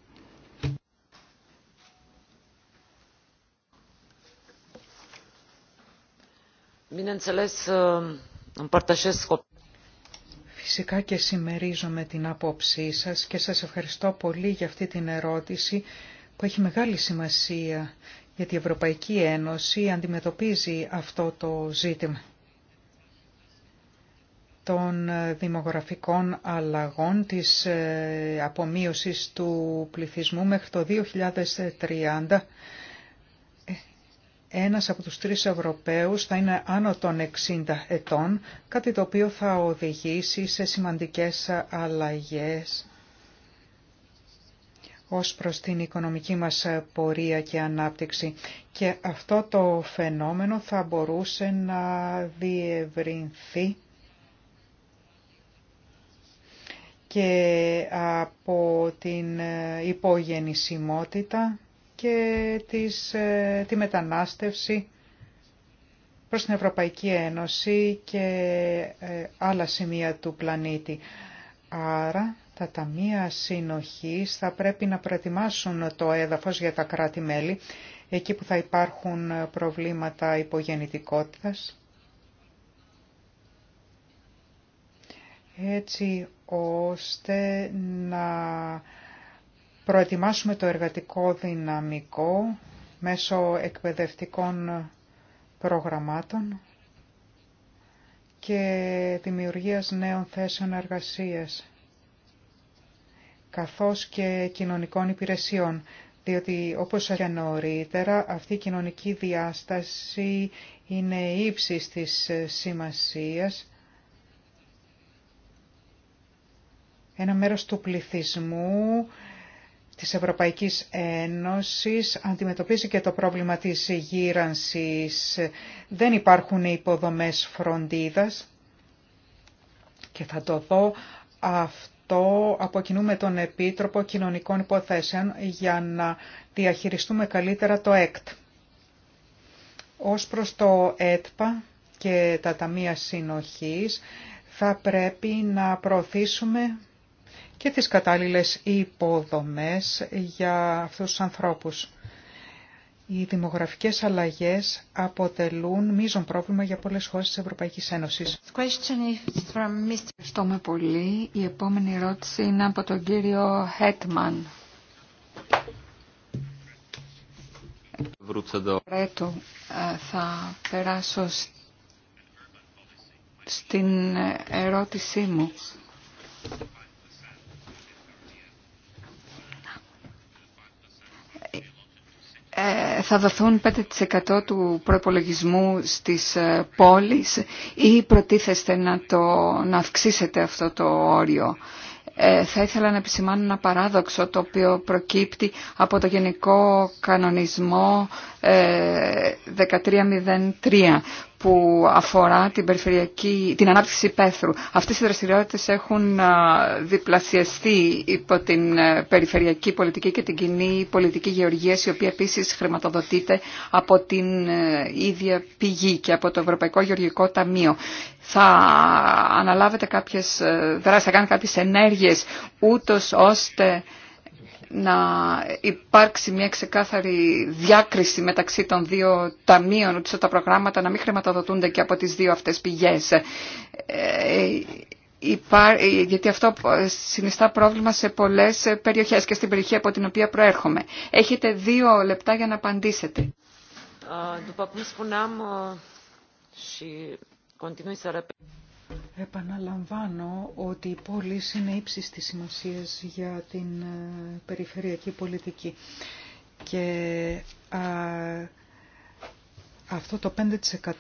Uh, Φυσικά και συμμερίζομαι την άποψή σας και σας ευχαριστώ πολύ για αυτή την ερώτηση που έχει μεγάλη σημασία γιατί η Ευρωπαϊκή Ένωση αντιμετωπίζει αυτό το ζήτημα των ε, δημογραφικών αλλαγών, της ε, απομείωσης του πληθυσμού μέχρι το 2030 ένας από τους τρεις Ευρωπαίους θα είναι άνω των 60 ετών, κάτι το οποίο θα οδηγήσει σε σημαντικές αλλαγές ως προς την οικονομική μας πορεία και ανάπτυξη. Και αυτό το φαινόμενο θα μπορούσε να διευρυνθεί και από την υπογεννησιμότητα και ε, τη μετανάστευση προς την Ευρωπαϊκή Ένωση και ε, άλλα σημεία του πλανήτη. Άρα τα ταμεία συνοχής θα πρέπει να προετοιμάσουν το έδαφος για τα κράτη-μέλη εκεί που θα υπάρχουν προβλήματα υπογεννητικότητας. Έτσι ώστε να προετοιμάσουμε το εργατικό δυναμικό μέσω εκπαιδευτικών προγραμμάτων και δημιουργίας νέων θέσεων εργασίας, καθώς και κοινωνικών υπηρεσιών, διότι όπως και νωρίτερα αυτή η κοινωνική διάσταση είναι ύψης της σημασίας. Ένα μέρος του πληθυσμού της Ευρωπαϊκής Ένωσης αντιμετωπίζει και το πρόβλημα της γύρανσης. Δεν υπάρχουν υποδομές φροντίδας και θα το δω αυτό από κοινού τον Επίτροπο Κοινωνικών Υποθέσεων για να διαχειριστούμε καλύτερα το ΕΚΤ. Ως προς το ΕΤΠΑ και τα Ταμεία Συνοχής θα πρέπει να προωθήσουμε και τις κατάλληλες υποδομές για αυτούς τους ανθρώπους. Οι δημογραφικές αλλαγές αποτελούν μείζον πρόβλημα για πολλές χώρες της Ευρωπαϊκής Ένωσης. Ευχαριστούμε πολύ. Η επόμενη ερώτηση είναι από τον κύριο Χέτμαν. Ε, θα περάσω στην ερώτησή μου. Ε, θα δοθούν 5% του προπολογισμού στις ε, πόλεις ή προτίθεστε να, το, να αυξήσετε αυτό το όριο. Ε, θα ήθελα να επισημάνω ένα παράδοξο το οποίο προκύπτει από το Γενικό Κανονισμό 1303 που αφορά την, περιφερειακή, την ανάπτυξη πέθρου. Αυτές οι δραστηριότητες έχουν διπλασιαστεί υπό την ε, περιφερειακή πολιτική και την κοινή πολιτική γεωργίας, η οποία επίσης χρηματοδοτείται από την ε, ίδια πηγή και από το Ευρωπαϊκό Γεωργικό Ταμείο. Θα αναλάβετε κάποιες ε, δράσεις, θα κάνετε κάποιες ενέργειες, ούτως ώστε να υπάρξει μια ξεκάθαρη διάκριση μεταξύ των δύο ταμείων, ότι τα προγράμματα να μην χρηματοδοτούνται και από τις δύο αυτές πηγές. Ε, ε, γιατί αυτό ε, συνιστά πρόβλημα σε πολλές περιοχές και στην περιοχή από την οποία προέρχομαι. Έχετε δύο λεπτά για να απαντήσετε. Επαναλαμβάνω ότι οι πόλη είναι ύψης της σημασίας για την ε, περιφερειακή πολιτική και αυτό το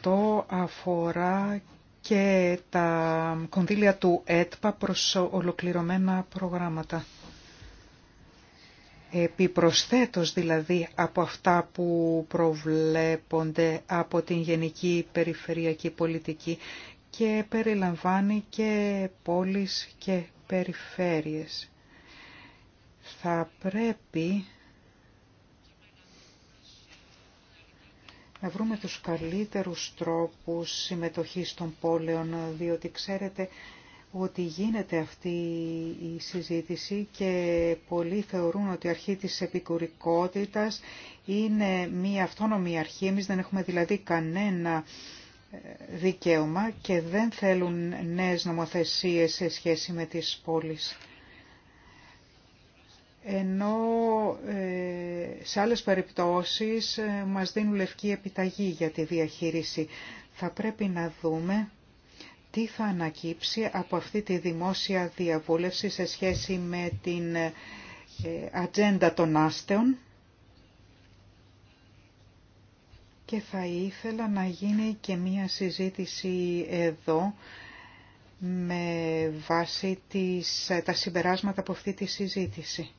5% αφορά και τα κονδύλια του ΕΤΠΑ προς ολοκληρωμένα προγράμματα. Επιπροσθέτως δηλαδή από αυτά που προβλέπονται από την Γενική Περιφερειακή Πολιτική και περιλαμβάνει και πόλεις και περιφέρειες. Θα πρέπει να βρούμε τους καλύτερους τρόπους συμμετοχής των πόλεων, διότι ξέρετε ότι γίνεται αυτή η συζήτηση και πολλοί θεωρούν ότι η αρχή της επικουρικότητας είναι μία αυτόνομη αρχή. Εμείς δεν έχουμε δηλαδή κανένα δικαίωμα και δεν θέλουν νέες νομοθεσίες σε σχέση με τις πόλεις. Ενώ ε, σε άλλες περιπτώσεις ε, μας δίνουν λευκή επιταγή για τη διαχείριση. Θα πρέπει να δούμε τι θα ανακύψει από αυτή τη δημόσια διαβούλευση σε σχέση με την ε, ατζέντα των άστεων και θα ήθελα να γίνει και μία συζήτηση εδώ με βάση τις, τα συμπεράσματα από αυτή τη συζήτηση.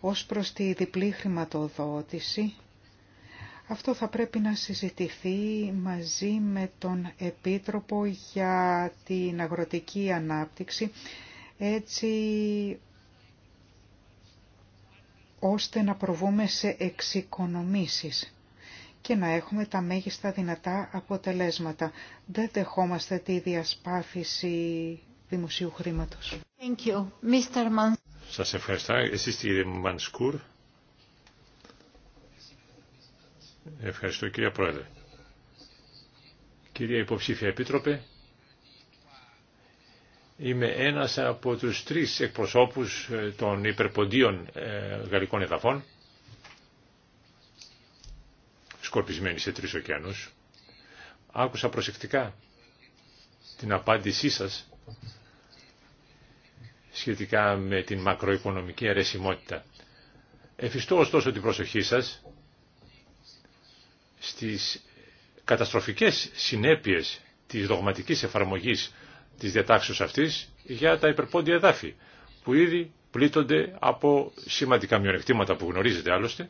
Ως προς τη διπλή χρηματοδότηση, αυτό θα πρέπει να συζητηθεί μαζί με τον Επίτροπο για την Αγροτική Ανάπτυξη, έτσι ώστε να προβούμε σε εξοικονομήσεις και να έχουμε τα μέγιστα δυνατά αποτελέσματα. Δεν δεχόμαστε τη διασπάθηση δημοσίου χρήματος. Thank you. Mr. Σας ευχαριστώ. Εσείς κύριε Μανσκούρ. Ευχαριστώ κυρία Πρόεδρε. Κυρία Υποψήφια Επίτροπε, είμαι ένας από τους τρεις εκπροσώπους ε, των υπερποντίων ε, γαλλικών εδαφών σκορπισμένη σε τρεις ωκεανούς. Άκουσα προσεκτικά την απάντησή σας σχετικά με την μακροοικονομική αρεσιμότητα. Εφιστώ ωστόσο την προσοχή σας στις καταστροφικές συνέπειες της δογματικής εφαρμογής της διατάξεως αυτής για τα υπερπόντια εδάφη, που ήδη πλήττονται από σημαντικά μειονεκτήματα που γνωρίζετε άλλωστε,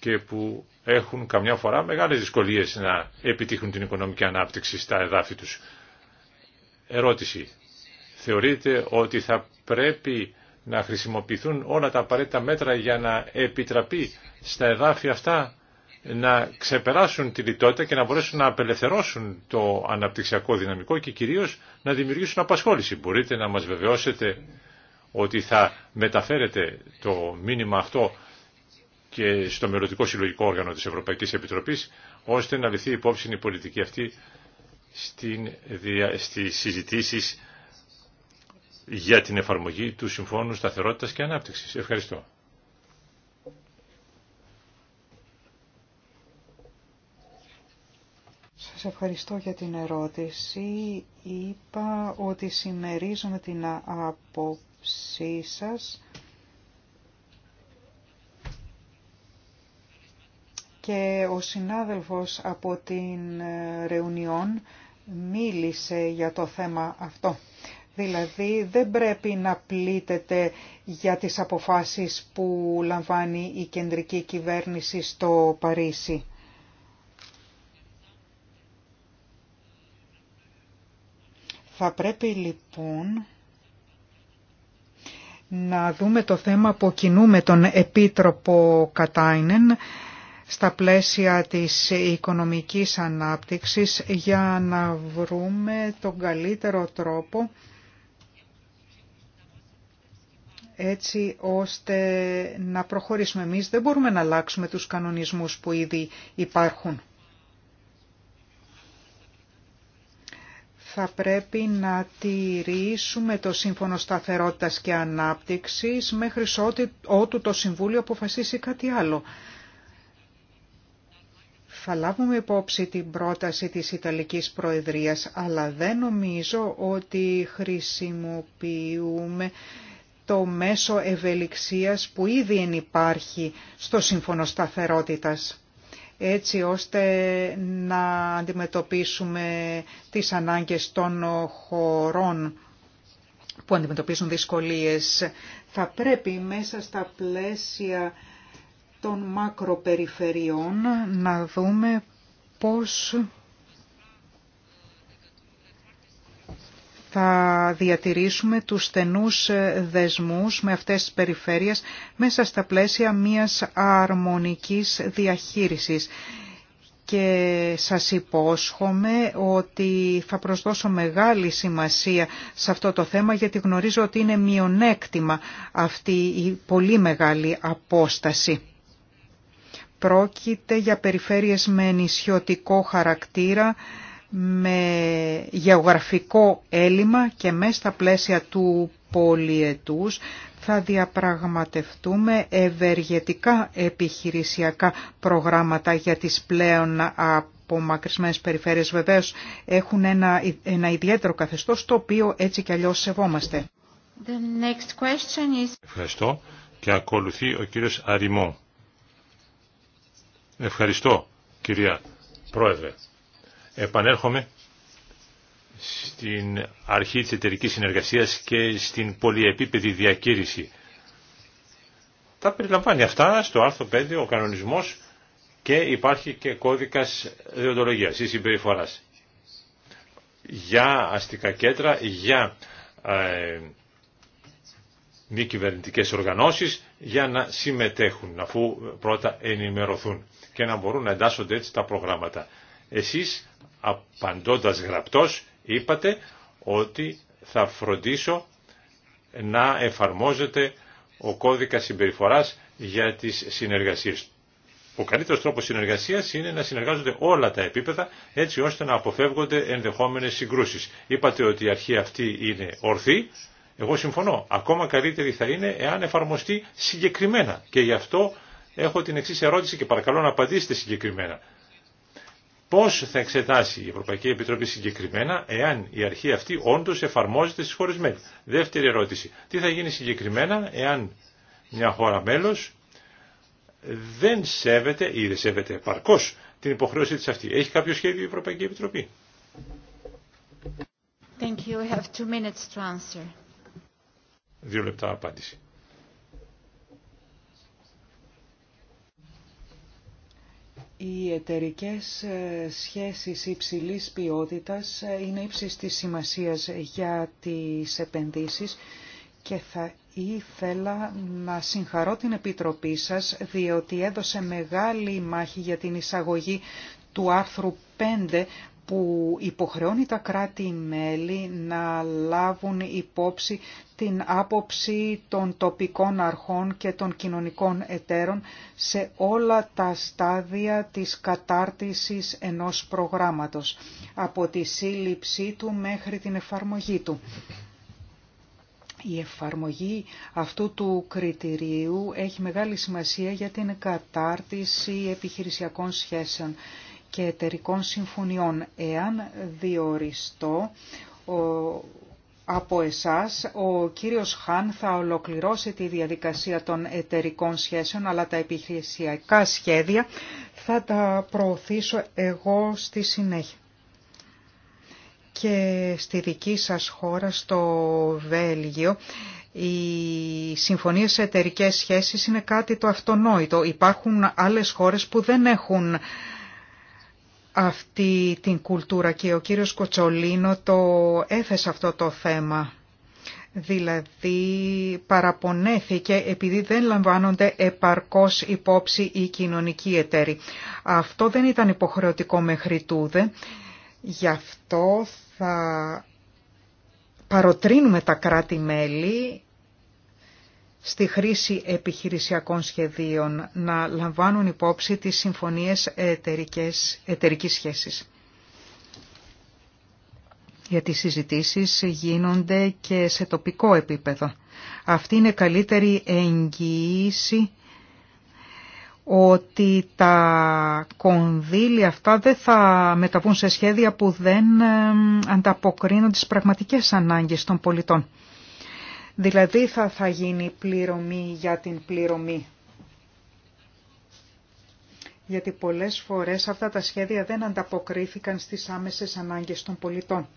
και που έχουν καμιά φορά μεγάλες δυσκολίες να επιτύχουν την οικονομική ανάπτυξη στα εδάφη τους. Ερώτηση. Θεωρείτε ότι θα πρέπει να χρησιμοποιηθούν όλα τα απαραίτητα μέτρα για να επιτραπεί στα εδάφη αυτά να ξεπεράσουν τη λιτότητα και να μπορέσουν να απελευθερώσουν το αναπτυξιακό δυναμικό και κυρίως να δημιουργήσουν απασχόληση. Μπορείτε να μας βεβαιώσετε ότι θα μεταφέρετε το μήνυμα αυτό και στο μελλοντικό συλλογικό όργανο της Ευρωπαϊκής Επιτροπής, ώστε να ληφθεί υπόψη η πολιτική αυτή στην, στις για την εφαρμογή του Συμφώνου Σταθερότητας και Ανάπτυξης. Ευχαριστώ. Σας ευχαριστώ για την ερώτηση. Είπα ότι συμμερίζομαι την άποψή σας και ο συνάδελφος από την ε, Ρεουνιόν μίλησε για το θέμα αυτό. Δηλαδή δεν πρέπει να πλήτεται για τις αποφάσεις που λαμβάνει η κεντρική κυβέρνηση στο Παρίσι. Θα πρέπει λοιπόν να δούμε το θέμα που κινούμε τον Επίτροπο Κατάινεν στα πλαίσια της οικονομικής ανάπτυξης για να βρούμε τον καλύτερο τρόπο έτσι ώστε να προχωρήσουμε. Εμείς δεν μπορούμε να αλλάξουμε τους κανονισμούς που ήδη υπάρχουν. θα πρέπει να τηρήσουμε το Σύμφωνο Σταθερότητας και Ανάπτυξης μέχρι ότου το Συμβούλιο αποφασίσει κάτι άλλο θα λάβουμε υπόψη την πρόταση της Ιταλικής Προεδρίας, αλλά δεν νομίζω ότι χρησιμοποιούμε το μέσο ευελιξίας που ήδη ύπάρχει στο Σύμφωνο Σταθερότητας έτσι ώστε να αντιμετωπίσουμε τις ανάγκες των χωρών που αντιμετωπίζουν δυσκολίες. Θα πρέπει μέσα στα πλαίσια των μακροπεριφερειών να δούμε πώς θα διατηρήσουμε τους στενούς δεσμούς με αυτές τις περιφέρειες μέσα στα πλαίσια μιας αρμονικής διαχείρισης. Και σας υπόσχομαι ότι θα προσδώσω μεγάλη σημασία σε αυτό το θέμα γιατί γνωρίζω ότι είναι μειονέκτημα αυτή η πολύ μεγάλη απόσταση. Πρόκειται για περιφέρειες με νησιωτικό χαρακτήρα, με γεωγραφικό έλλειμμα και μέσα στα πλαίσια του πολιετούς θα διαπραγματευτούμε ευεργετικά επιχειρησιακά προγράμματα για τις πλέον απομακρυσμένες περιφέρειες. Βεβαίως έχουν ένα, ένα ιδιαίτερο καθεστώς το οποίο έτσι κι αλλιώς σεβόμαστε. Ευχαριστώ και ακολουθεί ο κύριος Αριμό. Ευχαριστώ κυρία Πρόεδρε. Επανέρχομαι στην αρχή της εταιρικής συνεργασίας και στην πολυεπίπεδη διακήρυση. Τα περιλαμβάνει αυτά στο άρθρο 5 ο κανονισμός και υπάρχει και κώδικας διοντολογίας ή συμπεριφορά. Για αστικά κέντρα, για ε, μη κυβερνητικέ οργανώσεις για να συμμετέχουν αφού πρώτα ενημερωθούν και να μπορούν να εντάσσονται έτσι τα προγράμματα. Εσείς απαντώντας γραπτός είπατε ότι θα φροντίσω να εφαρμόζεται ο κώδικας συμπεριφοράς για τις συνεργασίες. Ο καλύτερος τρόπος συνεργασίας είναι να συνεργάζονται όλα τα επίπεδα έτσι ώστε να αποφεύγονται ενδεχόμενες συγκρούσεις. Είπατε ότι η αρχή αυτή είναι ορθή εγώ συμφωνώ. Ακόμα καλύτερη θα είναι εάν εφαρμοστεί συγκεκριμένα. Και γι' αυτό έχω την εξή ερώτηση και παρακαλώ να απαντήσετε συγκεκριμένα. Πώ θα εξετάσει η Ευρωπαϊκή Επιτροπή συγκεκριμένα εάν η αρχή αυτή όντω εφαρμόζεται στι χώρε μέλη. Δεύτερη ερώτηση. Τι θα γίνει συγκεκριμένα εάν μια χώρα μέλο δεν σέβεται ή δεν σέβεται επαρκώς την υποχρέωσή της αυτή. Έχει κάποιο σχέδιο η δεν σεβεται επαρκω την υποχρεωση τη αυτη Επιτροπή. Thank you. We have two minutes to Δύο λεπτά απάντηση. Οι εταιρικές ε, σχέσεις υψηλής ποιότητας ε, είναι ύψης της σημασίας για τις επενδύσεις και θα ήθελα να συγχαρώ την Επιτροπή σας διότι έδωσε μεγάλη μάχη για την εισαγωγή του άρθρου 5 που υποχρεώνει τα κράτη-μέλη να λάβουν υπόψη την άποψη των τοπικών αρχών και των κοινωνικών εταίρων σε όλα τα στάδια της κατάρτισης ενός προγράμματος, από τη σύλληψή του μέχρι την εφαρμογή του. Η εφαρμογή αυτού του κριτηρίου έχει μεγάλη σημασία για την κατάρτιση επιχειρησιακών σχέσεων και εταιρικών συμφωνιών. Εάν διοριστώ, από εσάς ο κύριος Χάν θα ολοκληρώσει τη διαδικασία των εταιρικών σχέσεων, αλλά τα επιχειρησιακά σχέδια θα τα προωθήσω εγώ στη συνέχεια. Και στη δική σας χώρα, στο Βέλγιο, οι συμφωνίες εταιρικές σχέσεις είναι κάτι το αυτονόητο. Υπάρχουν άλλες χώρες που δεν έχουν αυτή την κουλτούρα και ο κύριος Κοτσολίνο το έθεσε αυτό το θέμα. Δηλαδή παραπονέθηκε επειδή δεν λαμβάνονται επαρκώς υπόψη οι κοινωνικοί εταίροι. Αυτό δεν ήταν υποχρεωτικό μέχρι τούδε, γι' αυτό θα παροτρύνουμε τα κράτη-μέλη στη χρήση επιχειρησιακών σχεδίων, να λαμβάνουν υπόψη τις συμφωνίες εταιρικές, εταιρικής σχέσης. Γιατί οι συζητήσεις γίνονται και σε τοπικό επίπεδο. Αυτή είναι καλύτερη εγγυήση ότι τα κονδύλια αυτά δεν θα μεταβούν σε σχέδια που δεν ανταποκρίνουν τις πραγματικές ανάγκες των πολιτών. Δηλαδή θα, θα γίνει πληρωμή για την πληρωμή. Γιατί πολλές φορές αυτά τα σχέδια δεν ανταποκρίθηκαν στις άμεσες ανάγκες των πολιτών.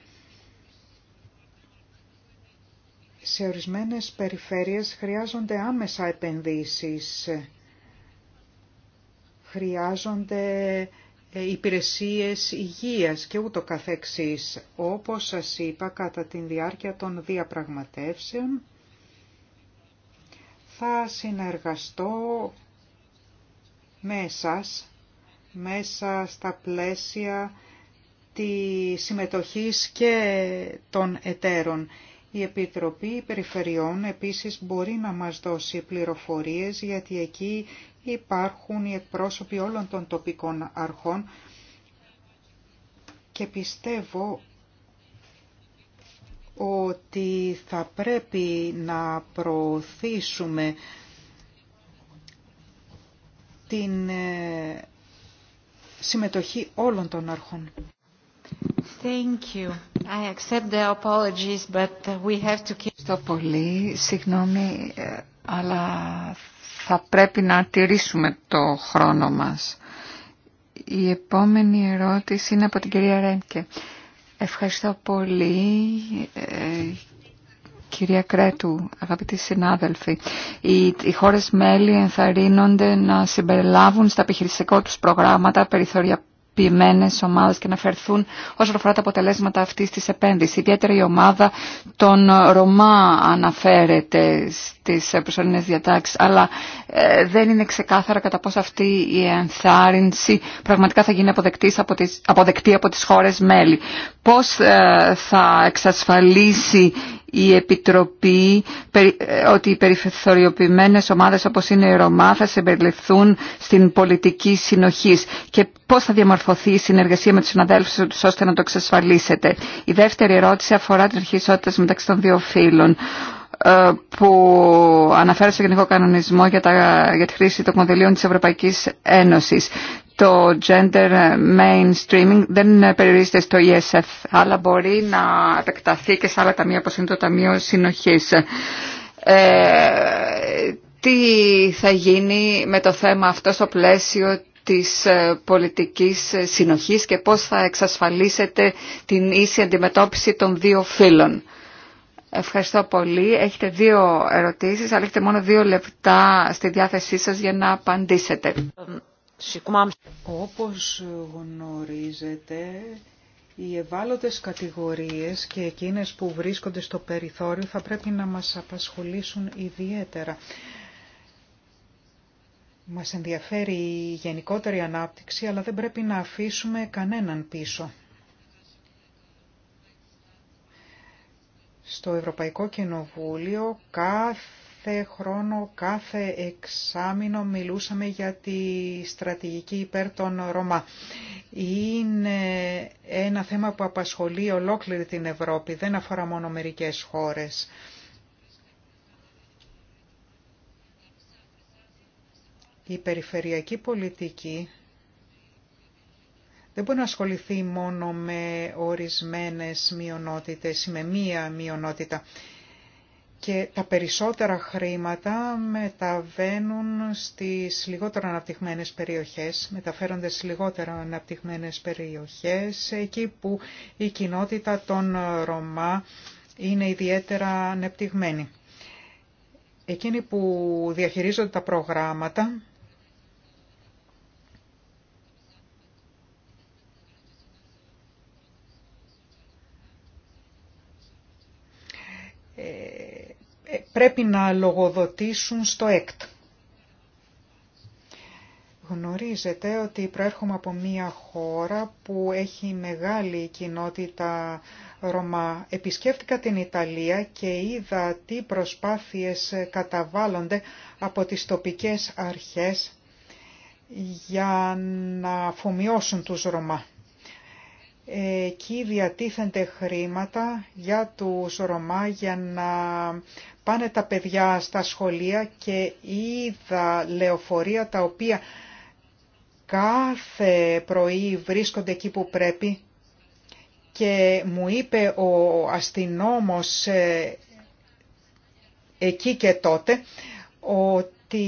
Σε ορισμένες περιφέρειες χρειάζονται άμεσα επενδύσεις, χρειάζονται ε, υπηρεσίες υγείας και ούτω καθεξής. Όπως σας είπα, κατά τη διάρκεια των διαπραγματεύσεων θα συνεργαστώ με μέσα στα πλαίσια τη συμμετοχής και των εταίρων. Η Επιτροπή Περιφερειών επίσης μπορεί να μας δώσει πληροφορίες γιατί εκεί υπάρχουν οι εκπρόσωποι όλων των τοπικών αρχών και πιστεύω ότι θα πρέπει να προωθήσουμε την ε, συμμετοχή όλων των αρχών. Thank you. I accept the apologies, but we have to keep... Στο πολύ, συγγνώμη, ε, αλλά θα πρέπει να τηρήσουμε το χρόνο μας. Η επόμενη ερώτηση είναι από την κυρία Ρέντκε. Ευχαριστώ πολύ ε, κυρία Κρέτου, αγαπητοί συνάδελφοι, οι, οι χώρες μέλη ενθαρρύνονται να συμπεριλάβουν στα επιχειρησικό τους προγράμματα περιθωριακά ποιημένες ομάδες και να φερθούν όσον αφορά τα αποτελέσματα αυτής της επένδυσης. Ιδιαίτερα η ομάδα των Ρωμά αναφέρεται στις προσωρινές διατάξει, αλλά ε, δεν είναι ξεκάθαρα κατά πόσο αυτή η ενθάρρυνση πραγματικά θα γίνει αποδεκτή από τις, αποδεκτή από τις χώρες μέλη. Πώς ε, θα εξασφαλίσει η Επιτροπή ε, ότι οι περιθωριοποιημένες ομάδες όπως είναι η Ρωμά θα συμπεριληφθούν στην πολιτική συνοχή και πώς θα διαμορφωθεί η συνεργασία με τους συναδέλφους τους ώστε να το εξασφαλίσετε. Η δεύτερη ερώτηση αφορά την αρχή μεταξύ των δύο φύλων ε, που αναφέρεται στο Γενικό Κανονισμό για, τα, για τη χρήση των κονδυλίων της Ευρωπαϊκής Ένωσης το gender mainstreaming δεν περιορίζεται στο ESF, αλλά μπορεί να επεκταθεί και σε άλλα ταμεία όπως είναι το Ταμείο Συνοχής. Ε, τι θα γίνει με το θέμα αυτό στο πλαίσιο της ε, πολιτικής συνοχής και πώς θα εξασφαλίσετε την ίση αντιμετώπιση των δύο φύλων. Ευχαριστώ πολύ. Έχετε δύο ερωτήσεις, αλλά έχετε μόνο δύο λεπτά στη διάθεσή σας για να απαντήσετε. Um, όπως γνωρίζετε, οι ευάλωτες κατηγορίες και εκείνες που βρίσκονται στο περιθώριο θα πρέπει να μας απασχολήσουν ιδιαίτερα. Μας ενδιαφέρει η γενικότερη ανάπτυξη, αλλά δεν πρέπει να αφήσουμε κανέναν πίσω. Στο Ευρωπαϊκό Κοινοβούλιο κάθε κάθε χρόνο, κάθε εξάμηνο μιλούσαμε για τη στρατηγική υπέρ των Ρωμά. Είναι ένα θέμα που απασχολεί ολόκληρη την Ευρώπη, δεν αφορά μόνο μερικές χώρες. Η περιφερειακή πολιτική δεν μπορεί να ασχοληθεί μόνο με ορισμένες μειονότητες ή με μία μειονότητα και τα περισσότερα χρήματα μεταβαίνουν στις λιγότερα αναπτυγμένες περιοχές, μεταφέρονται στις λιγότερα αναπτυγμένες περιοχές, εκεί που η κοινότητα των Ρωμά είναι ιδιαίτερα ανεπτυγμένη. Εκείνοι που διαχειρίζονται τα προγράμματα πρέπει να λογοδοτήσουν στο ΕΚΤ. Γνωρίζετε ότι προέρχομαι από μία χώρα που έχει μεγάλη κοινότητα Ρωμά. Επισκέφτηκα την Ιταλία και είδα τι προσπάθειες καταβάλλονται από τις τοπικές αρχές για να αφομοιώσουν τους Ρωμά. Εκεί διατίθενται χρήματα για τους Ρωμά για να πάνε τα παιδιά στα σχολεία και είδα λεωφορεία τα οποία κάθε πρωί βρίσκονται εκεί που πρέπει και μου είπε ο αστυνόμος ε, εκεί και τότε ότι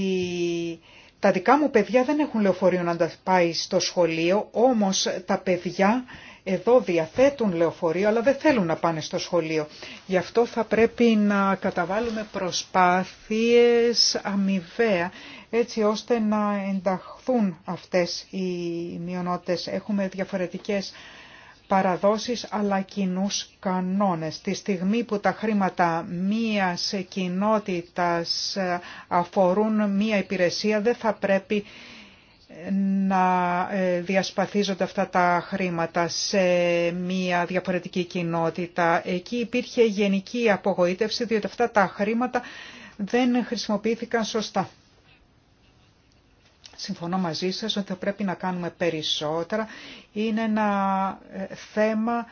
τα δικά μου παιδιά δεν έχουν λεωφορείο να τα πάει στο σχολείο, όμως τα παιδιά εδώ διαθέτουν λεωφορείο αλλά δεν θέλουν να πάνε στο σχολείο. Γι' αυτό θα πρέπει να καταβάλουμε προσπάθειες αμοιβαία έτσι ώστε να ενταχθούν αυτές οι μειονότητες. Έχουμε διαφορετικές παραδόσεις αλλά κοινού κανόνες. Τη στιγμή που τα χρήματα μίας κοινότητας ε, αφορούν μία υπηρεσία δεν θα πρέπει να ε, διασπαθίζονται αυτά τα χρήματα σε μια διαφορετική κοινότητα. Εκεί υπήρχε γενική απογοήτευση διότι αυτά τα χρήματα δεν χρησιμοποιήθηκαν σωστά. Συμφωνώ μαζί σας ότι θα πρέπει να κάνουμε περισσότερα. Είναι ένα ε, θέμα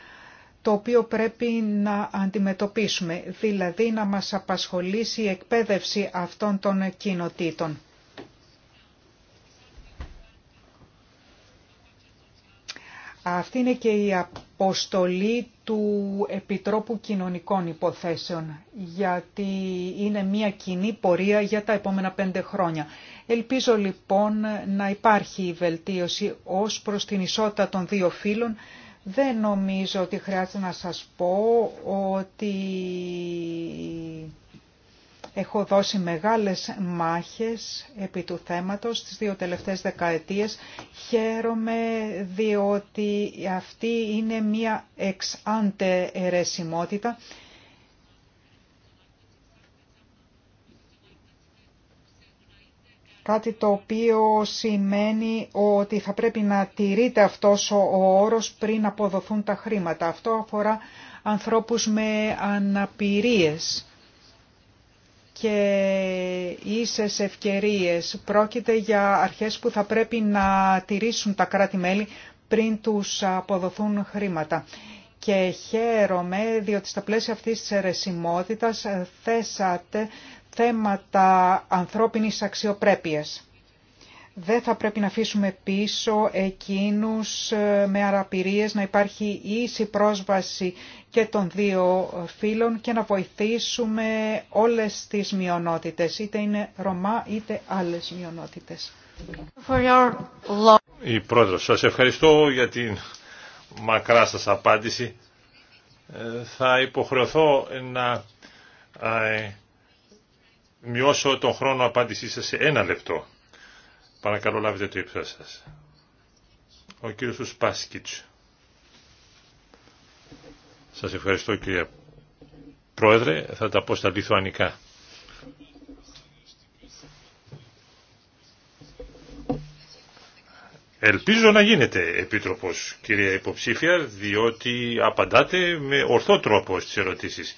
το οποίο πρέπει να αντιμετωπίσουμε, δηλαδή να μας απασχολήσει η εκπαίδευση αυτών των κοινοτήτων Αυτή είναι και η αποστολή του Επιτρόπου Κοινωνικών Υποθέσεων, γιατί είναι μια κοινή πορεία για τα επόμενα πέντε χρόνια. Ελπίζω λοιπόν να υπάρχει η βελτίωση ως προς την ισότητα των δύο φύλων. Δεν νομίζω ότι χρειάζεται να σας πω ότι Έχω δώσει μεγάλες μάχες επί του θέματος τις δύο τελευταίες δεκαετίες. Χαίρομαι διότι αυτή είναι μία εξάντε αιρεσιμότητα. Κάτι το οποίο σημαίνει ότι θα πρέπει να τηρείται αυτός ο όρος πριν αποδοθούν τα χρήματα. Αυτό αφορά ανθρώπους με αναπηρίες και ίσες ευκαιρίες. Πρόκειται για αρχές που θα πρέπει να τηρήσουν τα κράτη-μέλη πριν τους αποδοθούν χρήματα. Και χαίρομαι διότι στα πλαίσια αυτής της αιρεσιμότητας ε, θέσατε θέματα ανθρώπινης αξιοπρέπειας. Δεν θα πρέπει να αφήσουμε πίσω εκείνους ε, με αραπηρίες, να υπάρχει ίση πρόσβαση και των δύο φίλων και να βοηθήσουμε όλες τις μειονότητες, είτε είναι Ρωμά είτε άλλες μειονότητες. Η πρόεδρος, σας ευχαριστώ για την μακρά σας απάντηση. Ε, θα υποχρεωθώ να ε, μειώσω τον χρόνο απάντησή σας σε ένα λεπτό. Παρακαλώ λάβετε το ύψος σας. Ο κύριος Ουσπάσκιτς. Σας ευχαριστώ κύριε Πρόεδρε. Θα τα πω στα λιθουανικά. Ελπίζω να γίνετε επίτροπος κυρία υποψήφια διότι απαντάτε με ορθό τρόπο στις ερωτήσεις.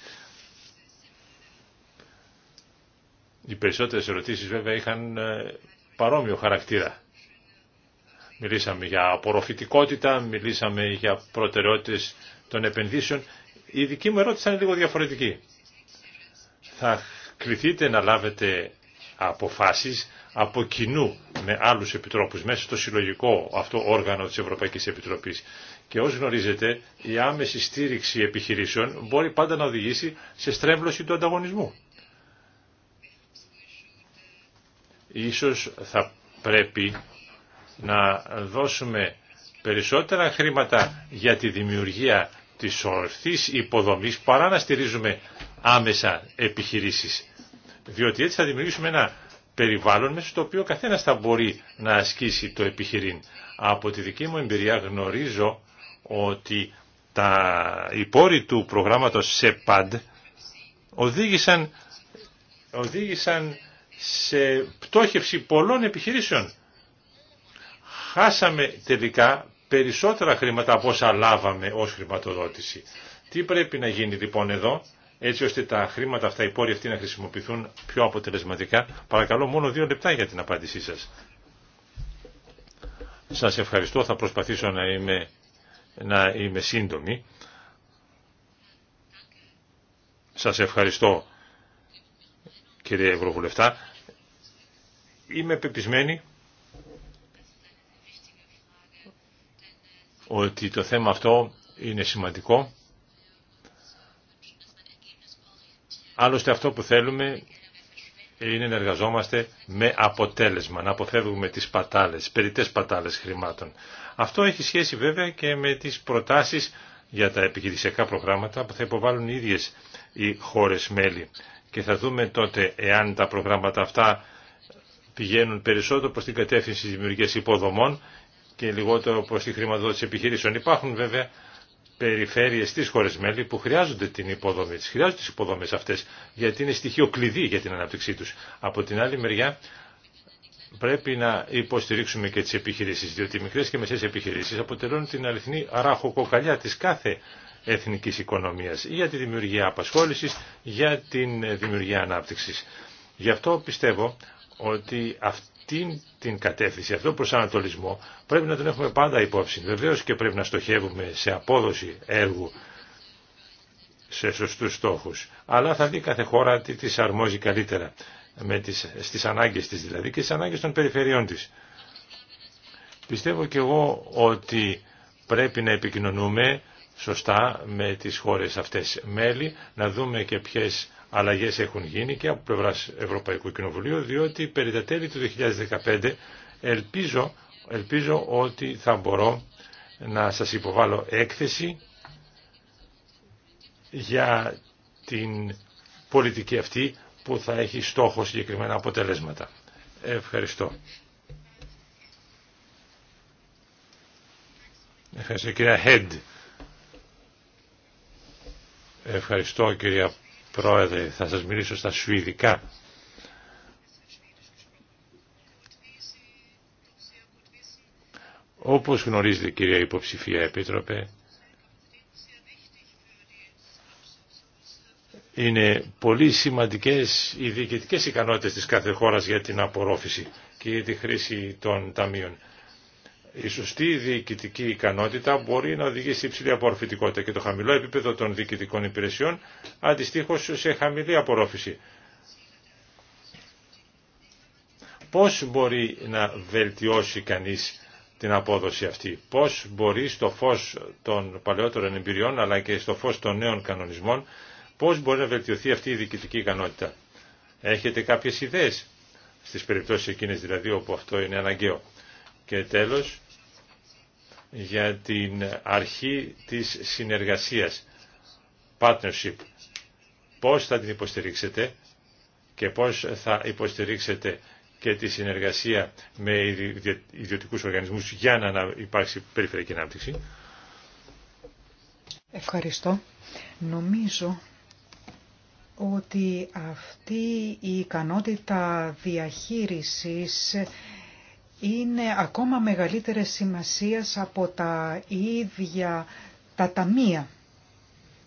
Οι περισσότερες ερωτήσεις βέβαια είχαν ε, παρόμοιο χαρακτήρα. Μιλήσαμε για απορροφητικότητα, μιλήσαμε για προτεραιότητες των επενδύσεων. Η δική μου ερώτηση είναι λίγο διαφορετική. Θα κληθείτε να λάβετε αποφάσεις από κοινού με άλλους επιτρόπους μέσα στο συλλογικό αυτό όργανο της Ευρωπαϊκής Επιτροπής. Και ως γνωρίζετε η άμεση στήριξη επιχειρήσεων μπορεί πάντα να οδηγήσει σε στρέβλωση του ανταγωνισμού. Ίσως θα πρέπει να δώσουμε περισσότερα χρήματα για τη δημιουργία της ορθής υποδομής παρά να στηρίζουμε άμεσα επιχειρήσεις. Διότι έτσι θα δημιουργήσουμε ένα περιβάλλον μέσα στο οποίο καθένας θα μπορεί να ασκήσει το επιχειρήν. Από τη δική μου εμπειρία γνωρίζω ότι τα υπόρη του προγράμματος ΣΕΠΑΝΤ οδήγησαν, οδήγησαν σε πτώχευση πολλών επιχειρήσεων. Χάσαμε τελικά περισσότερα χρήματα από όσα λάβαμε ως χρηματοδότηση. Τι πρέπει να γίνει λοιπόν εδώ, έτσι ώστε τα χρήματα αυτά, οι πόροι αυτοί να χρησιμοποιηθούν πιο αποτελεσματικά. Παρακαλώ μόνο δύο λεπτά για την απάντησή σας. Σας ευχαριστώ, θα προσπαθήσω να είμαι, να είμαι σύντομη. Σας ευχαριστώ κύριε Ευρωβουλευτά Είμαι πεπισμένη ότι το θέμα αυτό είναι σημαντικό. Άλλωστε αυτό που θέλουμε είναι να εργαζόμαστε με αποτέλεσμα, να αποφεύγουμε τις πατάλες, περιττές πατάλες χρημάτων. Αυτό έχει σχέση βέβαια και με τις προτάσεις για τα επιχειρησιακά προγράμματα που θα υποβάλουν οι ίδιες οι χώρες μέλη. Και θα δούμε τότε εάν τα προγράμματα αυτά πηγαίνουν περισσότερο προς την κατεύθυνση της δημιουργίας υποδομών και λιγότερο προς τη χρηματοδότηση επιχειρήσεων. Υπάρχουν βέβαια περιφέρειες στις χώρες μέλη που χρειάζονται την υποδομή, της. χρειάζονται τις υποδομές αυτές γιατί είναι στοιχείο κλειδί για την ανάπτυξή τους. Από την άλλη μεριά πρέπει να υποστηρίξουμε και τις επιχειρήσεις διότι οι μικρές και μεσαίες επιχειρήσεις αποτελούν την αληθινή ράχοκοκαλιά της κάθε εθνικής οικονομίας για τη δημιουργία απασχόλησης, για την δημιουργία ανάπτυξης. Γι' αυτό πιστεύω ότι αυτή την κατεύθυνση, αυτό τον προσανατολισμό πρέπει να τον έχουμε πάντα υπόψη. Βεβαίως και πρέπει να στοχεύουμε σε απόδοση έργου σε σωστούς στόχους. Αλλά θα δει κάθε χώρα τι της αρμόζει καλύτερα με τις, στις ανάγκες της δηλαδή και στις ανάγκες των περιφερειών της. Πιστεύω και εγώ ότι πρέπει να επικοινωνούμε σωστά με τις χώρες αυτές μέλη, να δούμε και ποιες αλλαγές έχουν γίνει και από πλευρά Ευρωπαϊκού Κοινοβουλίου, διότι περί τα τέλη του 2015 ελπίζω, ελπίζω ότι θα μπορώ να σας υποβάλω έκθεση για την πολιτική αυτή που θα έχει στόχο συγκεκριμένα αποτελέσματα. Ευχαριστώ. Ευχαριστώ κυρία Χέντ. Ευχαριστώ κυρία Πρόεδρε, θα σας μιλήσω στα σουηδικά. Όπως γνωρίζετε κυρία Υποψηφία Επίτροπε, είναι πολύ σημαντικές οι διοικητικές ικανότητες της κάθε χώρας για την απορρόφηση και για τη χρήση των ταμείων. Η σωστή διοικητική ικανότητα μπορεί να οδηγήσει σε υψηλή απορροφητικότητα και το χαμηλό επίπεδο των διοικητικών υπηρεσιών αντιστοίχω σε χαμηλή απορρόφηση. Πώς μπορεί να βελτιώσει κανείς την απόδοση αυτή, πώς μπορεί στο φως των παλαιότερων εμπειριών αλλά και στο φως των νέων κανονισμών, πώς μπορεί να βελτιωθεί αυτή η διοικητική ικανότητα. Έχετε κάποιες ιδέες στις περιπτώσεις εκείνες δηλαδή όπου αυτό είναι αναγκαίο. Και τέλος, για την αρχή της συνεργασίας, partnership. Πώς θα την υποστηρίξετε και πώς θα υποστηρίξετε και τη συνεργασία με ιδιωτικούς οργανισμούς για να υπάρξει περιφερειακή ανάπτυξη. Ευχαριστώ. Νομίζω ότι αυτή η ικανότητα διαχείρισης είναι ακόμα μεγαλύτερες σημασίας από τα ίδια τα ταμεία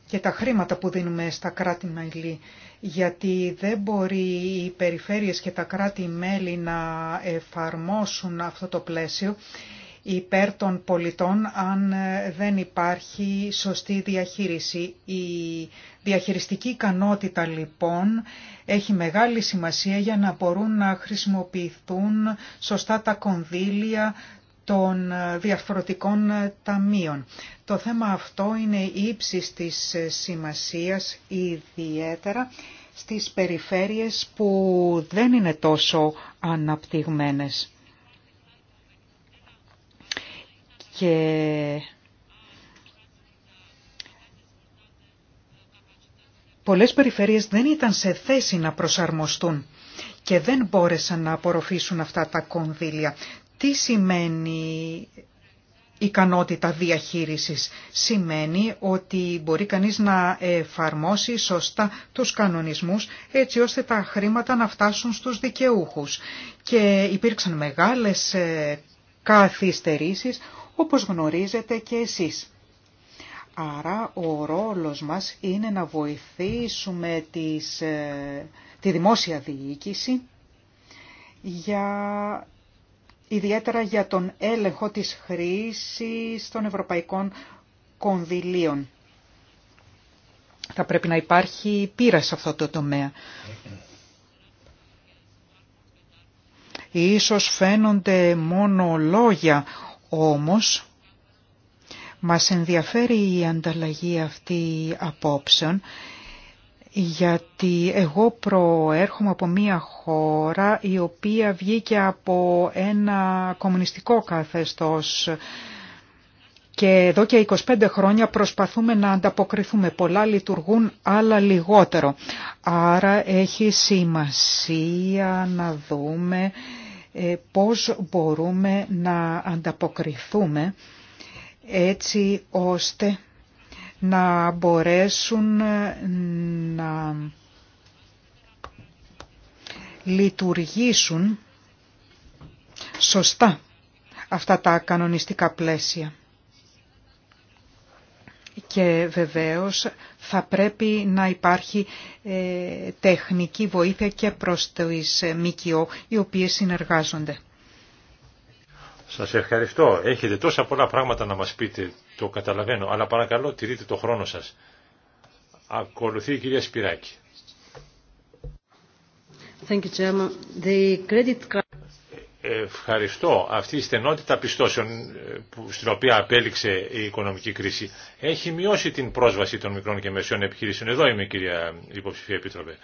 και τα χρήματα που δίνουμε στα κράτη-μέλη, γιατί δεν μπορεί οι περιφέρειες και τα κράτη-μέλη να εφαρμόσουν αυτό το πλαίσιο υπέρ των πολιτών αν ε, δεν υπάρχει σωστή διαχείριση. Η διαχειριστική ικανότητα λοιπόν έχει μεγάλη σημασία για να μπορούν να χρησιμοποιηθούν σωστά τα κονδύλια των ε, διαφορετικών ε, ταμείων. Το θέμα αυτό είναι ύψης της σημασίας ιδιαίτερα στις περιφέρειες που δεν είναι τόσο αναπτυγμένες. και πολλές περιφέρειες δεν ήταν σε θέση να προσαρμοστούν και δεν μπόρεσαν να απορροφήσουν αυτά τα κονδύλια. Τι σημαίνει ικανότητα διαχείρισης. Σημαίνει ότι μπορεί κανείς να εφαρμόσει σωστά τους κανονισμούς έτσι ώστε τα χρήματα να φτάσουν στους δικαιούχους. Και υπήρξαν μεγάλες ε, καθυστερήσεις όπως γνωρίζετε και εσείς. Άρα ο ρόλος μας είναι να βοηθήσουμε ε, τη δημόσια διοίκηση για, ιδιαίτερα για τον έλεγχο της χρήσης των ευρωπαϊκών κονδυλίων. Θα πρέπει να υπάρχει πείρα σε αυτό το τομέα. Ίσως φαίνονται μόνο λόγια όμως, μας ενδιαφέρει η ανταλλαγή αυτή απόψεων γιατί εγώ προέρχομαι από μία χώρα η οποία βγήκε από ένα κομμουνιστικό καθεστώς και εδώ και 25 χρόνια προσπαθούμε να ανταποκριθούμε. Πολλά λειτουργούν, άλλα λιγότερο. Άρα έχει σημασία να δούμε ε, πώς μπορούμε να ανταποκριθούμε έτσι ώστε να μπορέσουν να λειτουργήσουν σωστά αυτά τα κανονιστικά πλαίσια. Και βεβαίως θα πρέπει να υπάρχει ε, τεχνική βοήθεια και προς τις ε, ΜΚΟ οι οποίες συνεργάζονται. Σας ευχαριστώ. Έχετε τόσα πολλά πράγματα να μας πείτε, το καταλαβαίνω, αλλά παρακαλώ τηρείτε το χρόνο σας. Ακολουθεί η κυρία Σπυράκη ευχαριστώ. Αυτή η στενότητα πιστώσεων ε, στην οποία απέληξε η οικονομική κρίση έχει μειώσει την πρόσβαση των μικρών και μεσαίων επιχειρήσεων. Εδώ είμαι κυρία υποψηφία επίτροπε.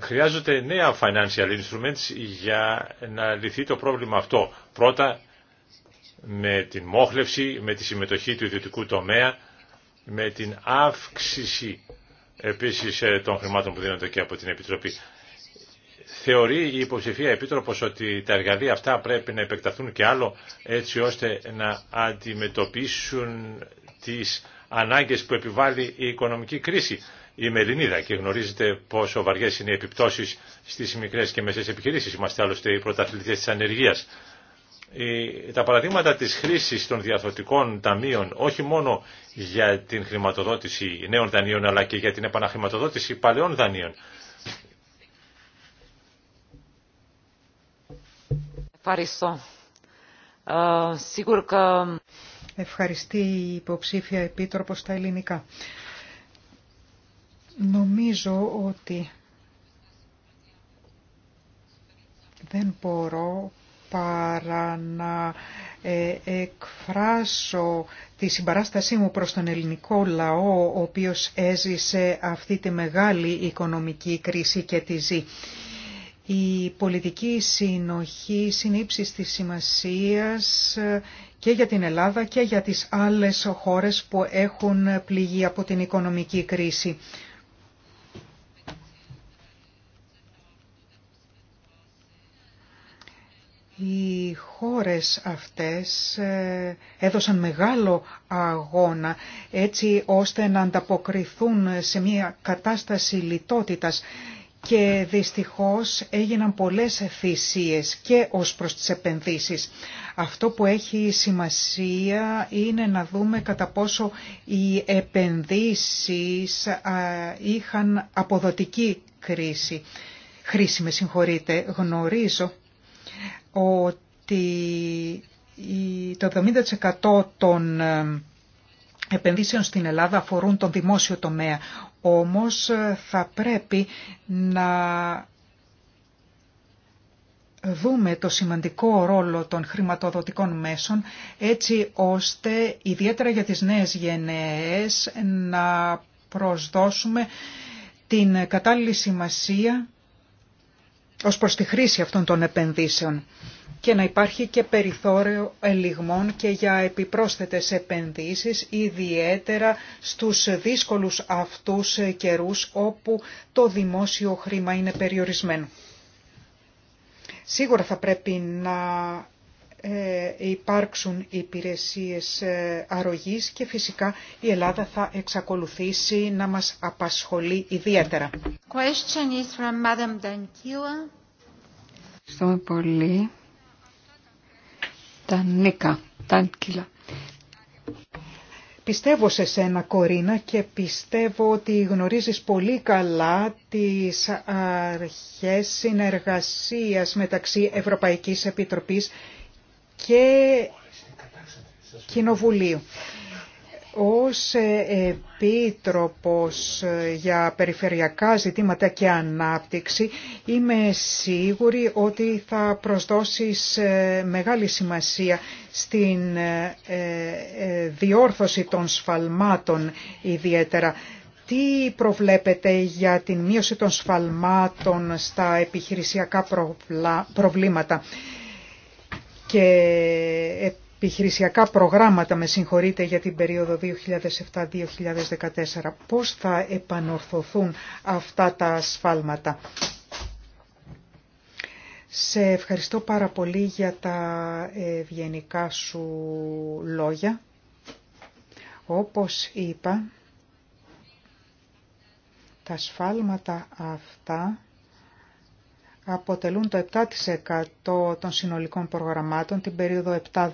Χρειάζονται νέα financial instruments για να λυθεί το πρόβλημα αυτό. Πρώτα με την μόχλευση, με τη συμμετοχή του ιδιωτικού τομέα, με την αύξηση επίσης ε, των χρημάτων που δίνονται και από την Επιτροπή. Θεωρεί η υποψηφία επίτροπος ότι τα εργαλεία αυτά πρέπει να επεκταθούν και άλλο έτσι ώστε να αντιμετωπίσουν τις ανάγκες που επιβάλλει η οικονομική κρίση. Η Μελινίδα και γνωρίζετε πόσο βαριές είναι οι επιπτώσεις στις μικρές και μεσές επιχειρήσεις. Είμαστε άλλωστε οι πρωταθλητές της ανεργίας. Τα παραδείγματα της χρήσης των διαθωτικών ταμείων όχι μόνο για την χρηματοδότηση νέων δανείων αλλά και για την επαναχρηματοδότηση παλαιών δανείων Ευχαριστώ. Ε, Ευχαριστεί η υποψήφια επίτροπο στα ελληνικά. Νομίζω ότι δεν μπορώ παρά να ε, εκφράσω τη συμπαράστασή μου προς τον ελληνικό λαό, ο οποίος έζησε αυτή τη μεγάλη οικονομική κρίση και τη ζει. Η πολιτική συνοχή συνήψης της σημασίας ε, και για την Ελλάδα και για τις άλλες χώρες που έχουν πληγεί από την οικονομική κρίση. Οι χώρες αυτές ε, έδωσαν μεγάλο αγώνα έτσι ώστε να ανταποκριθούν σε μια κατάσταση λιτότητας και δυστυχώς έγιναν πολλές θυσίες και ως προς τις επενδύσεις. Αυτό που έχει σημασία είναι να δούμε κατά πόσο οι επενδύσεις είχαν αποδοτική κρίση. Χρήση, με συγχωρείτε, γνωρίζω ότι το 70% των ε, επενδύσεων στην Ελλάδα αφορούν τον δημόσιο τομέα. Όμως ε, θα πρέπει να δούμε το σημαντικό ρόλο των χρηματοδοτικών μέσων έτσι ώστε ιδιαίτερα για τις νέες γενναίες να προσδώσουμε την κατάλληλη σημασία ως προς τη χρήση αυτών των επενδύσεων και να υπάρχει και περιθώριο ελιγμών και για επιπρόσθετες επενδύσεις, ιδιαίτερα στους δύσκολους αυτούς καιρούς όπου το δημόσιο χρήμα είναι περιορισμένο. Σίγουρα θα πρέπει να ε, υπάρξουν υπηρεσίες ε, αρρωγής και φυσικά η Ελλάδα θα εξακολουθήσει να μας απασχολεί ιδιαίτερα. Ευχαριστώ πολύ. Τανκίλα. Πιστεύω σε σένα Κορίνα και πιστεύω ότι γνωρίζεις πολύ καλά τις αρχές συνεργασίας μεταξύ Ευρωπαϊκής Επιτροπής και Κοινοβουλίου. Ως Επίτροπος για Περιφερειακά Ζητήματα και Ανάπτυξη είμαι σίγουρη ότι θα προσδώσεις μεγάλη σημασία στην ε, ε, διόρθωση των σφαλμάτων ιδιαίτερα. Τι προβλέπετε για την μείωση των σφαλμάτων στα επιχειρησιακά προβλήματα και επιχειρησιακά προγράμματα, με συγχωρείτε, για την περίοδο 2007-2014. Πώς θα επανορθωθούν αυτά τα ασφάλματα. Σε ευχαριστώ πάρα πολύ για τα ευγενικά σου λόγια. Όπως είπα, τα σφάλματα αυτά αποτελούν το 7% των συνολικών προγραμμάτων την περίοδο 7-14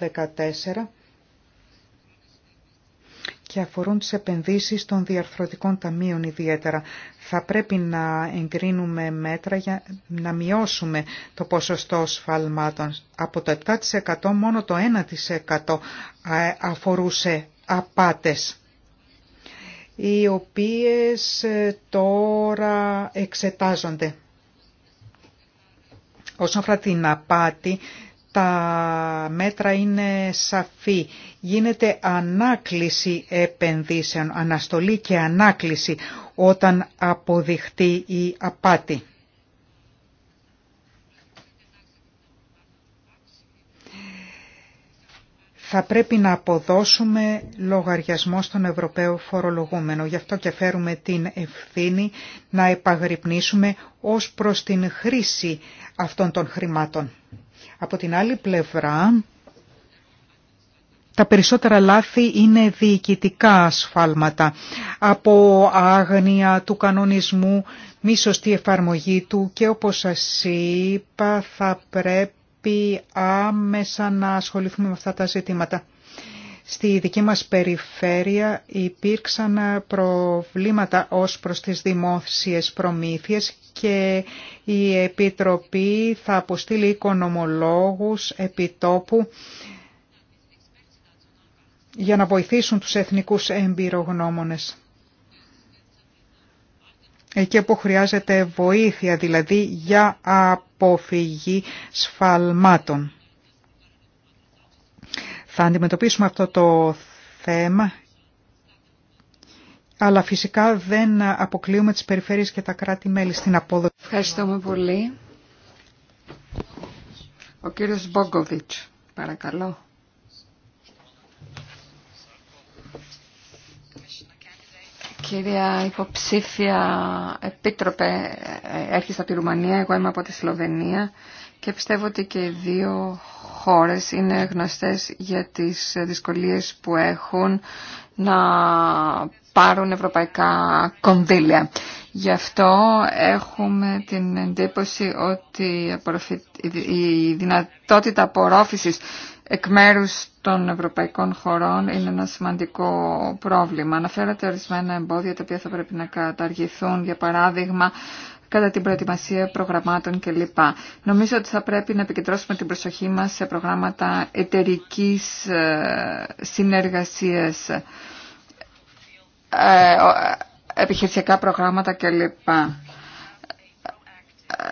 και αφορούν τις επενδύσεις των διαρθρωτικών ταμείων ιδιαίτερα. Θα πρέπει να εγκρίνουμε μέτρα για να μειώσουμε το ποσοστό σφαλμάτων. Από το 7% μόνο το 1% αφορούσε απάτες οι οποίες ε, τώρα εξετάζονται. Όσον αφορά την απάτη, τα μέτρα είναι σαφή. Γίνεται ανάκληση επενδύσεων, αναστολή και ανάκληση όταν αποδειχτεί η απάτη. θα πρέπει να αποδώσουμε λογαριασμό στον Ευρωπαίο φορολογούμενο. Γι' αυτό και φέρουμε την ευθύνη να επαγρυπνήσουμε ως προς την χρήση αυτών των χρημάτων. Από την άλλη πλευρά, τα περισσότερα λάθη είναι διοικητικά ασφάλματα από άγνοια του κανονισμού, μη σωστή εφαρμογή του και όπως σας είπα θα πρέπει πρέπει άμεσα να ασχοληθούμε με αυτά τα ζητήματα. Στη δική μας περιφέρεια υπήρξαν προβλήματα ως προς τις δημόσιες προμήθειες και η Επιτροπή θα αποστείλει οικονομολόγους επιτόπου για να βοηθήσουν τους εθνικούς εμπειρογνώμονες εκεί που χρειάζεται βοήθεια, δηλαδή για αποφυγή σφαλμάτων. Θα αντιμετωπίσουμε αυτό το θέμα, αλλά φυσικά δεν αποκλείουμε τις περιφέρειες και τα κράτη-μέλη στην απόδοση. Ευχαριστούμε πολύ. Ο κύριος Μπόγκοβιτς, παρακαλώ. Κυρία υποψήφια επίτροπε, έρχεσαι από τη Ρουμανία, εγώ είμαι από τη Σλοβενία και πιστεύω ότι και οι δύο χώρες είναι γνωστές για τις δυσκολίες που έχουν να πάρουν ευρωπαϊκά κονδύλια. Γι' αυτό έχουμε την εντύπωση ότι η δυνατότητα απορρόφησης εκ μέρους των ευρωπαϊκών χωρών είναι ένα σημαντικό πρόβλημα. Αναφέρατε ορισμένα εμπόδια τα οποία θα πρέπει να καταργηθούν, για παράδειγμα, κατά την προετοιμασία προγραμμάτων κλπ. Νομίζω ότι θα πρέπει να επικεντρώσουμε την προσοχή μας σε προγράμματα εταιρικής ε, συνεργασίας, ε, ε, επιχειρησιακά προγράμματα κλπ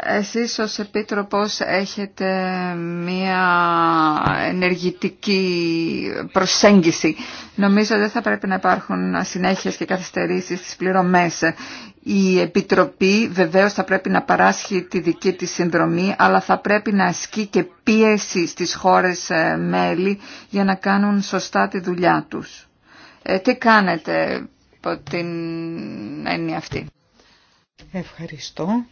εσείς ως Επίτροπος έχετε μία ενεργητική προσέγγιση. Νομίζω δεν θα πρέπει να υπάρχουν ασυνέχειες και καθυστερήσεις στις πληρωμές. Η Επιτροπή βεβαίως θα πρέπει να παράσχει τη δική της συνδρομή, αλλά θα πρέπει να ασκεί και πίεση στις χώρες ε, μέλη για να κάνουν σωστά τη δουλειά τους. Ε, τι κάνετε από την έννοια αυτή. Ευχαριστώ.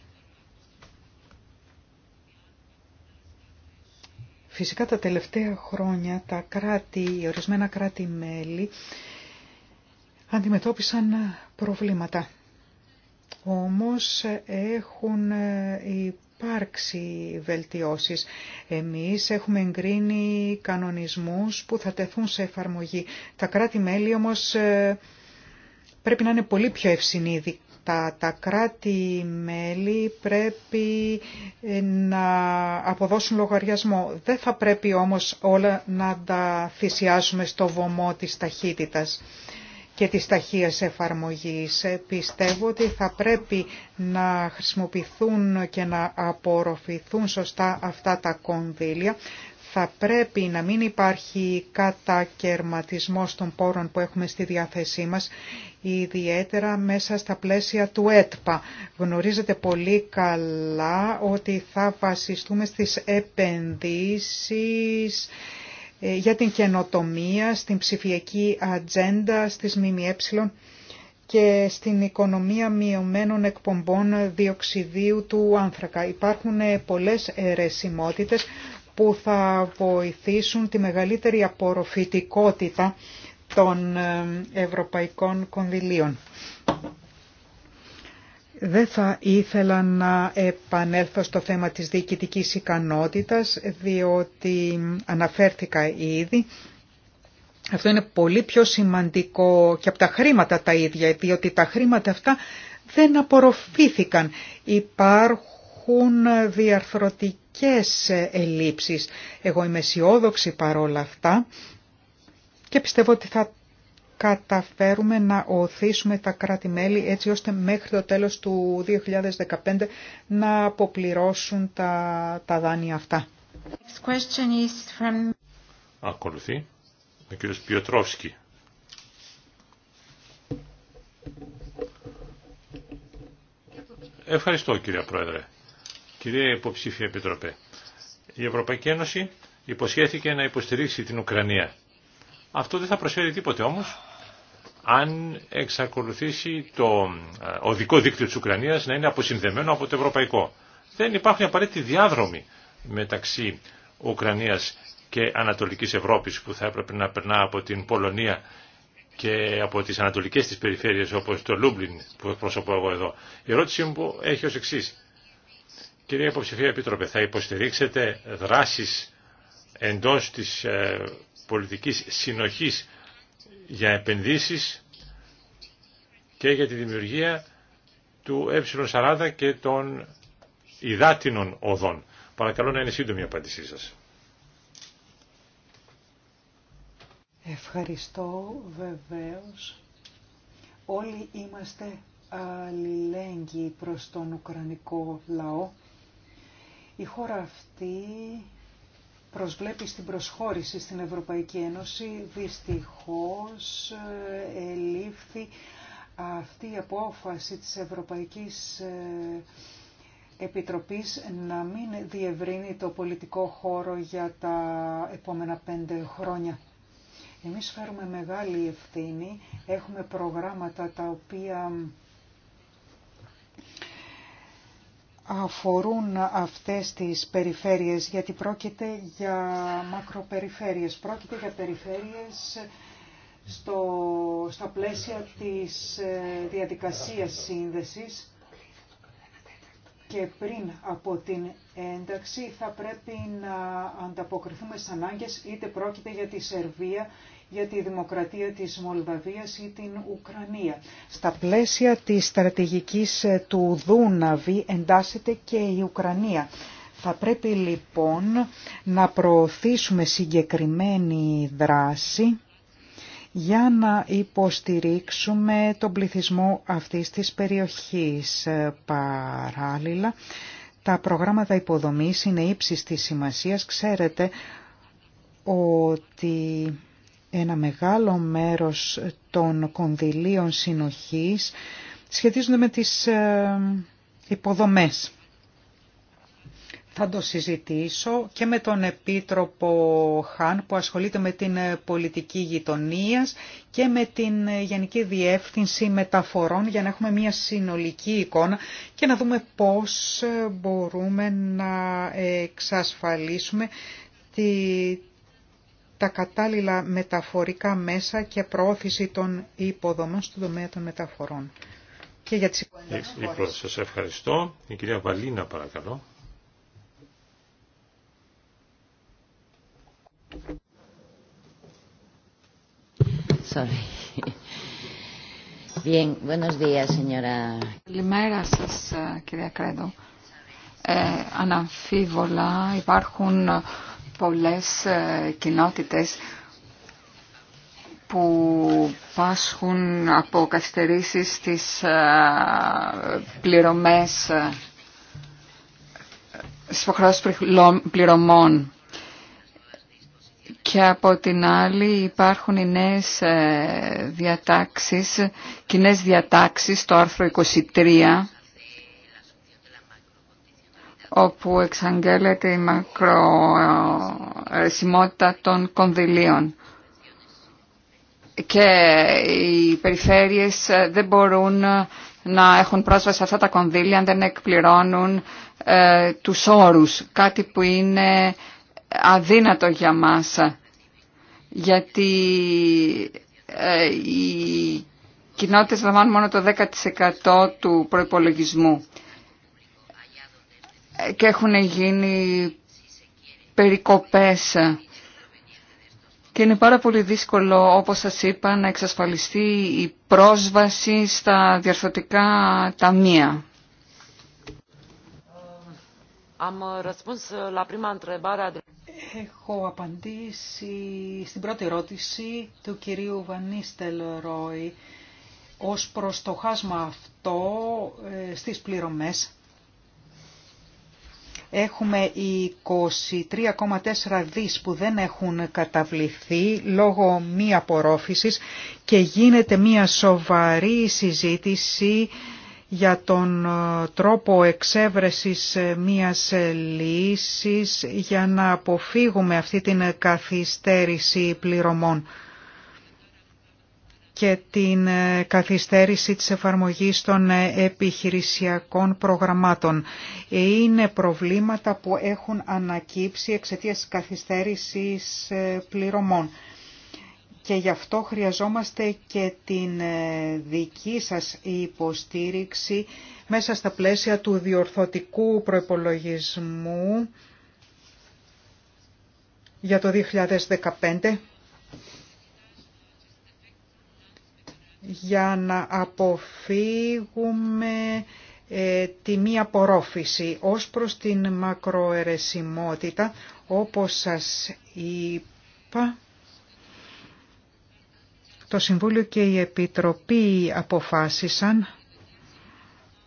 Φυσικά τα τελευταία χρόνια τα κράτη, ορισμένα κράτη-μέλη αντιμετώπισαν προβλήματα. Όμως έχουν υπάρξει βελτιώσεις. Εμείς έχουμε εγκρίνει κανονισμούς που θα τεθούν σε εφαρμογή. Τα κράτη-μέλη όμως ε, πρέπει να είναι πολύ πιο ευσυνείδη τα τα κράτη-μέλη πρέπει ε, να αποδώσουν λογαριασμό. Δεν θα πρέπει όμως όλα να τα θυσιάσουμε στο βωμό της ταχύτητας και της ταχείας εφαρμογής. Ε, πιστεύω ότι θα πρέπει να χρησιμοποιηθούν και να απορροφηθούν σωστά αυτά τα κονδύλια θα πρέπει να μην υπάρχει κατακαιρματισμός των πόρων που έχουμε στη διάθεσή μας, ιδιαίτερα μέσα στα πλαίσια του ΕΤΠΑ. Γνωρίζετε πολύ καλά ότι θα βασιστούμε στις επενδύσεις ε, για την καινοτομία, στην ψηφιακή ατζέντα, στις ΜΜΕ και στην οικονομία μειωμένων εκπομπών διοξιδίου του άνθρακα. Υπάρχουν πολλές αιρεσιμότητες που θα βοηθήσουν τη μεγαλύτερη απορροφητικότητα των ε, ευρωπαϊκών κονδυλίων. Δεν θα ήθελα να επανέλθω στο θέμα της διοικητικής ικανότητας, διότι αναφέρθηκα ήδη. Αυτό είναι πολύ πιο σημαντικό και από τα χρήματα τα ίδια, διότι τα χρήματα αυτά δεν απορροφήθηκαν. Υπάρχουν διαρθρωτικές ελλείψεις. Εγώ είμαι αισιόδοξη παρόλα αυτά και πιστεύω ότι θα καταφέρουμε να οθήσουμε τα κράτη-μέλη έτσι ώστε μέχρι το τέλος του 2015 να αποπληρώσουν τα, τα δάνεια αυτά. ο κύριος Ευχαριστώ κύριε Πρόεδρε. Κυρία Υποψήφια Επιτροπέ, η Ευρωπαϊκή Ένωση υποσχέθηκε να υποστηρίξει την Ουκρανία. Αυτό δεν θα προσφέρει τίποτε όμως αν εξακολουθήσει το ε, οδικό δίκτυο της Ουκρανίας να είναι αποσυνδεμένο από το ευρωπαϊκό. Δεν υπάρχουν απαραίτητοι διάδρομοι μεταξύ Ουκρανίας και Ανατολικής Ευρώπης που θα έπρεπε να περνά από την Πολωνία και από τις ανατολικές της περιφέρειες όπως το Λούμπλιν που εκπροσωπώ εγώ εδώ. Η ερώτησή μου έχει ως εξής. Κυρία Υποψηφία Επίτροπε, θα υποστηρίξετε δράσεις εντός της ε, πολιτικής συνοχής για επενδύσεις και για τη δημιουργία του ε40 και των υδάτινων οδών. Παρακαλώ να είναι σύντομη η απάντησή σας. Ευχαριστώ βεβαίως. Όλοι είμαστε αλληλέγγυοι προς τον Ουκρανικό λαό η χώρα αυτή προσβλέπει στην προσχώρηση στην Ευρωπαϊκή Ένωση. Δυστυχώς ε, ελήφθη αυτή η απόφαση της Ευρωπαϊκής ε, Επιτροπής να μην διευρύνει το πολιτικό χώρο για τα επόμενα πέντε χρόνια. Εμείς φέρουμε μεγάλη ευθύνη, έχουμε προγράμματα τα οποία αφορούν αυτές τις περιφέρειες, γιατί πρόκειται για μακροπεριφέρειες, πρόκειται για περιφέρειες στο, στα πλαίσια της ε, διαδικασίας σύνδεσης και πριν από την ένταξη θα πρέπει να ανταποκριθούμε στις ανάγκες είτε πρόκειται για τη Σερβία για τη δημοκρατία της Μολδαβίας ή την Ουκρανία. Στα πλαίσια της στρατηγικής ε, του Δούναβη εντάσσεται και η Ουκρανία. Θα πρέπει λοιπόν να προωθήσουμε συγκεκριμένη δράση για να υποστηρίξουμε τον πληθυσμό αυτής της περιοχής. Ε, παράλληλα, τα προγράμματα υποδομής είναι ύψης της σημασίας. Ξέρετε ότι ένα μεγάλο μέρος των κονδυλίων συνοχής σχετίζονται με τις ε, υποδομές. Θα το συζητήσω και με τον Επίτροπο Χάν που ασχολείται με την πολιτική γειτονία και με την Γενική Διεύθυνση Μεταφορών για να έχουμε μια συνολική εικόνα και να δούμε πώς μπορούμε να εξασφαλίσουμε τη τα κατάλληλα μεταφορικά μέσα και προώθηση των υποδομών στον τομέα των μεταφορών. Και για τις Λοιπόν, σας ευχαριστώ. Η κυρία Βαλίνα παρακαλώ. Sorry. Bien, buenos días, señora. Καλημέρα σας, ε, κυρία Κρέντο. Ε, αναμφίβολα υπάρχουν πολλές ε, κοινότητες που πάσχουν από καθυστερήσεις στις ε, πληρωμές, ε, στις υποχρεώσεις πληρωμών. Και από την άλλη υπάρχουν οι νέες διατάξεις, κοινές διατάξεις, το άρθρο 23, όπου εξαγγέλλεται η μακροαιρεσιμότητα των κονδυλίων και οι περιφέρειες δεν μπορούν να έχουν πρόσβαση σε αυτά τα κονδύλια αν δεν εκπληρώνουν ε, τους όρους, κάτι που είναι αδύνατο για μας, γιατί ε, οι κοινότητες λαμβάνουν μόνο το 10% του προϋπολογισμού. Ε, και έχουν γίνει περικοπές και είναι πάρα πολύ δύσκολο, όπως σας είπα, να εξασφαλιστεί η πρόσβαση στα διαρθωτικά ταμεία. Uh, uh, Έχω απαντήσει στην πρώτη ερώτηση του κυρίου Βανίστελ Ρόι ως προς το χάσμα αυτό ε, στις πληρωμές Έχουμε 23,4 δις που δεν έχουν καταβληθεί λόγω μη απορρόφησης και γίνεται μια σοβαρή συζήτηση για τον ε, τρόπο εξέβρεσης ε, μιας ε, λύσης για να αποφύγουμε αυτή την καθυστέρηση πληρωμών και την ε, καθυστέρηση της εφαρμογής των ε, επιχειρησιακών προγραμμάτων. Είναι προβλήματα που έχουν ανακύψει εξαιτίας της καθυστέρησης ε, πληρωμών. Και γι' αυτό χρειαζόμαστε και την δική σας υποστήριξη μέσα στα πλαίσια του διορθωτικού προϋπολογισμού για το 2015 για να αποφύγουμε ε, τη μία απορρόφηση ως προς την μακροαιρεσιμότητα, όπως σας είπα, το Συμβούλιο και η Επιτροπή αποφάσισαν.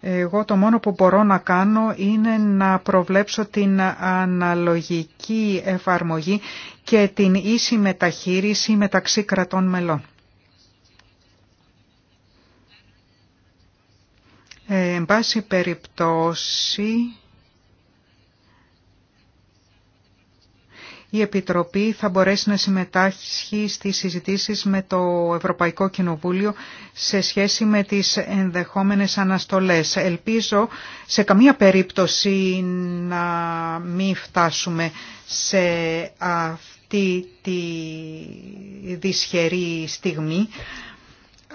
Εγώ το μόνο που μπορώ να κάνω είναι να προβλέψω την αναλογική εφαρμογή και την ίση μεταχείριση μεταξύ κρατών μελών. Εν πάση περιπτώσει, η Επιτροπή θα μπορέσει να συμμετάσχει στις συζητήσεις με το Ευρωπαϊκό Κοινοβούλιο σε σχέση με τις ενδεχόμενες αναστολές. Ελπίζω σε καμία περίπτωση να μην φτάσουμε σε αυτή τη δυσχερή στιγμή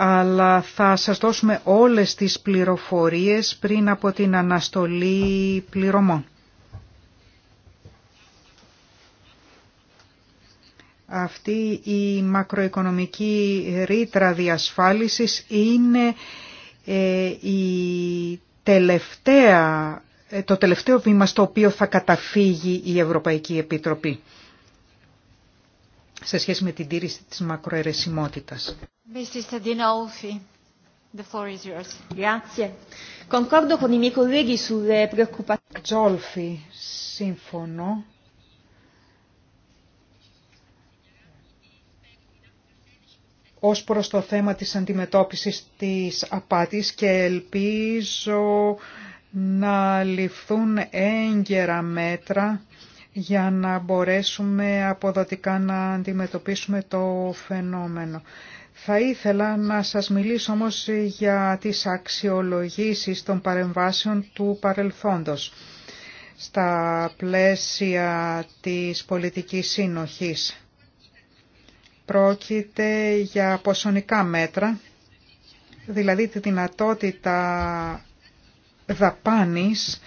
αλλά θα σας δώσουμε όλες τις πληροφορίες πριν από την αναστολή πληρωμών. Αυτή η μακροοικονομική ρήτρα διασφάλισης είναι ε, η τελευταία, ε, το τελευταίο βήμα στο οποίο θα καταφύγει η Ευρωπαϊκή Επιτροπή σε σχέση με την τήρηση της μακροαιρεσιμότητας. Grazie. Concordo con i miei σύμφωνο. ως προς το θέμα της αντιμετώπισης της απάτης και ελπίζω να ληφθούν έγκαιρα μέτρα για να μπορέσουμε αποδοτικά να αντιμετωπίσουμε το φαινόμενο. Θα ήθελα να σας μιλήσω όμως για τις αξιολογήσεις των παρεμβάσεων του παρελθόντος στα πλαίσια της πολιτικής σύνοχης. Πρόκειται για ποσονικά μέτρα, δηλαδή τη δυνατότητα δαπάνης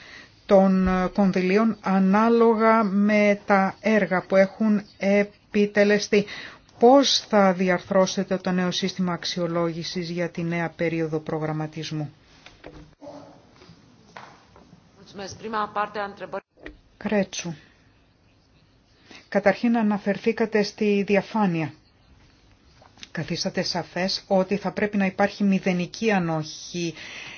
των κονδυλίων ανάλογα με τα έργα που έχουν επιτελεστεί. Πώς θα διαρθρώσετε το νέο σύστημα αξιολόγησης για τη νέα περίοδο προγραμματισμού. Κρέτσου. Καταρχήν αναφερθήκατε στη διαφάνεια. Καθίσατε σαφές ότι θα πρέπει να υπάρχει μηδενική ανοχή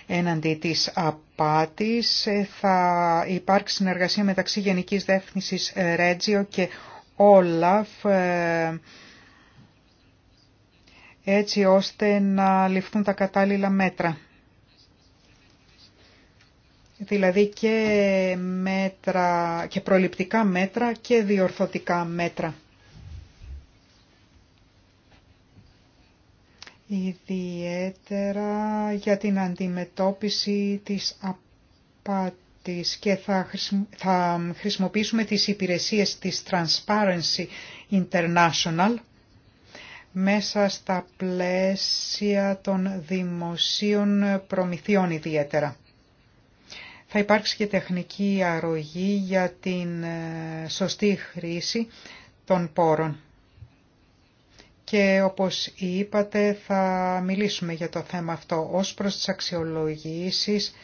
έναντι της απάτης. Θα υπάρξει συνεργασία μεταξύ Γενικής Δεύθυνσης Ρέτζιο και Όλαφ ε, έτσι ώστε να ληφθούν τα κατάλληλα μέτρα. Δηλαδή και, μέτρα, και προληπτικά μέτρα και διορθωτικά μέτρα. Ιδιαίτερα για την αντιμετώπιση της απάτης και θα, θα χρησιμοποιήσουμε τις υπηρεσίες της Transparency International μέσα στα πλαίσια των δημοσίων προμηθειών ιδιαίτερα. Θα υπάρξει και τεχνική αρρωγή για την ε, σωστή χρήση των πόρων. Και όπως είπατε θα μιλήσουμε για το θέμα αυτό ως προς τις αξιολογήσεις.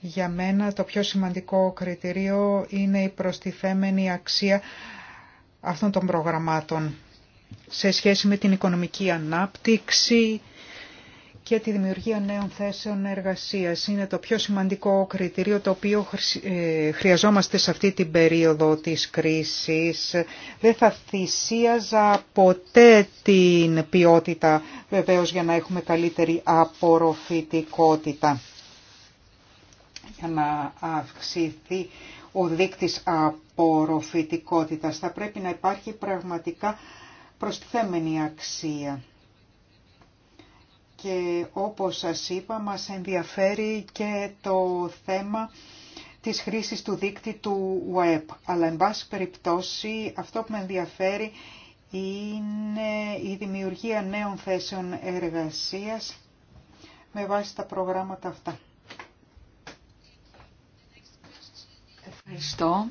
Για μένα το πιο σημαντικό κριτηρίο είναι η προστιθέμενη αξία αυτών των προγραμμάτων σε σχέση με την οικονομική ανάπτυξη και τη δημιουργία νέων θέσεων εργασίας. Είναι το πιο σημαντικό κριτήριο το οποίο ε, χρειαζόμαστε σε αυτή την περίοδο της κρίσης. Δεν θα θυσίαζα ποτέ την ποιότητα βεβαίως για να έχουμε καλύτερη απορροφητικότητα για να αυξηθεί ο δείκτης απορροφητικότητας. Θα πρέπει να υπάρχει πραγματικά προστιθέμενη αξία. Και όπως σας είπα, μας ενδιαφέρει και το θέμα της χρήσης του δίκτυου του web. Αλλά, εν πάση περιπτώσει, αυτό που με ενδιαφέρει είναι η δημιουργία νέων θέσεων εργασίας με βάση τα προγράμματα αυτά. Ευχαριστώ.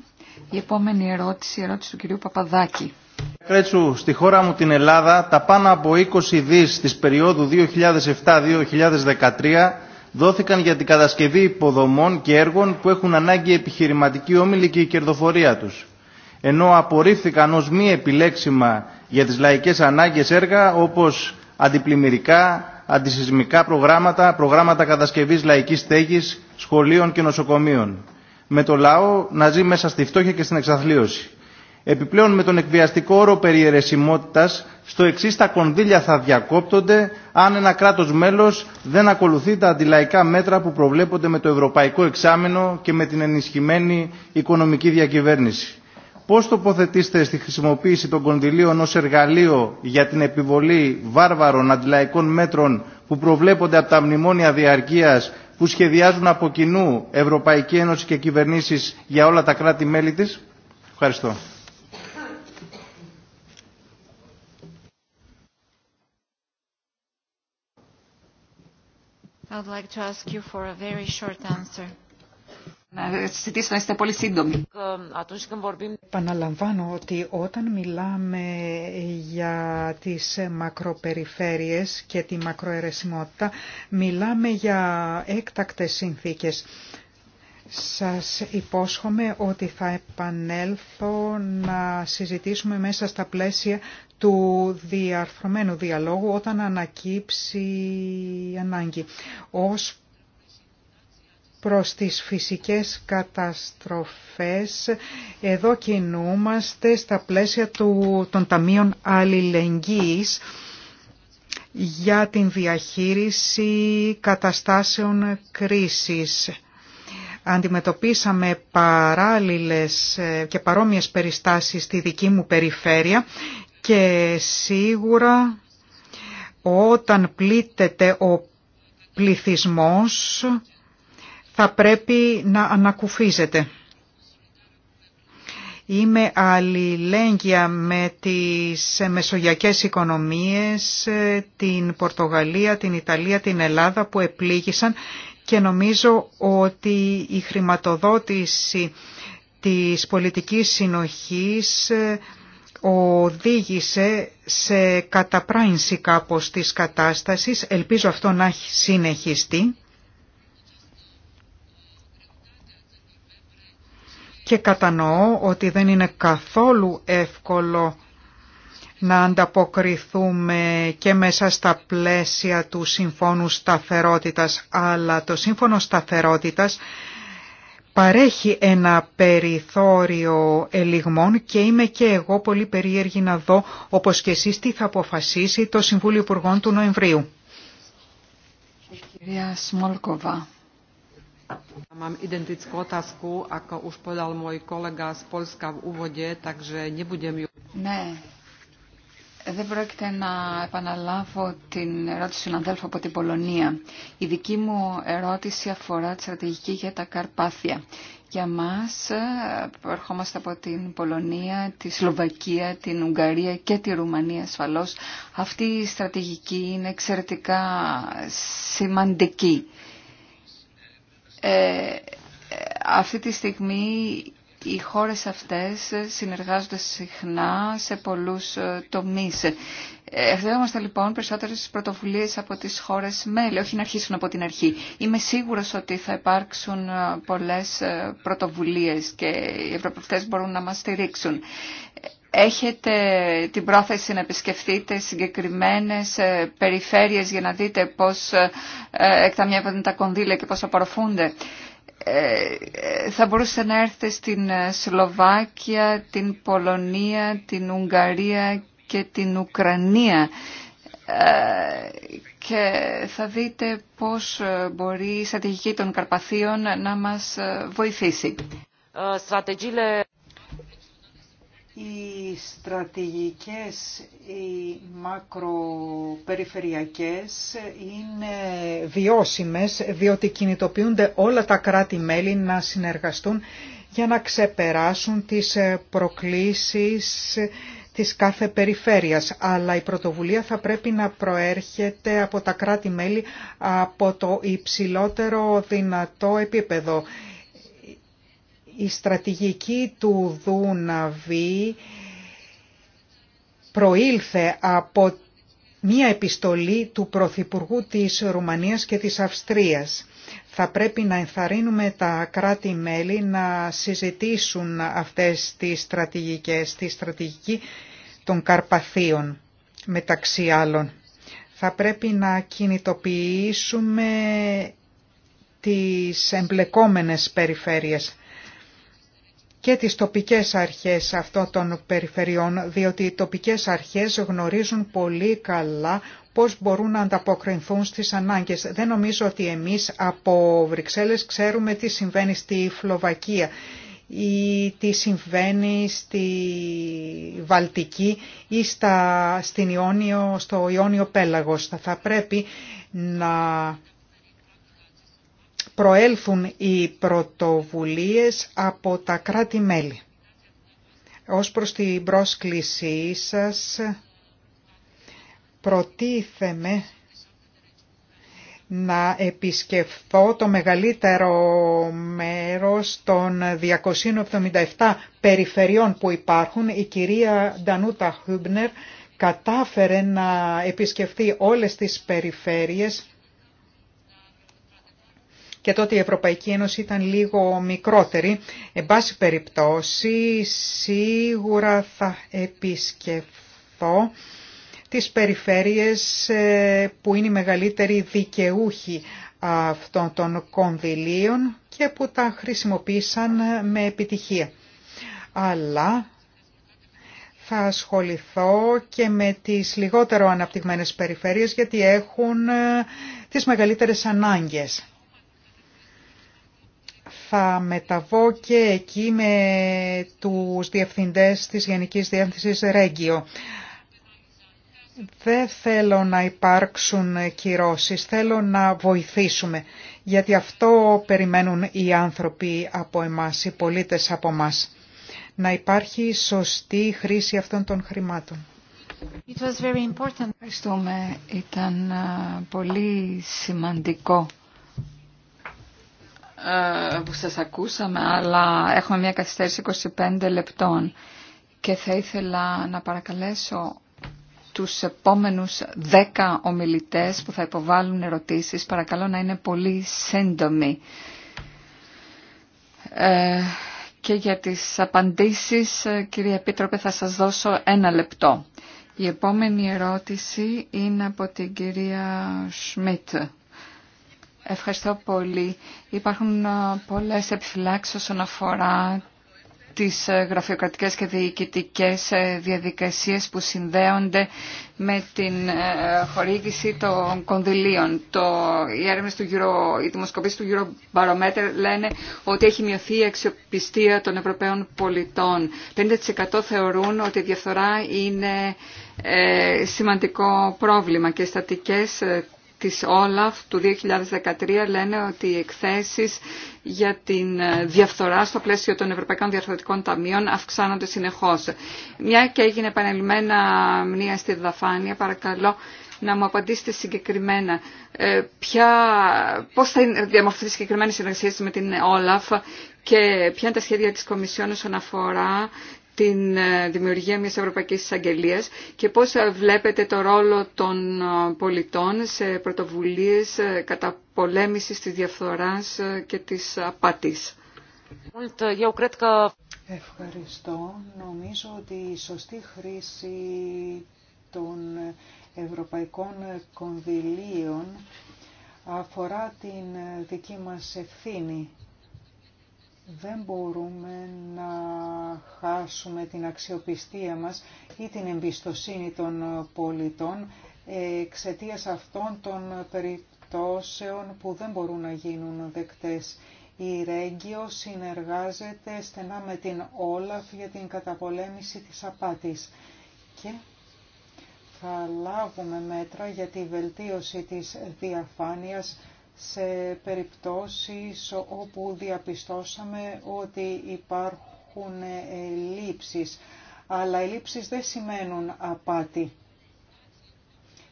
Η επόμενη ερώτηση, η ερώτηση του κυρίου Παπαδάκη. Κρέτσου, στη χώρα μου την Ελλάδα, τα πάνω από 20 δις της περίοδου 2007-2013 δόθηκαν για την κατασκευή υποδομών και έργων που έχουν ανάγκη επιχειρηματική όμιλη και η κερδοφορία τους. Ενώ απορρίφθηκαν ως μη επιλέξιμα για τις λαϊκές ανάγκες έργα όπως αντιπλημμυρικά, αντισυσμικά προγράμματα, προγράμματα κατασκευής λαϊκής στέγης, σχολείων και νοσοκομείων. Με το λαό να ζει μέσα στη φτώχεια και στην εξαθλίωση. Επιπλέον με τον εκβιαστικό όρο περί στο εξή τα κονδύλια θα διακόπτονται αν ένα κράτος μέλος δεν ακολουθεί τα αντιλαϊκά μέτρα που προβλέπονται με το ευρωπαϊκό εξάμενο και με την ενισχυμένη οικονομική διακυβέρνηση. Πώς τοποθετήστε στη χρησιμοποίηση των κονδυλίων ως εργαλείο για την επιβολή βάρβαρων αντιλαϊκών μέτρων που προβλέπονται από τα μνημόνια διαρκείας που σχεδιάζουν από κοινού Ευρωπαϊκή Ένωση και κυβερνήσει για όλα τα κράτη-μέλη της. Ευχαριστώ. I would like to ask you for a very short answer. Να συζητήσω να είστε πολύ σύντομοι. Επαναλαμβάνω ότι όταν μιλάμε για τις μακροπεριφέρειες και τη μακροαιρεσιμότητα, μιλάμε για έκτακτες συνθήκες. Σας υπόσχομαι ότι θα επανέλθω να συζητήσουμε μέσα στα πλαίσια του διαρθρωμένου διαλόγου όταν ανακύψει ανάγκη. Ως προς τις φυσικές καταστροφές, εδώ κινούμαστε στα πλαίσια του, των Ταμείων Αλληλεγγύης για την διαχείριση καταστάσεων κρίσης. Αντιμετωπίσαμε παράλληλες και παρόμοιες περιστάσεις στη δική μου περιφέρεια και σίγουρα όταν πλήττεται ο πληθυσμός θα πρέπει να ανακουφίζεται. Είμαι αλληλέγγυα με τις μεσογειακές οικονομίες, την Πορτογαλία, την Ιταλία, την Ελλάδα που επλήγησαν και νομίζω ότι η χρηματοδότηση της πολιτικής συνοχής οδήγησε σε καταπράνηση κάπως της κατάστασης. Ελπίζω αυτό να έχει συνεχιστεί. Και κατανοώ ότι δεν είναι καθόλου εύκολο να ανταποκριθούμε και μέσα στα πλαίσια του Συμφώνου Σταθερότητας, αλλά το Σύμφωνο Σταθερότητας παρέχει ένα περιθώριο ελιγμών και είμαι και εγώ πολύ περίεργη να δω, όπως και εσείς, τι θα αποφασίσει το Συμβούλιο Υπουργών του Νοεμβρίου. Η κυρία Σμόλκοβα. Mám identickú otázku, ako už povedal môj kolega z Polska v úvode, takže nebudem ju... Ναι, δεν πρόκειται να επαναλάβω την ερώτηση του συναδέλφου από την Πολωνία. Η δική μου ερώτηση αφορά τη στρατηγική για τα Καρπάθια. Για μας, ε, ερχόμαστε από την Πολωνία, τη Σλοβακία, την Ουγγαρία και τη Ρουμανία ασφαλώς, αυτή η στρατηγική είναι εξαιρετικά σημαντική. Ε, ε αυτή τη στιγμή οι χώρες αυτές συνεργάζονται συχνά σε πολλούς ε, τομείς. Ευχαριστούμε, λοιπόν περισσότερες πρωτοβουλίες από τις χώρες μέλη, όχι να αρχίσουν από την αρχή. Είμαι σίγουρος ότι θα υπάρξουν ε, πολλές ε, πρωτοβουλίες και οι Ευρωπαϊκές μπορούν να μας στηρίξουν. Έχετε την πρόθεση να επισκεφτείτε συγκεκριμένες περιφέρειες για να δείτε πώς εκταμιεύονται τα κονδύλια και πώς απορροφούνται. Ε, θα μπορούσατε να έρθετε στην ε, Σλοβάκια, την Πολωνία, την Ουγγαρία και την Ουκρανία ε, και θα δείτε πώς μπορεί η στρατηγική των Καρπαθίων να μας βοηθήσει οι στρατηγικές, οι μακροπεριφερειακές είναι βιώσιμες διότι κινητοποιούνται όλα τα κράτη-μέλη να συνεργαστούν για να ξεπεράσουν τις προκλήσεις της κάθε περιφέρειας. Αλλά η πρωτοβουλία θα πρέπει να προέρχεται από τα κράτη-μέλη από το υψηλότερο δυνατό επίπεδο η στρατηγική του Δούναβη προήλθε από μία επιστολή του Πρωθυπουργού της Ρουμανίας και της Αυστρίας. Θα πρέπει να ενθαρρύνουμε τα κράτη-μέλη να συζητήσουν αυτές τις στρατηγικές, τη στρατηγική των Καρπαθίων μεταξύ άλλων. Θα πρέπει να κινητοποιήσουμε τις εμπλεκόμενες περιφέρειες και τις τοπικές αρχές αυτών των περιφερειών, διότι οι τοπικές αρχές γνωρίζουν πολύ καλά πώς μπορούν να ανταποκρινθούν στις ανάγκες. Δεν νομίζω ότι εμείς από Βρυξέλλες ξέρουμε τι συμβαίνει στη Φλοβακία ή τι συμβαίνει στη Βαλτική ή στα, στην Ιόνιο, στο Ιόνιο Πέλαγος. Θα, θα πρέπει να προέλθουν οι πρωτοβουλίες από τα κράτη-μέλη. Ως προς την πρόσκλησή σας, προτίθεμαι να επισκεφθώ το μεγαλύτερο μέρος των 277 περιφερειών που υπάρχουν. Η κυρία Ντανούτα Χούμπνερ κατάφερε να επισκεφθεί όλες τις περιφέρειες και τότε η Ευρωπαϊκή Ένωση ήταν λίγο μικρότερη. Εν πάση περιπτώσει, σίγουρα θα επισκεφθώ τις περιφέρειες ε, που είναι οι μεγαλύτεροι δικαιούχοι αυτών των κονδυλίων και που τα χρησιμοποίησαν με επιτυχία. Αλλά θα ασχοληθώ και με τις λιγότερο αναπτυγμένες περιφέρειες γιατί έχουν ε, τις μεγαλύτερες ανάγκες θα μεταβώ και εκεί με τους διευθυντές της Γενικής Διεύθυνσης Ρέγγιο. Δεν θέλω να υπάρξουν κυρώσεις, θέλω να βοηθήσουμε, γιατί αυτό περιμένουν οι άνθρωποι από εμάς, οι πολίτες από εμάς. Να υπάρχει σωστή χρήση αυτών των χρημάτων. It Ήταν πολύ σημαντικό ε, που σας ακούσαμε, αλλά έχουμε μια καθυστέρηση 25 λεπτών και θα ήθελα να παρακαλέσω τους επόμενους 10 ομιλητές που θα υποβάλουν ερωτήσεις, παρακαλώ να είναι πολύ σύντομοι. Ε, και για τις απαντήσεις, ε, κυρία Επίτροπε, θα σας δώσω ένα λεπτό. Η επόμενη ερώτηση είναι από την κυρία Σμιτ. Ευχαριστώ πολύ. Υπάρχουν ε, πολλές επιφυλάξεις όσον αφορά τις ε, γραφειοκρατικές και διοικητικές ε, διαδικασίες που συνδέονται με την χορήγηση των κονδυλίων. Το, οι έρευνες του Euro, οι δημοσκοπήσεις του Eurobarometer λένε ότι έχει μειωθεί η αξιοπιστία των Ευρωπαίων πολιτών. 50% θεωρούν ότι η διαφθορά είναι σημαντικό πρόβλημα και οι στατικές της Όλαφ του 2013 λένε ότι οι εκθέσεις για την ε, διαφθορά στο πλαίσιο των Ευρωπαϊκών Διαρθρωτικών Ταμείων αυξάνονται συνεχώς. Μια και έγινε επανελειμμένα μνήμα στη δαφάνεια, παρακαλώ να μου απαντήσετε συγκεκριμένα ε, ποια, πώς θα διαμορφωθεί συγκεκριμένη συνεργασία με την Όλαφ και ποια είναι τα σχέδια της Κομισιόν όσον αφορά την ε, δημιουργία μιας Ευρωπαϊκής Εισαγγελία και πώς ε, βλέπετε το ρόλο των ε, πολιτών σε πρωτοβουλίες κατά πολέμησης της διαφθοράς και της απάτης. Ευχαριστώ. Νομίζω ότι η σωστή χρήση των ευρωπαϊκών κονδυλίων αφορά την δική μας ευθύνη δεν μπορούμε να χάσουμε την αξιοπιστία μας ή την εμπιστοσύνη των πολιτών εξαιτία αυτών των περιπτώσεων που δεν μπορούν να γίνουν δεκτές. Η Ρέγγιο συνεργάζεται στενά με την Όλαφ για την καταπολέμηση της απάτης και θα λάβουμε μέτρα για τη βελτίωση της διαφάνειας σε περιπτώσεις όπου διαπιστώσαμε ότι υπάρχουν ελλείψεις. Αλλά ελλείψεις δεν σημαίνουν απάτη.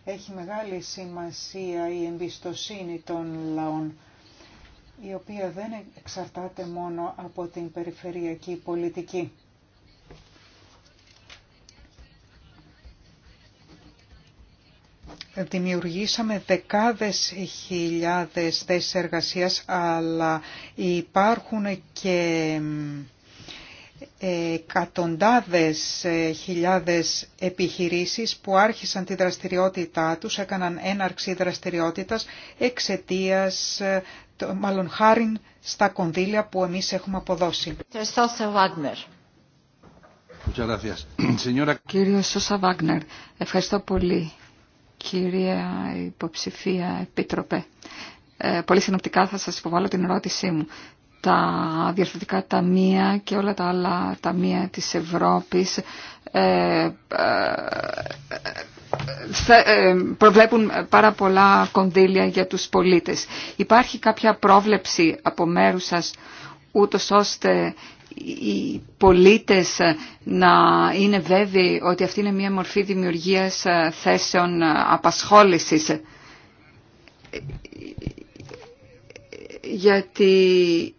Έχει μεγάλη σημασία η εμπιστοσύνη των λαών, η οποία δεν εξαρτάται μόνο από την περιφερειακή πολιτική. δημιουργήσαμε δεκάδες χιλιάδες θέσεις εργασίας, αλλά υπάρχουν και ε, εκατοντάδες ε, χιλιάδες επιχειρήσεις που άρχισαν τη δραστηριότητά τους, έκαναν έναρξη δραστηριότητας εξαιτίας, ε, μάλλον χάριν στα κονδύλια που εμείς έχουμε αποδώσει. Κύριε Σώσα Βάγνερ, ευχαριστώ πολύ. Κυρία Υποψηφία Επίτροπε, ε, πολύ συνοπτικά θα σας υποβάλω την ερώτησή μου. Τα διευθυντικά ταμεία και όλα τα άλλα ταμεία της Ευρώπης ε, ε, ε, προβλέπουν πάρα πολλά κονδύλια για τους πολίτες. Υπάρχει κάποια πρόβλεψη από μέρους σας ούτως ώστε οι πολίτες να είναι βέβαιοι ότι αυτή είναι μια μορφή δημιουργίας θέσεων απασχόλησης. Γιατί,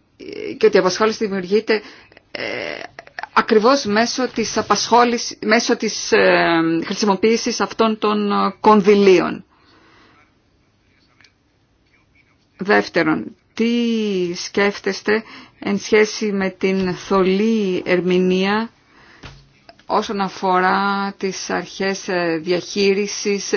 και ότι η απασχόληση δημιουργείται ε, ακριβώς μέσω της, απασχόλησης, μέσω της ε, χρησιμοποίησης αυτών των κονδυλίων. Δεύτερον, τι σκέφτεστε εν σχέση με την θολή ερμηνεία όσον αφορά τις αρχές διαχείρισης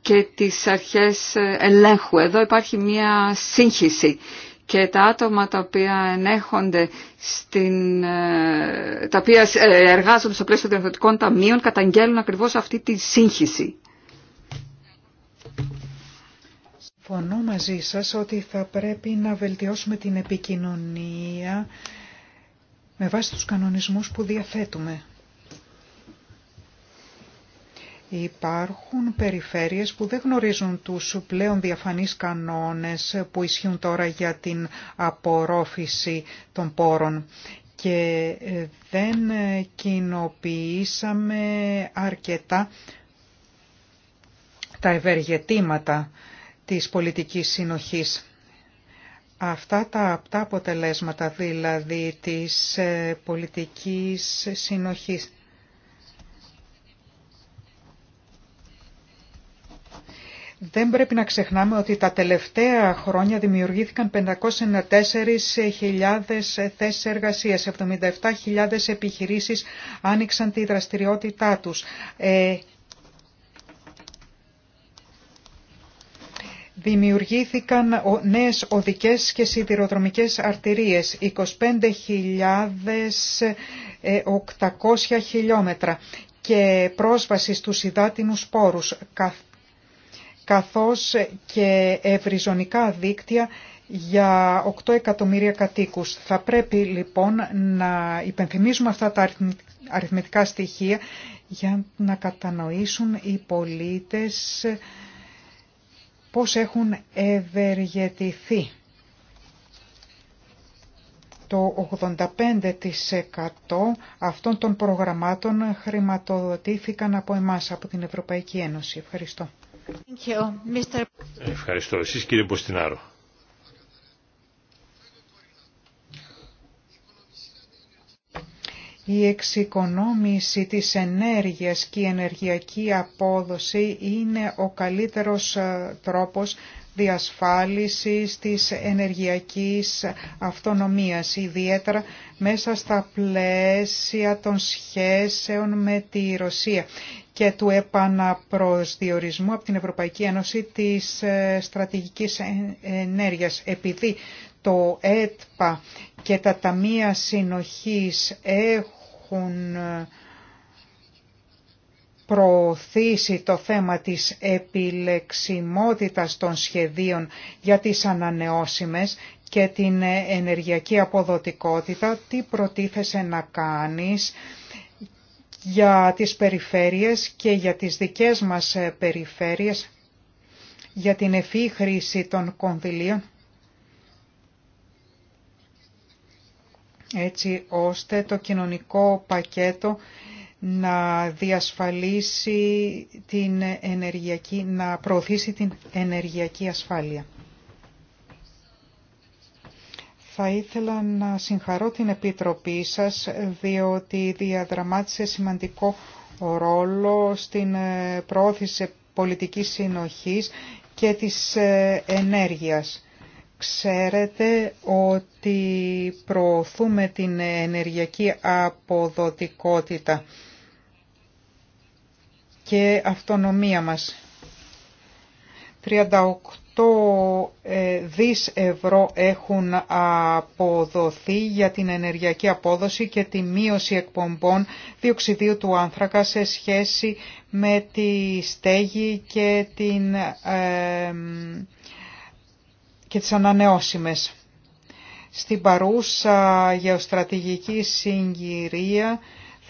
και τις αρχές ελέγχου. Εδώ υπάρχει μία σύγχυση και τα άτομα τα οποία ενέχονται στην, ε, τα οποία ε, εργάζονται στο πλαίσιο των ταμείων καταγγέλουν ακριβώς αυτή τη σύγχυση. Συμφωνώ μαζί σας ότι θα πρέπει να βελτιώσουμε την επικοινωνία με βάση τους κανονισμούς που διαθέτουμε. Υπάρχουν περιφέρειες που δεν γνωρίζουν τους πλέον διαφανείς κανόνες που ισχύουν τώρα για την απορρόφηση των πόρων και δεν κοινοποιήσαμε αρκετά τα ευεργετήματα της πολιτικής συνοχής. Αυτά τα απτά αποτελέσματα δηλαδή της ε, πολιτικής συνοχής. Δεν πρέπει να ξεχνάμε ότι τα τελευταία χρόνια δημιουργήθηκαν 594.000 θέσεις εργασίας, 77.000 επιχειρήσεις άνοιξαν τη δραστηριότητά τους, ε, δημιουργήθηκαν νέες οδικές και σιδηροδρομικές αρτηρίες, 25.800 ε, χιλιόμετρα και πρόσβαση στους υδάτινους πόρους, καθώς και ευρυζωνικά δίκτυα για 8 εκατομμύρια κατοίκους. Θα πρέπει λοιπόν να υπενθυμίζουμε αυτά τα αριθμητικά στοιχεία για να κατανοήσουν οι πολίτες πώς έχουν ευεργετηθεί. Το 85% αυτών των προγραμμάτων χρηματοδοτήθηκαν από εμάς, από την Ευρωπαϊκή Ένωση. Ευχαριστώ. Ευχαριστώ. Εσείς κύριε Ποστινάρο. Η εξοικονόμηση της ενέργειας και η ενεργειακή απόδοση είναι ο καλύτερος ε, τρόπος διασφάλισης της ενεργειακής αυτονομίας, ιδιαίτερα μέσα στα πλαίσια των σχέσεων με τη Ρωσία και του επαναπροσδιορισμού από την Ευρωπαϊκή Ένωση της ε, στρατηγικής ενέργειας. Επειδή το ΕΤΠΑ και τα Ταμεία Συνοχής έχουν ε, προωθήσει το θέμα της επιλεξιμότητας των σχεδίων για τις ανανεώσιμες και την ε, ενεργειακή αποδοτικότητα, τι προτίθεσαι να κάνεις για τις περιφέρειες και για τις δικές μας ε, περιφέρειες, για την ευφύ χρήση των κονδυλίων έτσι ώστε το κοινωνικό πακέτο να διασφαλίσει την ενεργειακή, να προωθήσει την ενεργειακή ασφάλεια. Θα ήθελα να συγχαρώ την Επιτροπή σας διότι διαδραμάτισε σημαντικό ρόλο στην ε, προώθηση πολιτικής συνοχής και της ε, ενέργειας. Ξέρετε ότι προωθούμε την ενεργειακή αποδοτικότητα και αυτονομία μας. 38 ε, δις ευρώ έχουν αποδοθεί για την ενεργειακή απόδοση και τη μείωση εκπομπών διοξιδίου του άνθρακα σε σχέση με τη στέγη και την ε, και ανανεώσιμες. Στην παρούσα γεωστρατηγική συγκυρία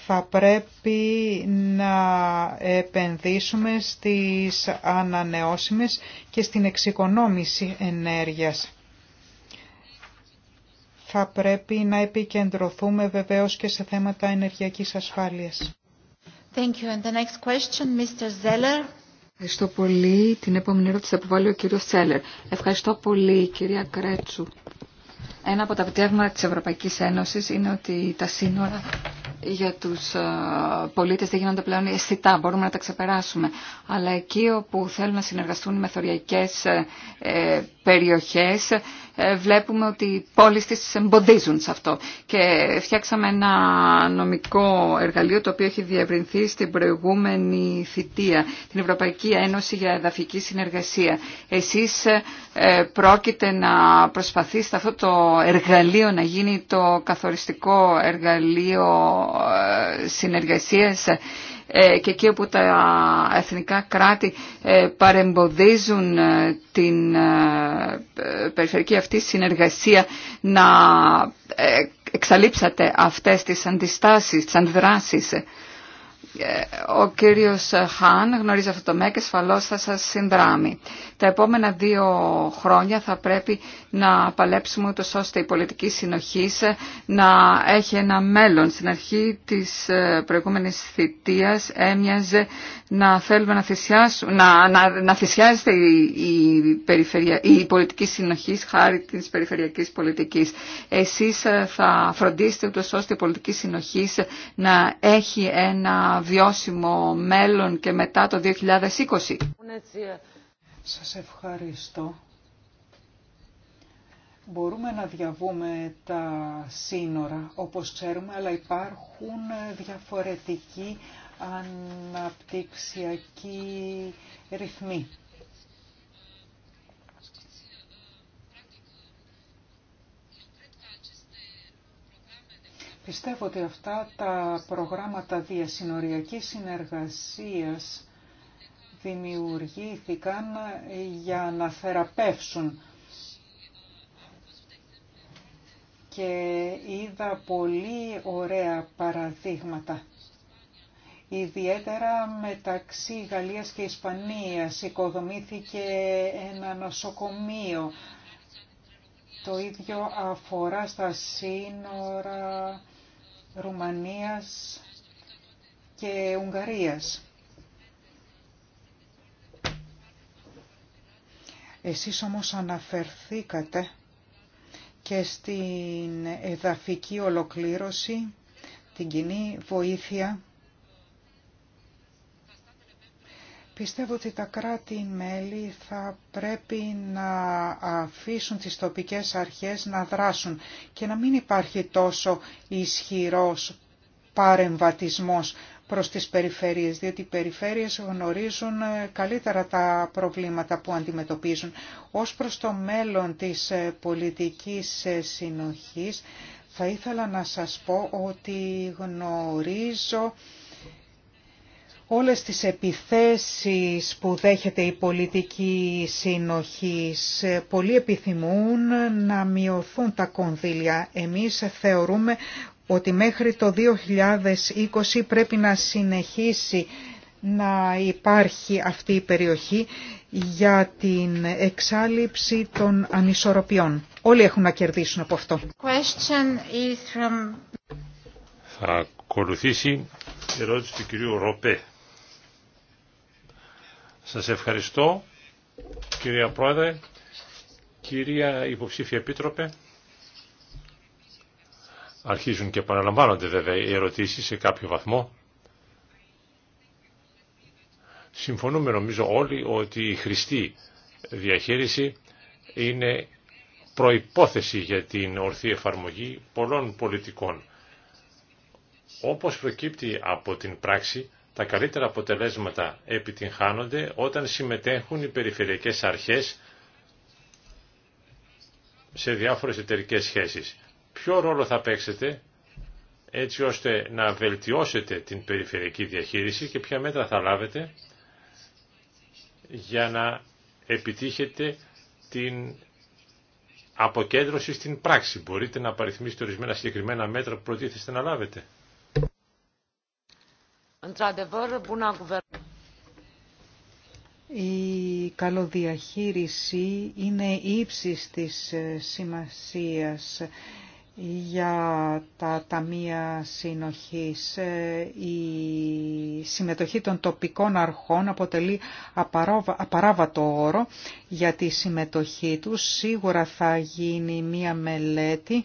θα πρέπει να επενδύσουμε στις ανανεώσιμες και στην εξοικονόμηση ενέργειας. Θα πρέπει να επικεντρωθούμε βεβαίως και σε θέματα ενεργειακής ασφάλειας. Thank you. And the next question, Mr. Zeller. Ευχαριστώ πολύ. Την επόμενη ερώτηση θα αποβάλει ο κύριος Τσέλερ. Ευχαριστώ πολύ κυρία Κρέτσου. Ένα από τα επιτεύγματα της Ευρωπαϊκής Ένωσης είναι ότι τα σύνορα για τους ε, πολίτες δεν γίνονται πλέον αισθητά, μπορούμε να τα ξεπεράσουμε. Αλλά εκεί όπου θέλουν να συνεργαστούν με μεθοριακές ε, ε, περιοχές ε, βλέπουμε ότι οι πόλεις τις εμποδίζουν σε αυτό. Και φτιάξαμε ένα νομικό εργαλείο το οποίο έχει διευρυνθεί στην προηγούμενη θητεία, την Ευρωπαϊκή Ένωση για Εδαφική Συνεργασία. Εσείς ε, πρόκειται να προσπαθήσετε αυτό το εργαλείο να γίνει το καθοριστικό εργαλείο ε, συνεργασίας ε, και εκεί όπου τα εθνικά κράτη ε, παρεμποδίζουν ε, την περιφερική αυτή συνεργασία να εξαλείψατε αυτές τις αντιστάσεις, τις αντιδράσεις. Ο κύριος Χάν γνωρίζει αυτό το μέγεθος και θα σας συνδράμει. Τα επόμενα δύο χρόνια θα πρέπει να παλέψουμε ούτως ώστε η πολιτική συνοχή να έχει ένα μέλλον. Στην αρχή της ε, προηγούμενης θητείας έμοιαζε να θέλουμε να, να, να, να θυσιάζεται η, η πολιτική συνοχή χάρη της περιφερειακής πολιτικής. Εσείς ε, θα φροντίσετε ούτως ώστε η πολιτική συνοχή να έχει ένα βιώσιμο μέλλον και μετά το 2020. Σας ευχαριστώ. Μπορούμε να διαβούμε τα σύνορα, όπως ξέρουμε, αλλά υπάρχουν διαφορετικοί αναπτυξιακοί ρυθμοί. Πιστεύω ότι αυτά τα προγράμματα διασυνοριακής συνεργασίας δημιουργήθηκαν για να θεραπεύσουν και είδα πολύ ωραία παραδείγματα. Ιδιαίτερα μεταξύ Γαλλίας και Ισπανίας οικοδομήθηκε ένα νοσοκομείο. Το ίδιο αφορά στα σύνορα Ρουμανίας και Ουγγαρίας. Εσείς όμως αναφερθήκατε και στην εδαφική ολοκλήρωση, την κοινή βοήθεια. Πιστεύω ότι τα κράτη-μέλη θα πρέπει να αφήσουν τις τοπικές αρχές να δράσουν και να μην υπάρχει τόσο ισχυρός παρεμβατισμός προς τις περιφέρειες, διότι οι περιφέρειες γνωρίζουν ε, καλύτερα τα προβλήματα που αντιμετωπίζουν. Ως προς το μέλλον της ε, πολιτικής ε, συνοχής, θα ήθελα να σας πω ότι γνωρίζω όλες τις επιθέσεις που δέχεται η πολιτική συνοχής. Πολλοί επιθυμούν να μειωθούν τα κονδύλια. Εμείς θεωρούμε ότι μέχρι το 2020 πρέπει να συνεχίσει να υπάρχει αυτή η περιοχή για την εξάλληψη των ανισορροπιών. Όλοι έχουν να κερδίσουν από αυτό. Θα ακολουθήσει η ερώτηση του κυρίου Ροπέ. Σας ευχαριστώ, κυρία Πρόεδρε, κυρία Υποψήφια Επίτροπε. Αρχίζουν και παραλαμβάνονται βέβαια οι ερωτήσεις σε κάποιο βαθμό. Συμφωνούμε νομίζω όλοι ότι η χρηστή διαχείριση είναι προϋπόθεση για την ορθή εφαρμογή πολλών πολιτικών. Όπως προκύπτει από την πράξη, τα καλύτερα αποτελέσματα επιτυγχάνονται όταν συμμετέχουν οι περιφερειακές αρχές σε διάφορες εταιρικές σχέσεις ποιο ρόλο θα παίξετε έτσι ώστε να βελτιώσετε την περιφερειακή διαχείριση και ποια μέτρα θα λάβετε για να επιτύχετε την αποκέντρωση στην πράξη. Μπορείτε να παριθμίσετε ορισμένα συγκεκριμένα μέτρα που προτίθεστε να λάβετε. Η καλοδιαχείριση είναι ύψης της σημασίας για τα ταμεία συνοχής. Ε, η συμμετοχή των τοπικών αρχών αποτελεί απαράβατο όρο για τη συμμετοχή τους. Σίγουρα θα γίνει μία μελέτη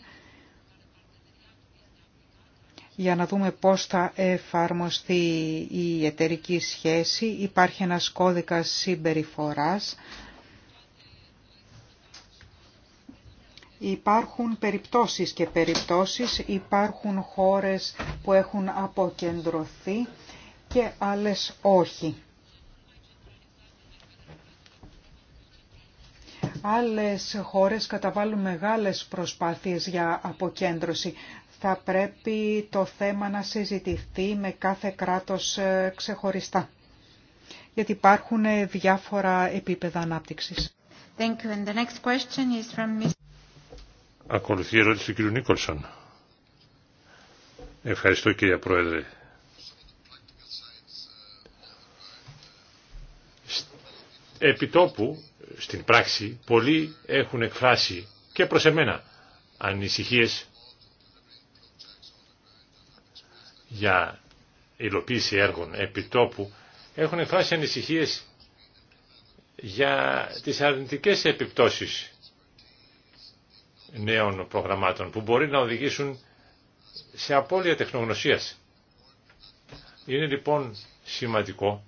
για να δούμε πώς θα εφαρμοστεί η εταιρική σχέση. Υπάρχει ένας κώδικας συμπεριφοράς Υπάρχουν περιπτώσεις και περιπτώσεις, υπάρχουν χώρες που έχουν αποκεντρωθεί και άλλες όχι. Άλλες χώρες καταβάλουν μεγάλες προσπάθειες για αποκέντρωση. Θα πρέπει το θέμα να συζητηθεί με κάθε κράτος ε, ξεχωριστά, γιατί υπάρχουν διάφορα επίπεδα ανάπτυξης. Ακολουθεί η ερώτηση του κύριου Νίκολσον. Ευχαριστώ κύριε Πρόεδρε. Επιτόπου, στην πράξη, πολλοί έχουν εκφράσει και προς εμένα ανησυχίες για υλοποίηση έργων επιτόπου. Έχουν εκφράσει ανησυχίες για τις αρνητικές επιπτώσεις νέων προγραμμάτων που μπορεί να οδηγήσουν σε απώλεια τεχνογνωσίας. Είναι λοιπόν σημαντικό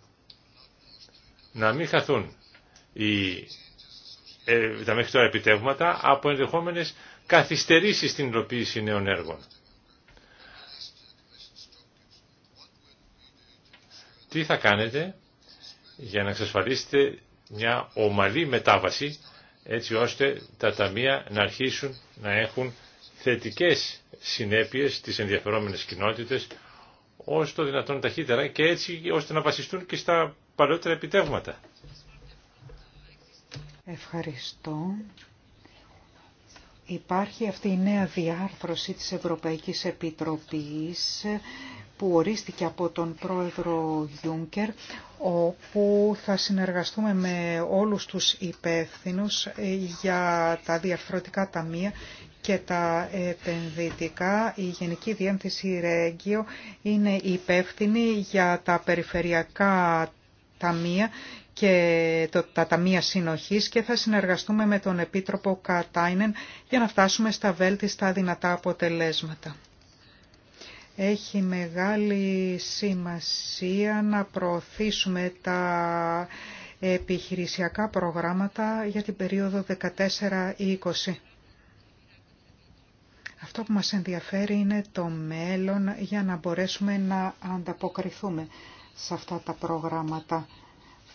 να μην χαθούν οι, ε, τα μέχρι τώρα επιτεύγματα από ενδεχόμενες καθυστερήσεις στην υλοποίηση νέων έργων. Τι θα κάνετε για να εξασφαλίσετε μια ομαλή μετάβαση έτσι ώστε τα ταμεία να αρχίσουν να έχουν θετικές συνέπειες στις ενδιαφερόμενες κοινότητες όσο το δυνατόν ταχύτερα και έτσι ώστε να βασιστούν και στα παλαιότερα επιτεύγματα. Ευχαριστώ. Υπάρχει αυτή η νέα διάρθρωση της Ευρωπαϊκής Επιτροπής που ορίστηκε από τον πρόεδρο Γιούνκερ, όπου θα συνεργαστούμε με όλους τους υπεύθυνους ε, για τα διαφορετικά ταμεία και τα επενδυτικά. Η Γενική Διένθηση Ρέγγιο είναι υπεύθυνη για τα περιφερειακά ταμεία και το, τα Ταμεία Συνοχής και θα συνεργαστούμε με τον Επίτροπο Κατάινεν για να φτάσουμε στα βέλτιστα δυνατά αποτελέσματα. Έχει μεγάλη σημασία να προωθήσουμε τα επιχειρησιακά προγράμματα για την περίοδο 14-20. Αυτό που μας ενδιαφέρει είναι το μέλλον για να μπορέσουμε να ανταποκριθούμε σε αυτά τα προγράμματα.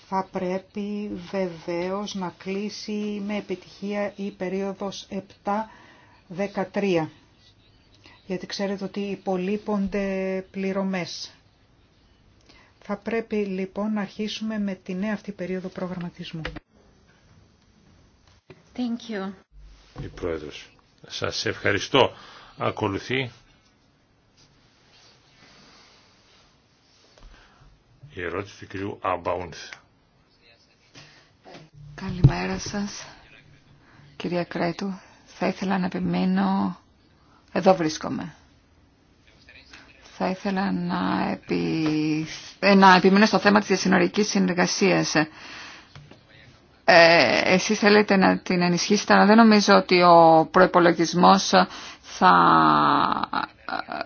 Θα πρέπει βεβαίως να κλείσει με επιτυχία η περίοδος 7-13 γιατί ξέρετε ότι υπολείπονται πληρωμές. Θα πρέπει λοιπόν να αρχίσουμε με τη νέα αυτή περίοδο προγραμματισμού. Thank you. Η Σας ευχαριστώ. Ακολουθεί η ερώτηση του κυρίου Αμπαούνθ. Καλημέρα σας, κυρία Κρέτου. Θα ήθελα να επιμείνω εδώ βρίσκομαι. Θα ήθελα να, επι... Ε, να επιμείνω στο θέμα της διασυνορικής συνεργασίας. Ε, εσείς θέλετε να την ενισχύσετε, αλλά δεν νομίζω ότι ο προϋπολογισμός θα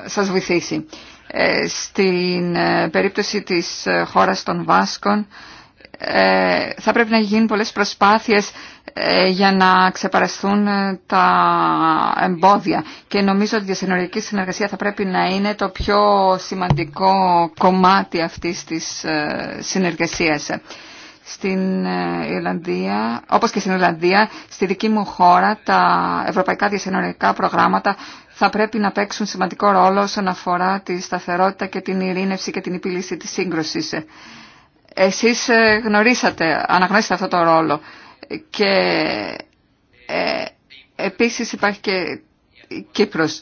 ε, σας βοηθήσει. Ε, στην περίπτωση της χώρας των Βάσκων, θα πρέπει να γίνουν πολλές προσπάθειες ε, για να ξεπαραστούν ε, τα εμπόδια. Και νομίζω ότι η διασυνοριακή συνεργασία θα πρέπει να είναι το πιο σημαντικό κομμάτι αυτής της ε, συνεργασίας. Στην Ιρλανδία, όπως και στην Ιρλανδία, στη δική μου χώρα τα ευρωπαϊκά διασυνοριακά προγράμματα θα πρέπει να παίξουν σημαντικό ρόλο όσον αφορά τη σταθερότητα και την ειρήνευση και την επίλυση της σύγκρουσης. Εσείς γνωρίσατε, αναγνωρίσατε αυτό το ρόλο και ε, επίσης υπάρχει και Κύπρος.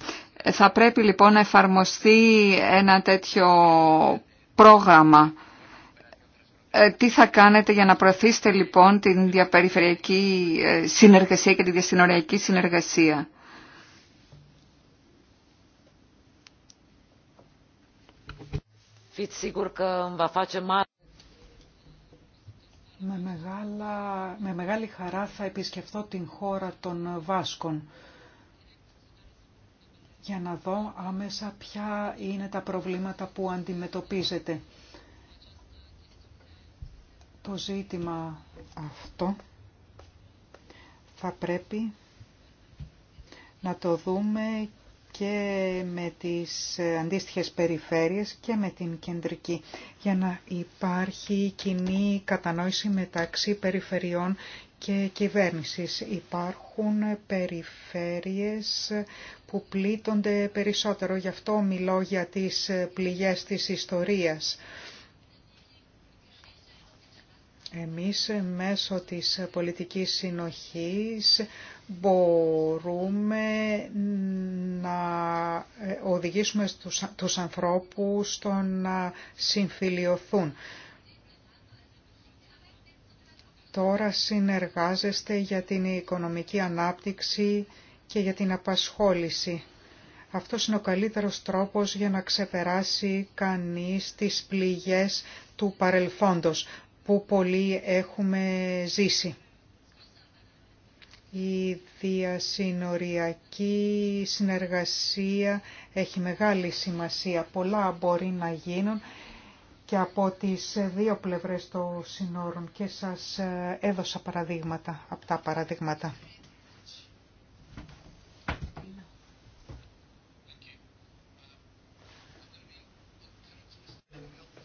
Θα πρέπει λοιπόν να εφαρμοστεί ένα τέτοιο πρόγραμμα. Ε, τι θα κάνετε για να προωθήσετε λοιπόν την διαπεριφερειακή ε, συνεργασία και τη διασυνοριακή συνεργασία. Με, μεγάλα, με μεγάλη χαρά θα επισκεφθώ την χώρα των Βάσκων για να δω άμεσα ποια είναι τα προβλήματα που αντιμετωπίζετε. Το ζήτημα αυτό θα πρέπει να το δούμε και με τις αντίστοιχες περιφέρειες και με την κεντρική για να υπάρχει κοινή κατανόηση μεταξύ περιφερειών και κυβέρνησης. Υπάρχουν περιφέρειες που πλήττονται περισσότερο. Γι' αυτό μιλώ για τις πληγές της ιστορίας. Εμείς μέσω της πολιτικής συνοχής μπορούμε να ε, οδηγήσουμε τους, τους ανθρώπους στο να συμφιλιωθούν. Τώρα συνεργάζεστε για την οικονομική ανάπτυξη και για την απασχόληση. Αυτό είναι ο καλύτερος τρόπος για να ξεπεράσει κανείς τις πληγές του παρελθόντος που πολλοί έχουμε ζήσει. Η διασυνοριακή συνεργασία έχει μεγάλη σημασία. Πολλά μπορεί να γίνουν και από τις δύο πλευρές των συνόρων και σας ε, έδωσα παραδείγματα, αυτά παραδείγματα.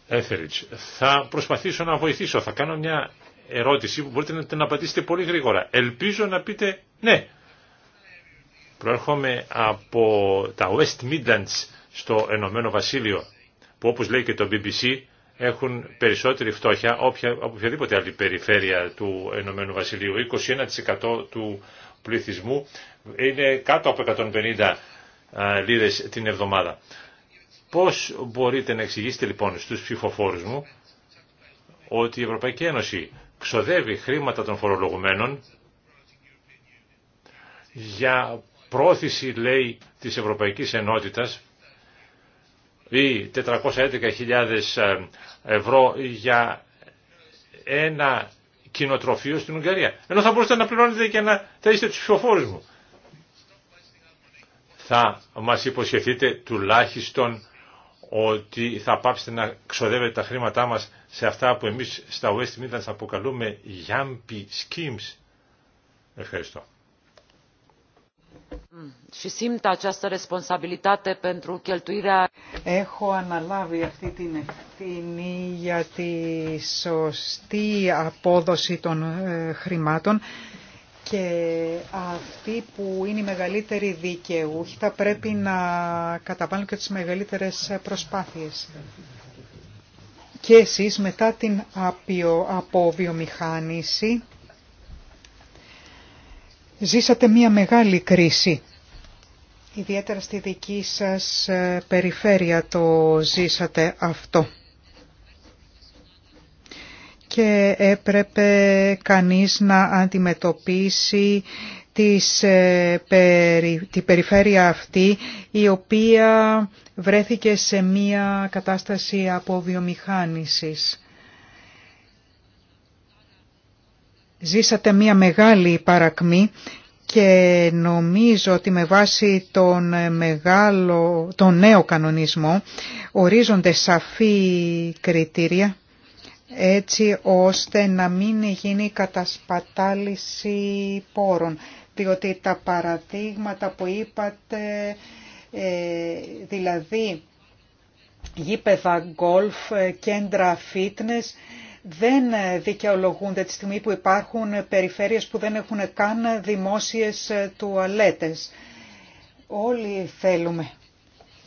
Έθεριτς, θα προσπαθήσω να βοηθήσω, θα κάνω μια ερώτηση που μπορείτε να την απαντήσετε πολύ γρήγορα. Ελπίζω να πείτε ναι. Προέρχομαι από τα West Midlands στο Ενωμένο Βασίλειο που όπως λέει και το BBC έχουν περισσότερη φτώχεια από οποιαδήποτε άλλη περιφέρεια του Ενωμένου Βασιλείου. 21% του πληθυσμού είναι κάτω από 150 ε, λίρες την εβδομάδα. Πώς μπορείτε να εξηγήσετε λοιπόν στους ψηφοφόρους μου ότι η Ευρωπαϊκή Ένωση ξοδεύει χρήματα των φορολογουμένων για πρόθεση, λέει, της Ευρωπαϊκής Ενότητας ή 411.000 ε, ευρώ για ένα κοινοτροφείο στην Ουγγαρία. Ενώ θα μπορούσατε να πληρώνετε και να θα είστε τους ψηφοφόρους μου. Θα μας υποσχεθείτε τουλάχιστον ότι θα πάψετε να ξοδεύετε τα χρήματά μας σε αυτά που εμείς στα West Midlands αποκαλούμε Yampi Schemes. Ευχαριστώ. Mm. Έχω αναλάβει αυτή την ευθύνη για τη σωστή απόδοση των ε, χρημάτων και αυτοί που είναι οι μεγαλύτεροι δικαιούχοι θα πρέπει να καταβάλουν και τις μεγαλύτερες προσπάθειες και εσείς μετά την αποβιομηχάνηση ζήσατε μία μεγάλη κρίση. Ιδιαίτερα στη δική σας ε, περιφέρεια το ζήσατε αυτό. Και έπρεπε κανείς να αντιμετωπίσει της, ε, τη περιφέρεια αυτή η οποία βρέθηκε σε μία κατάσταση αποβιομηχάνησης. Ζήσατε μία μεγάλη παρακμή και νομίζω ότι με βάση τον, μεγάλο, τον νέο κανονισμό ορίζονται σαφή κριτήρια έτσι ώστε να μην γίνει κατασπατάληση πόρων. Διότι τα παραδείγματα που είπατε, ε, δηλαδή γήπεδα γκολφ, ε, κέντρα fitness, δεν δικαιολογούνται τη στιγμή που υπάρχουν περιφέρειες που δεν έχουν καν δημόσιες ε, τουαλέτες. Όλοι θέλουμε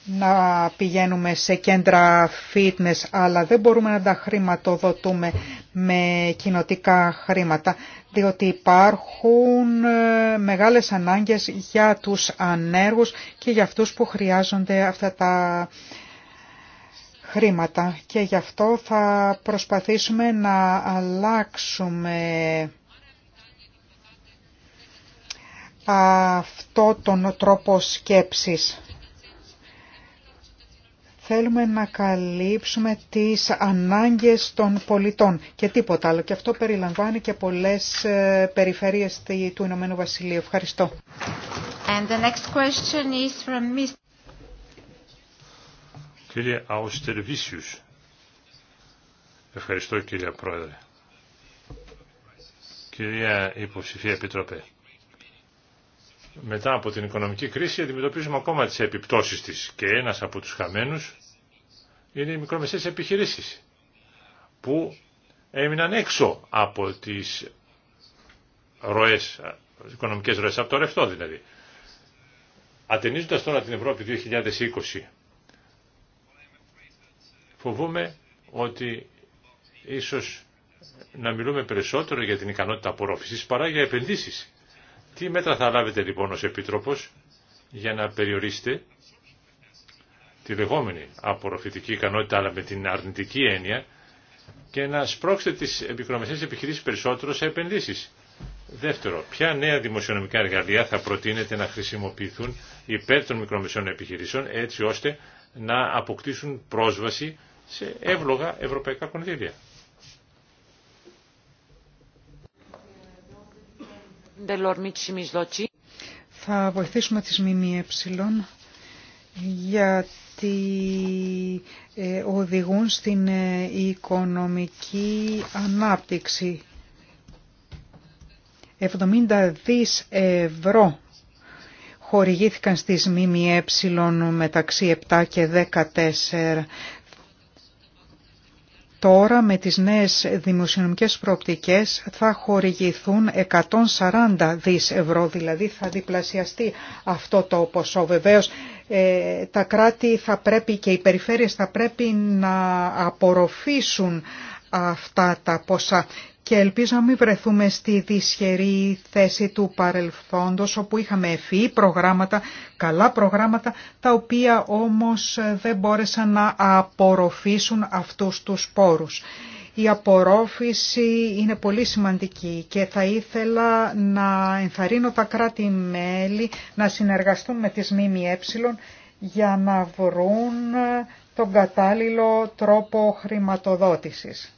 να πηγαίνουμε σε κέντρα fitness, αλλά δεν μπορούμε να τα χρηματοδοτούμε με κοινοτικά χρήματα, διότι υπάρχουν ε, μεγάλες ανάγκες για τους ανέργους και για αυτούς που χρειάζονται αυτά τα χρήματα. Και γι' αυτό θα προσπαθήσουμε να αλλάξουμε αυτό τον τρόπο σκέψης Θέλουμε να καλύψουμε τις ανάγκες των πολιτών και τίποτα άλλο. Και αυτό περιλαμβάνει και πολλές ε, περιφέρειες του Ηνωμένου Βασιλείου. Ευχαριστώ. And the next question is from Κύριε Αουστερβίσιους. Ευχαριστώ κύριε Πρόεδρε. Κυρία Υποψηφία Επιτροπέ μετά από την οικονομική κρίση αντιμετωπίζουμε ακόμα τις επιπτώσεις της και ένας από τους χαμένους είναι οι μικρομεσαίες επιχειρήσεις που έμειναν έξω από τις ροές, οικονομικές ροές, από το ρευτό δηλαδή. Ατενίζοντας τώρα την Ευρώπη 2020 φοβούμε ότι ίσως να μιλούμε περισσότερο για την ικανότητα απορρόφησης παρά για επενδύσεις τι μέτρα θα λάβετε λοιπόν ως Επίτροπος για να περιορίσετε τη λεγόμενη απορροφητική ικανότητα αλλά με την αρνητική έννοια και να σπρώξετε τις επικοινωνικές επιχειρήσεις περισσότερο σε επενδύσεις. Δεύτερο, ποια νέα δημοσιονομικά εργαλεία θα προτείνετε να χρησιμοποιηθούν υπέρ των μικρομεσαίων επιχειρήσεων έτσι ώστε να αποκτήσουν πρόσβαση σε εύλογα ευρωπαϊκά κονδύλια. Θα βοηθήσουμε τις ΜΜΕ γιατί ε, οδηγούν στην ε, οικονομική ανάπτυξη. 70 δις ευρώ χορηγήθηκαν στις ΜΜΕ μεταξύ 7 και 14 Τώρα με τις νέες δημοσιονομικές προοπτικές θα χορηγηθούν 140 δις ευρώ, δηλαδή θα διπλασιαστεί αυτό το ποσό. Βεβαίως ε, τα κράτη θα πρέπει και οι περιφέρειες θα πρέπει να απορροφήσουν αυτά τα ποσά και ελπίζω να μην βρεθούμε στη δυσχερή θέση του παρελθόντος όπου είχαμε ευφυή προγράμματα, καλά προγράμματα, τα οποία όμως δεν μπόρεσαν να απορροφήσουν αυτούς τους πόρους. Η απορρόφηση είναι πολύ σημαντική και θα ήθελα να ενθαρρύνω τα κράτη-μέλη να συνεργαστούν με τις ΜΜΕ για να βρουν τον κατάλληλο τρόπο χρηματοδότησης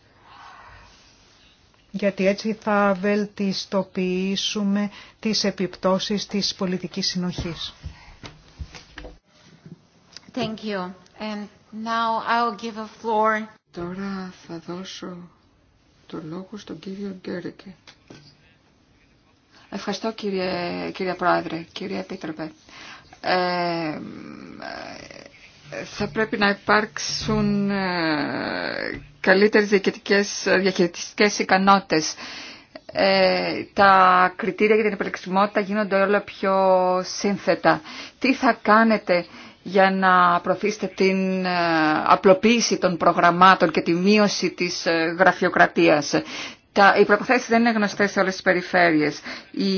γιατί έτσι θα βελτιστοποιήσουμε τις επιπτώσεις της πολιτικής συνοχής. Thank you. And now I'll give a floor. Τώρα θα δώσω το λόγο στον κύριο Γκέρικε. Ευχαριστώ κύριε, κύριε Πρόεδρε, κύριε Επίτροπε. Ε, θα πρέπει να υπάρξουν ε, καλύτερες διοικητικές, διαχειριστικές ικανότητες. Ε, τα κριτήρια για την επιλεξιμότητα γίνονται όλα πιο σύνθετα. Τι θα κάνετε για να προωθήσετε την ε, απλοποίηση των προγραμμάτων και τη μείωση της γραφειοκρατίας τα, οι προποθέσει δεν είναι γνωστέ σε όλε τι περιφέρειε. Η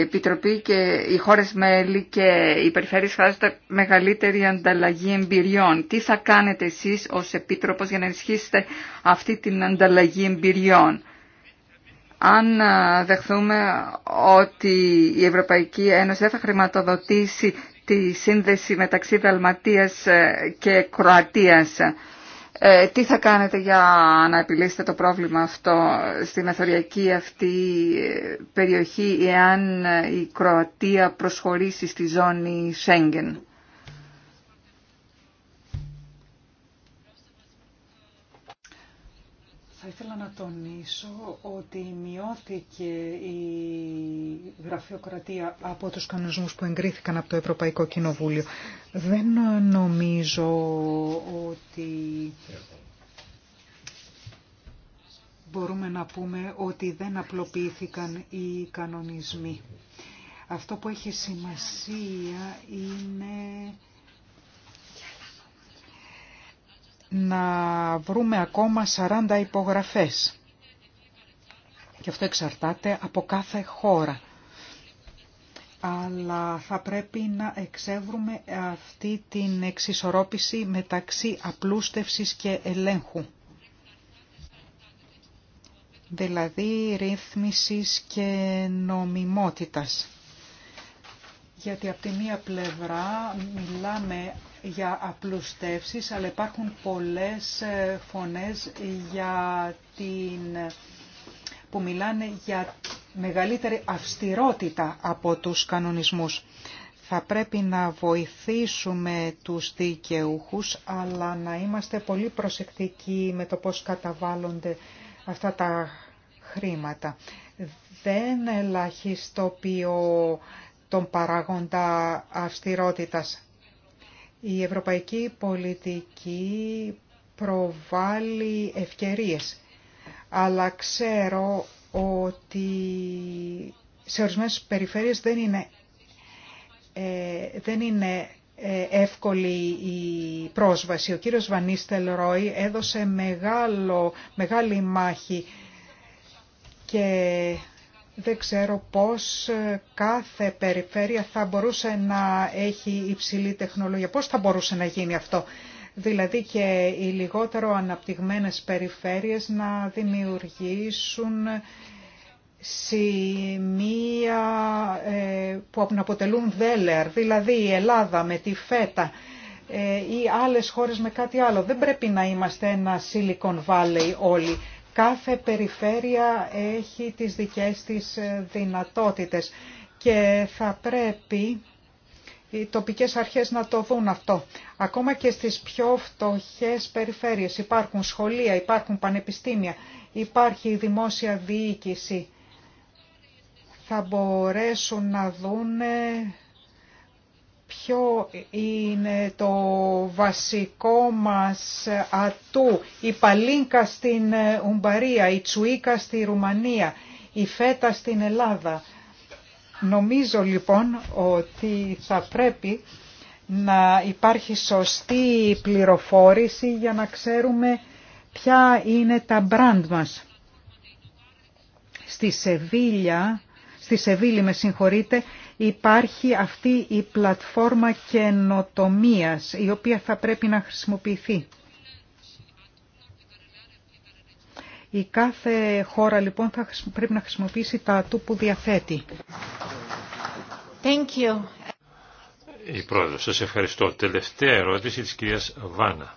Επιτροπή και οι χώρε μέλη και οι περιφέρειε χρειάζονται μεγαλύτερη ανταλλαγή εμπειριών. Τι θα κάνετε εσεί ω Επίτροπο για να ενισχύσετε αυτή την ανταλλαγή εμπειριών. Αν δεχθούμε ότι η Ευρωπαϊκή Ένωση δεν θα χρηματοδοτήσει τη σύνδεση μεταξύ Δαλματίας ε, και Κροατίας, ε, τι θα κάνετε για να επιλύσετε το πρόβλημα αυτό στη μεθοριακή αυτή ε, περιοχή εάν ε, η Κροατία προσχωρήσει στη ζώνη Σέγγεν. Θα ήθελα να τονίσω ότι μειώθηκε η γραφειοκρατία από τους κανονισμούς που εγκρίθηκαν από το Ευρωπαϊκό Κοινοβούλιο. Δεν νομίζω ότι μπορούμε να πούμε ότι δεν απλοποιήθηκαν οι κανονισμοί. Αυτό που έχει σημασία είναι να βρούμε ακόμα 40 υπογραφές. Και αυτό εξαρτάται από κάθε χώρα. Αλλά θα πρέπει να εξεύρουμε αυτή την εξισορρόπηση μεταξύ απλούστευσης και ελέγχου. Δηλαδή ρύθμισης και νομιμότητας. Γιατί από τη μία πλευρά μιλάμε για απλουστεύσεις, αλλά υπάρχουν πολλές ε, φωνές για την... που μιλάνε για μεγαλύτερη αυστηρότητα από τους κανονισμούς. Θα πρέπει να βοηθήσουμε τους δικαιούχους, αλλά να είμαστε πολύ προσεκτικοί με το πώς καταβάλλονται αυτά τα χρήματα. Δεν ελαχιστοποιώ τον παράγοντα αυστηρότητας η ευρωπαϊκή πολιτική προβάλλει ευκαιρίες, αλλά ξέρω ότι σε ορισμένες περιφέρειες δεν είναι, ε, δεν είναι ε, εύκολη η πρόσβαση. Ο κύριος Βανίστελ Ρόι έδωσε μεγάλο, μεγάλη μάχη και δεν ξέρω πώς ε, κάθε περιφέρεια θα μπορούσε να έχει υψηλή τεχνολογία. Πώς θα μπορούσε να γίνει αυτό. Δηλαδή και οι λιγότερο αναπτυγμένες περιφέρειες να δημιουργήσουν σημεία ε, που αποτελούν δέλεαρ. Δηλαδή η Ελλάδα με τη ΦΕΤΑ ε, ή άλλες χώρες με κάτι άλλο. Δεν πρέπει να είμαστε ένα Silicon Valley όλοι. Κάθε περιφέρεια έχει τις δικές της ε, δυνατότητες και θα πρέπει οι τοπικές αρχές να το δουν αυτό. Ακόμα και στις πιο φτωχές περιφέρειες υπάρχουν σχολεία, υπάρχουν πανεπιστήμια, υπάρχει δημόσια διοίκηση. Θα μπορέσουν να δούνε ποιο είναι το βασικό μας ατού. Η παλίνκα στην ε, Ουμπαρία, η τσουίκα στη Ρουμανία, η φέτα στην Ελλάδα. Νομίζω λοιπόν ότι θα πρέπει να υπάρχει σωστή πληροφόρηση για να ξέρουμε ποια είναι τα μπραντ μας. Στη Σεβίλια, στη Σεβίλη με συγχωρείτε, υπάρχει αυτή η πλατφόρμα καινοτομίας η οποία θα πρέπει να χρησιμοποιηθεί. Η κάθε χώρα λοιπόν θα πρέπει να χρησιμοποιήσει τα ατού που διαθέτει. Thank you. Η πρόεδρος, σας ευχαριστώ. Τελευταία ερώτηση της κυρίας Βάνα.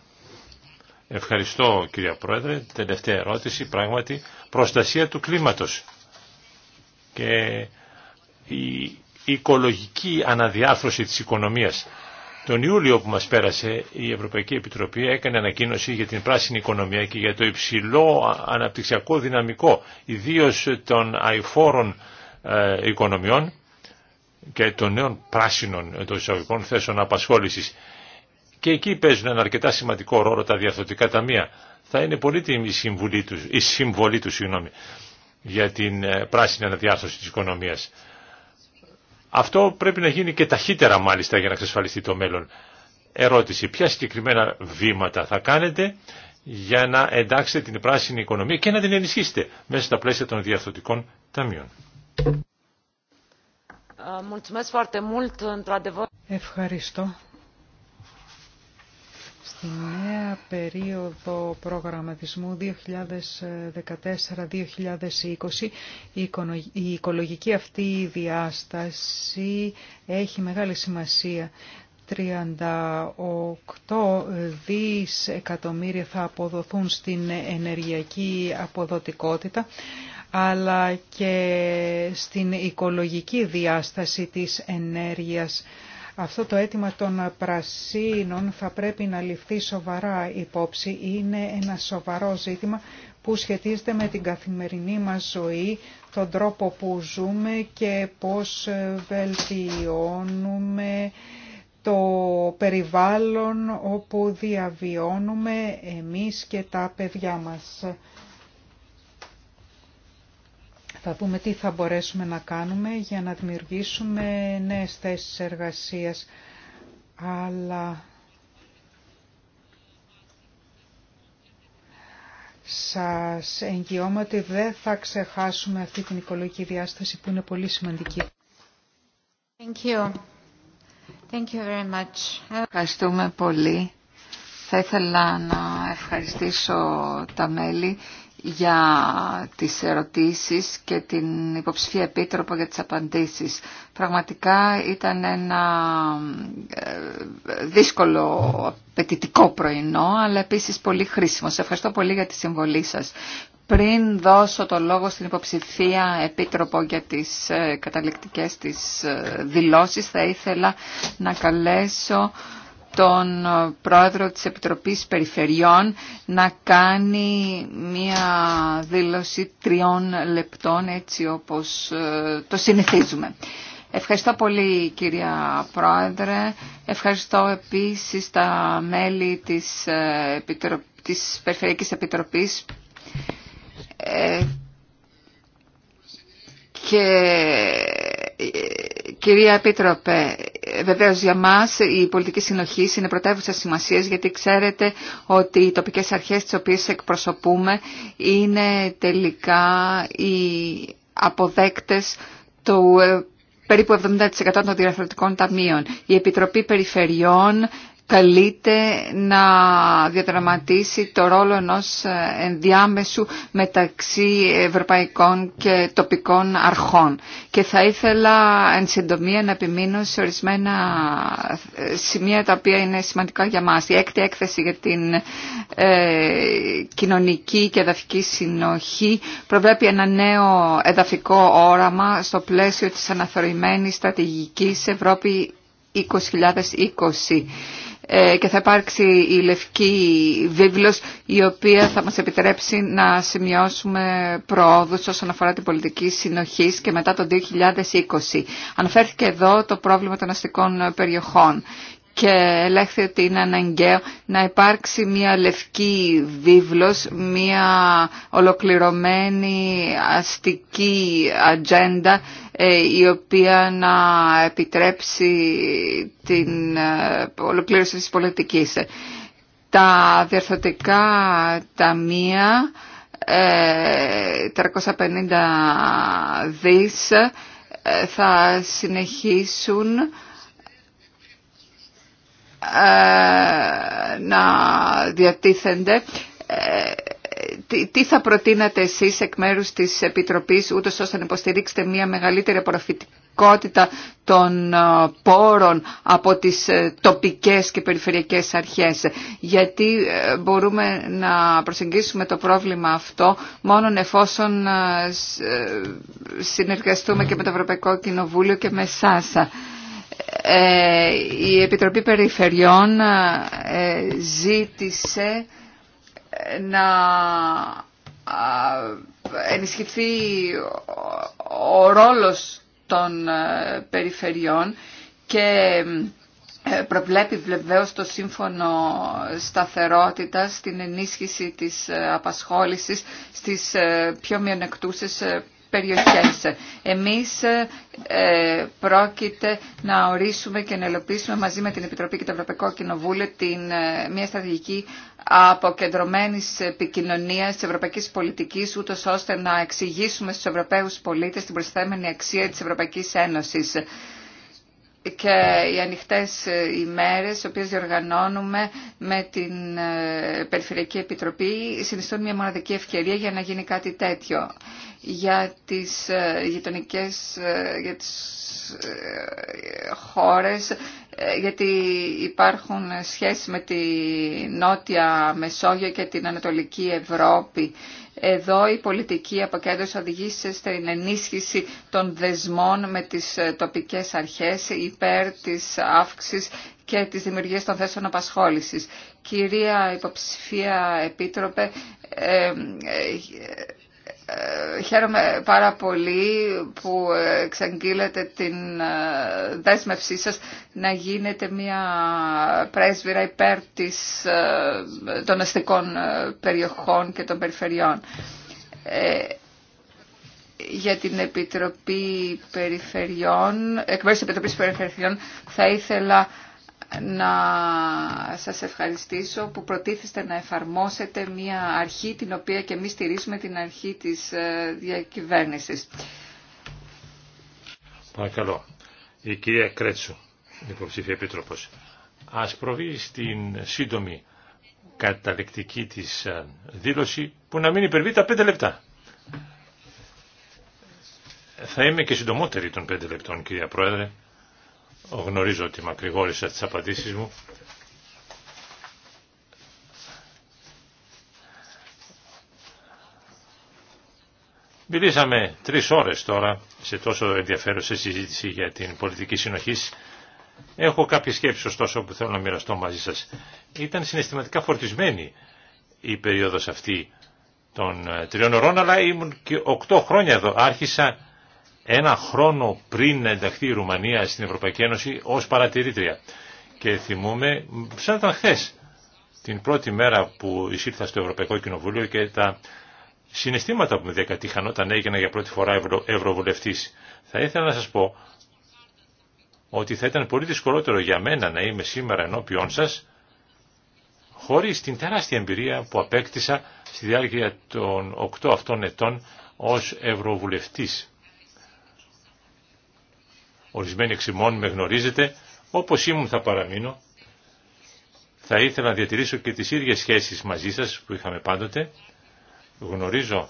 Ευχαριστώ κυρία Πρόεδρε. Τελευταία ερώτηση, πράγματι, προστασία του κλίματος και η οικολογική αναδιάρθρωση της οικονομίας. Τον Ιούλιο που μας πέρασε η Ευρωπαϊκή Επιτροπή έκανε ανακοίνωση για την πράσινη οικονομία και για το υψηλό αναπτυξιακό δυναμικό, ιδίως των αηφόρων ε, οικονομιών και των νέων πράσινων των εισαγωγικών θέσεων απασχόλησης. Και εκεί παίζουν ένα αρκετά σημαντικό ρόλο τα τα ταμεία. Θα είναι πολύτιμη η, συμβολή η συμβολή για την ε, πράσινη αναδιάρθρωση της οικονομίας. Αυτό πρέπει να γίνει και ταχύτερα μάλιστα για να εξασφαλιστεί το μέλλον. Ερώτηση, ποια συγκεκριμένα βήματα θα κάνετε για να εντάξετε την πράσινη οικονομία και να την ενισχύσετε μέσα στα πλαίσια των διαρθωτικών ταμείων. Ε, Ευχαριστώ. Στη νέα περίοδο προγραμματισμού 2014-2020 η οικολογική αυτή διάσταση έχει μεγάλη σημασία. 38 δις εκατομμύρια θα αποδοθούν στην ενεργειακή αποδοτικότητα αλλά και στην οικολογική διάσταση της ενέργειας αυτό το αίτημα των πρασίνων θα πρέπει να ληφθεί σοβαρά υπόψη. Είναι ένα σοβαρό ζήτημα που σχετίζεται με την καθημερινή μας ζωή, τον τρόπο που ζούμε και πώς βελτιώνουμε το περιβάλλον όπου διαβιώνουμε εμείς και τα παιδιά μας. Θα δούμε τι θα μπορέσουμε να κάνουμε για να δημιουργήσουμε νέες θέσεις εργασίας. Αλλά σας εγγυώμαι ότι δεν θα ξεχάσουμε αυτή την οικολογική διάσταση που είναι πολύ σημαντική. Ευχαριστούμε πολύ. Θα ήθελα να ευχαριστήσω τα μέλη για τις ερωτήσεις και την υποψηφία επίτροπο για τις απαντήσεις. Πραγματικά ήταν ένα ε, δύσκολο, απαιτητικό πρωινό, αλλά επίσης πολύ χρήσιμο. Σε ευχαριστώ πολύ για τη συμβολή σας. Πριν δώσω το λόγο στην υποψηφία επίτροπο για τις ε, καταληκτικές της ε, δηλώσεις, θα ήθελα να καλέσω τον ε, πρόεδρο της Επιτροπής Περιφερειών να κάνει μία δήλωση τριών λεπτών έτσι όπως ε, το συνηθίζουμε. Ευχαριστώ πολύ κυρία Πρόεδρε. Ευχαριστώ επίσης τα μέλη της, ε, Επιτροπ... της Περιφερειακής Επιτροπής και Κυρία Επίτροπε, βεβαίως για μας η πολιτική συνοχή είναι πρωτεύουσα σημασία γιατί ξέρετε ότι οι τοπικές αρχές τις οποίες εκπροσωπούμε είναι τελικά οι αποδέκτες του ε, περίπου 70% των διαφορετικών ταμείων. Η Επιτροπή Περιφερειών καλείται να διαδραματίσει το ρόλο ενός ενδιάμεσου μεταξύ ευρωπαϊκών και τοπικών αρχών. Και θα ήθελα εν συντομία να επιμείνω σε ορισμένα σημεία τα οποία είναι σημαντικά για μας. Η έκτη έκθεση για την ε, κοινωνική και εδαφική συνοχή προβλέπει ένα νέο εδαφικό όραμα στο πλαίσιο της αναθεωρημένης στρατηγικής Ευρώπη 2020 ε, και θα υπάρξει η λευκή βίβλος η οποία θα μας επιτρέψει να σημειώσουμε προόδους όσον αφορά την πολιτική συνοχής και μετά το 2020. Αναφέρθηκε εδώ το πρόβλημα των αστικών περιοχών και ελέγχθη ότι είναι αναγκαίο να υπάρξει μια λευκή βίβλος, μια ολοκληρωμένη αστική ατζέντα ε, η οποία να επιτρέψει την ε, ολοκλήρωση της πολιτικής. Τα διαρθωτικά ταμεία 350 ε, δις θα συνεχίσουν να διατίθενται τι θα προτείνατε εσείς εκ μέρους της Επιτροπής ούτως ώστε να υποστηρίξετε μια μεγαλύτερη απορροφητικότητα των ε, πόρων από τις ε, τοπικές και περιφερειακές αρχές γιατί ε, μπορούμε να προσεγγίσουμε το πρόβλημα αυτό μόνον εφόσον συνεργαστούμε και με το Ευρωπαϊκό Κοινοβούλιο και με ΣΑΣΑ. Η Επιτροπή Περιφερειών ζήτησε να ενισχυθεί ο ρόλος των ε, περιφερειών και ε, προβλέπει βεβαίως το σύμφωνο σταθερότητας την ενίσχυση της ε, απασχόλησης στις πιο μειονεκτούσες περιοχές. Εμείς ε, πρόκειται να ορίσουμε και να ελοπίσουμε μαζί με την Επιτροπή και το Ευρωπαϊκό Κοινοβούλιο την, ε, μια στρατηγική αποκεντρωμένη επικοινωνία τη Ευρωπαϊκή Πολιτική, ούτω ώστε να εξηγήσουμε στου Ευρωπαίου πολίτε την προσθέμενη αξία τη Ευρωπαϊκή Ένωση και οι ανοιχτές ε, ημέρες, οι οποίες διοργανώνουμε με την ε, Περιφερειακή Επιτροπή, συνιστούν μια μοναδική ευκαιρία για να γίνει κάτι τέτοιο. Για τις ε, γειτονικές, για τις χώρες, γιατί υπάρχουν σχέσεις με τη Νότια Μεσόγειο και την Ανατολική Ευρώπη εδώ η πολιτική αποκέντρωση οδηγήσε στην ενίσχυση των δεσμών με τις ε, τοπικές αρχές υπέρ της αύξησης και της δημιουργίας των θέσεων απασχόλησης. Κυρία υποψηφία Επίτροπε, ε, ε, ε, χαίρομαι πάρα πολύ που εξαγγείλετε την ε, δέσμευσή σας να γίνετε μια πρέσβυρα υπέρ της, ε, των αστικών περιοχών και των περιφερειών. για την Επιτροπή Περιφερειών, εκ μέρους της Επιτροπής Περιφερειών θα ήθελα να σας ευχαριστήσω που προτίθεστε να εφαρμόσετε μια αρχή την οποία και εμείς στηρίζουμε την αρχή της ε, διακυβέρνησης. Παρακαλώ. Η κυρία Κρέτσου, υποψήφια επίτροπος. Ας προβεί στην σύντομη καταληκτική της ε, δήλωση που να μην υπερβεί τα πέντε λεπτά. Θα είμαι και συντομότερη των πέντε λεπτών, κυρία Πρόεδρε. Γνωρίζω ότι μακρηγόρησα τις απαντήσεις μου. Μιλήσαμε τρεις ώρες τώρα σε τόσο ενδιαφέρουσα συζήτηση για την πολιτική συνοχή. Έχω κάποιες σκέψεις ωστόσο που θέλω να μοιραστώ μαζί σας. Ήταν συναισθηματικά φορτισμένη η περίοδος αυτή των ε, τριών ωρών, αλλά ήμουν και οκτώ χρόνια εδώ. Άρχισα ένα χρόνο πριν να ενταχθεί η Ρουμανία στην Ευρωπαϊκή Ένωση ως παρατηρήτρια. Και θυμούμε, σαν ήταν χθε, την πρώτη μέρα που εισήλθα στο Ευρωπαϊκό Κοινοβούλιο και τα συναισθήματα που με διακατήχαν όταν έγινα για πρώτη φορά ευρω, ευρωβουλευτής. Θα ήθελα να σας πω ότι θα ήταν πολύ δυσκολότερο για μένα να είμαι σήμερα ενώπιόν σας χωρίς την τεράστια εμπειρία που απέκτησα στη διάρκεια των 8 αυτών ετών ως ευρωβουλευτής. Ορισμένοι εξημών με γνωρίζετε. Όπως ήμουν θα παραμείνω. Θα ήθελα να διατηρήσω και τις ίδιες σχέσεις μαζί σας που είχαμε πάντοτε. Γνωρίζω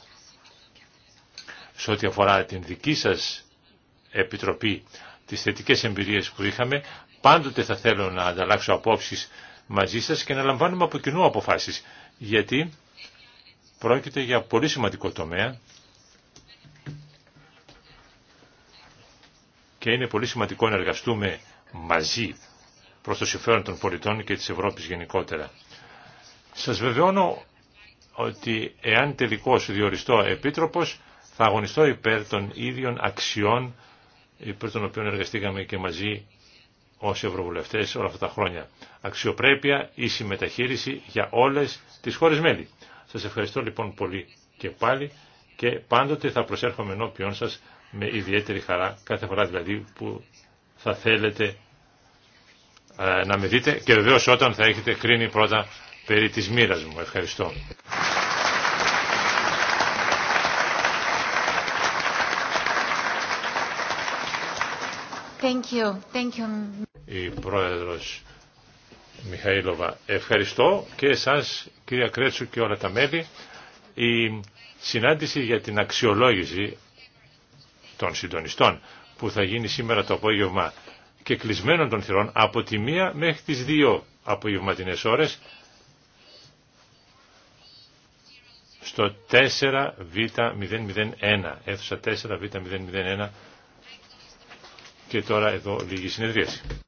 σε ό,τι αφορά την δική σας επιτροπή τις θετικές εμπειρίες που είχαμε. Πάντοτε θα θέλω να ανταλλάξω απόψεις μαζί σας και να λαμβάνουμε από κοινού αποφάσεις. Γιατί πρόκειται για πολύ σημαντικό τομέα και είναι πολύ σημαντικό να εργαστούμε μαζί προς το συμφέρον των πολιτών και της Ευρώπης γενικότερα. Σας βεβαιώνω ότι εάν τελικώς διοριστώ επίτροπος θα αγωνιστώ υπέρ των ίδιων αξιών υπέρ των οποίων εργαστήκαμε και μαζί ως Ευρωβουλευτές όλα αυτά τα χρόνια. Αξιοπρέπεια, ή μεταχείριση για όλες τις χώρες μέλη. Σας ευχαριστώ λοιπόν πολύ και πάλι και πάντοτε θα προσέρχομαι ενώπιον σας με ιδιαίτερη χαρά κάθε φορά δηλαδή που θα θέλετε ε, να με δείτε και βεβαίω όταν θα έχετε κρίνει πρώτα περί της μοίρας μου. Ευχαριστώ. Thank you. Thank Η Πρόεδρος Μιχαήλοβα, ευχαριστώ και εσάς κυρία Κρέτσου και όλα τα μέλη. Η συνάντηση για την αξιολόγηση των συντονιστών που θα γίνει σήμερα το απόγευμα και κλεισμένων των θυρών από τη μία μέχρι τις δύο απογευματινές ώρες στο 4Β001, αίθουσα 4Β001 και τώρα εδώ λίγη συνεδρίαση.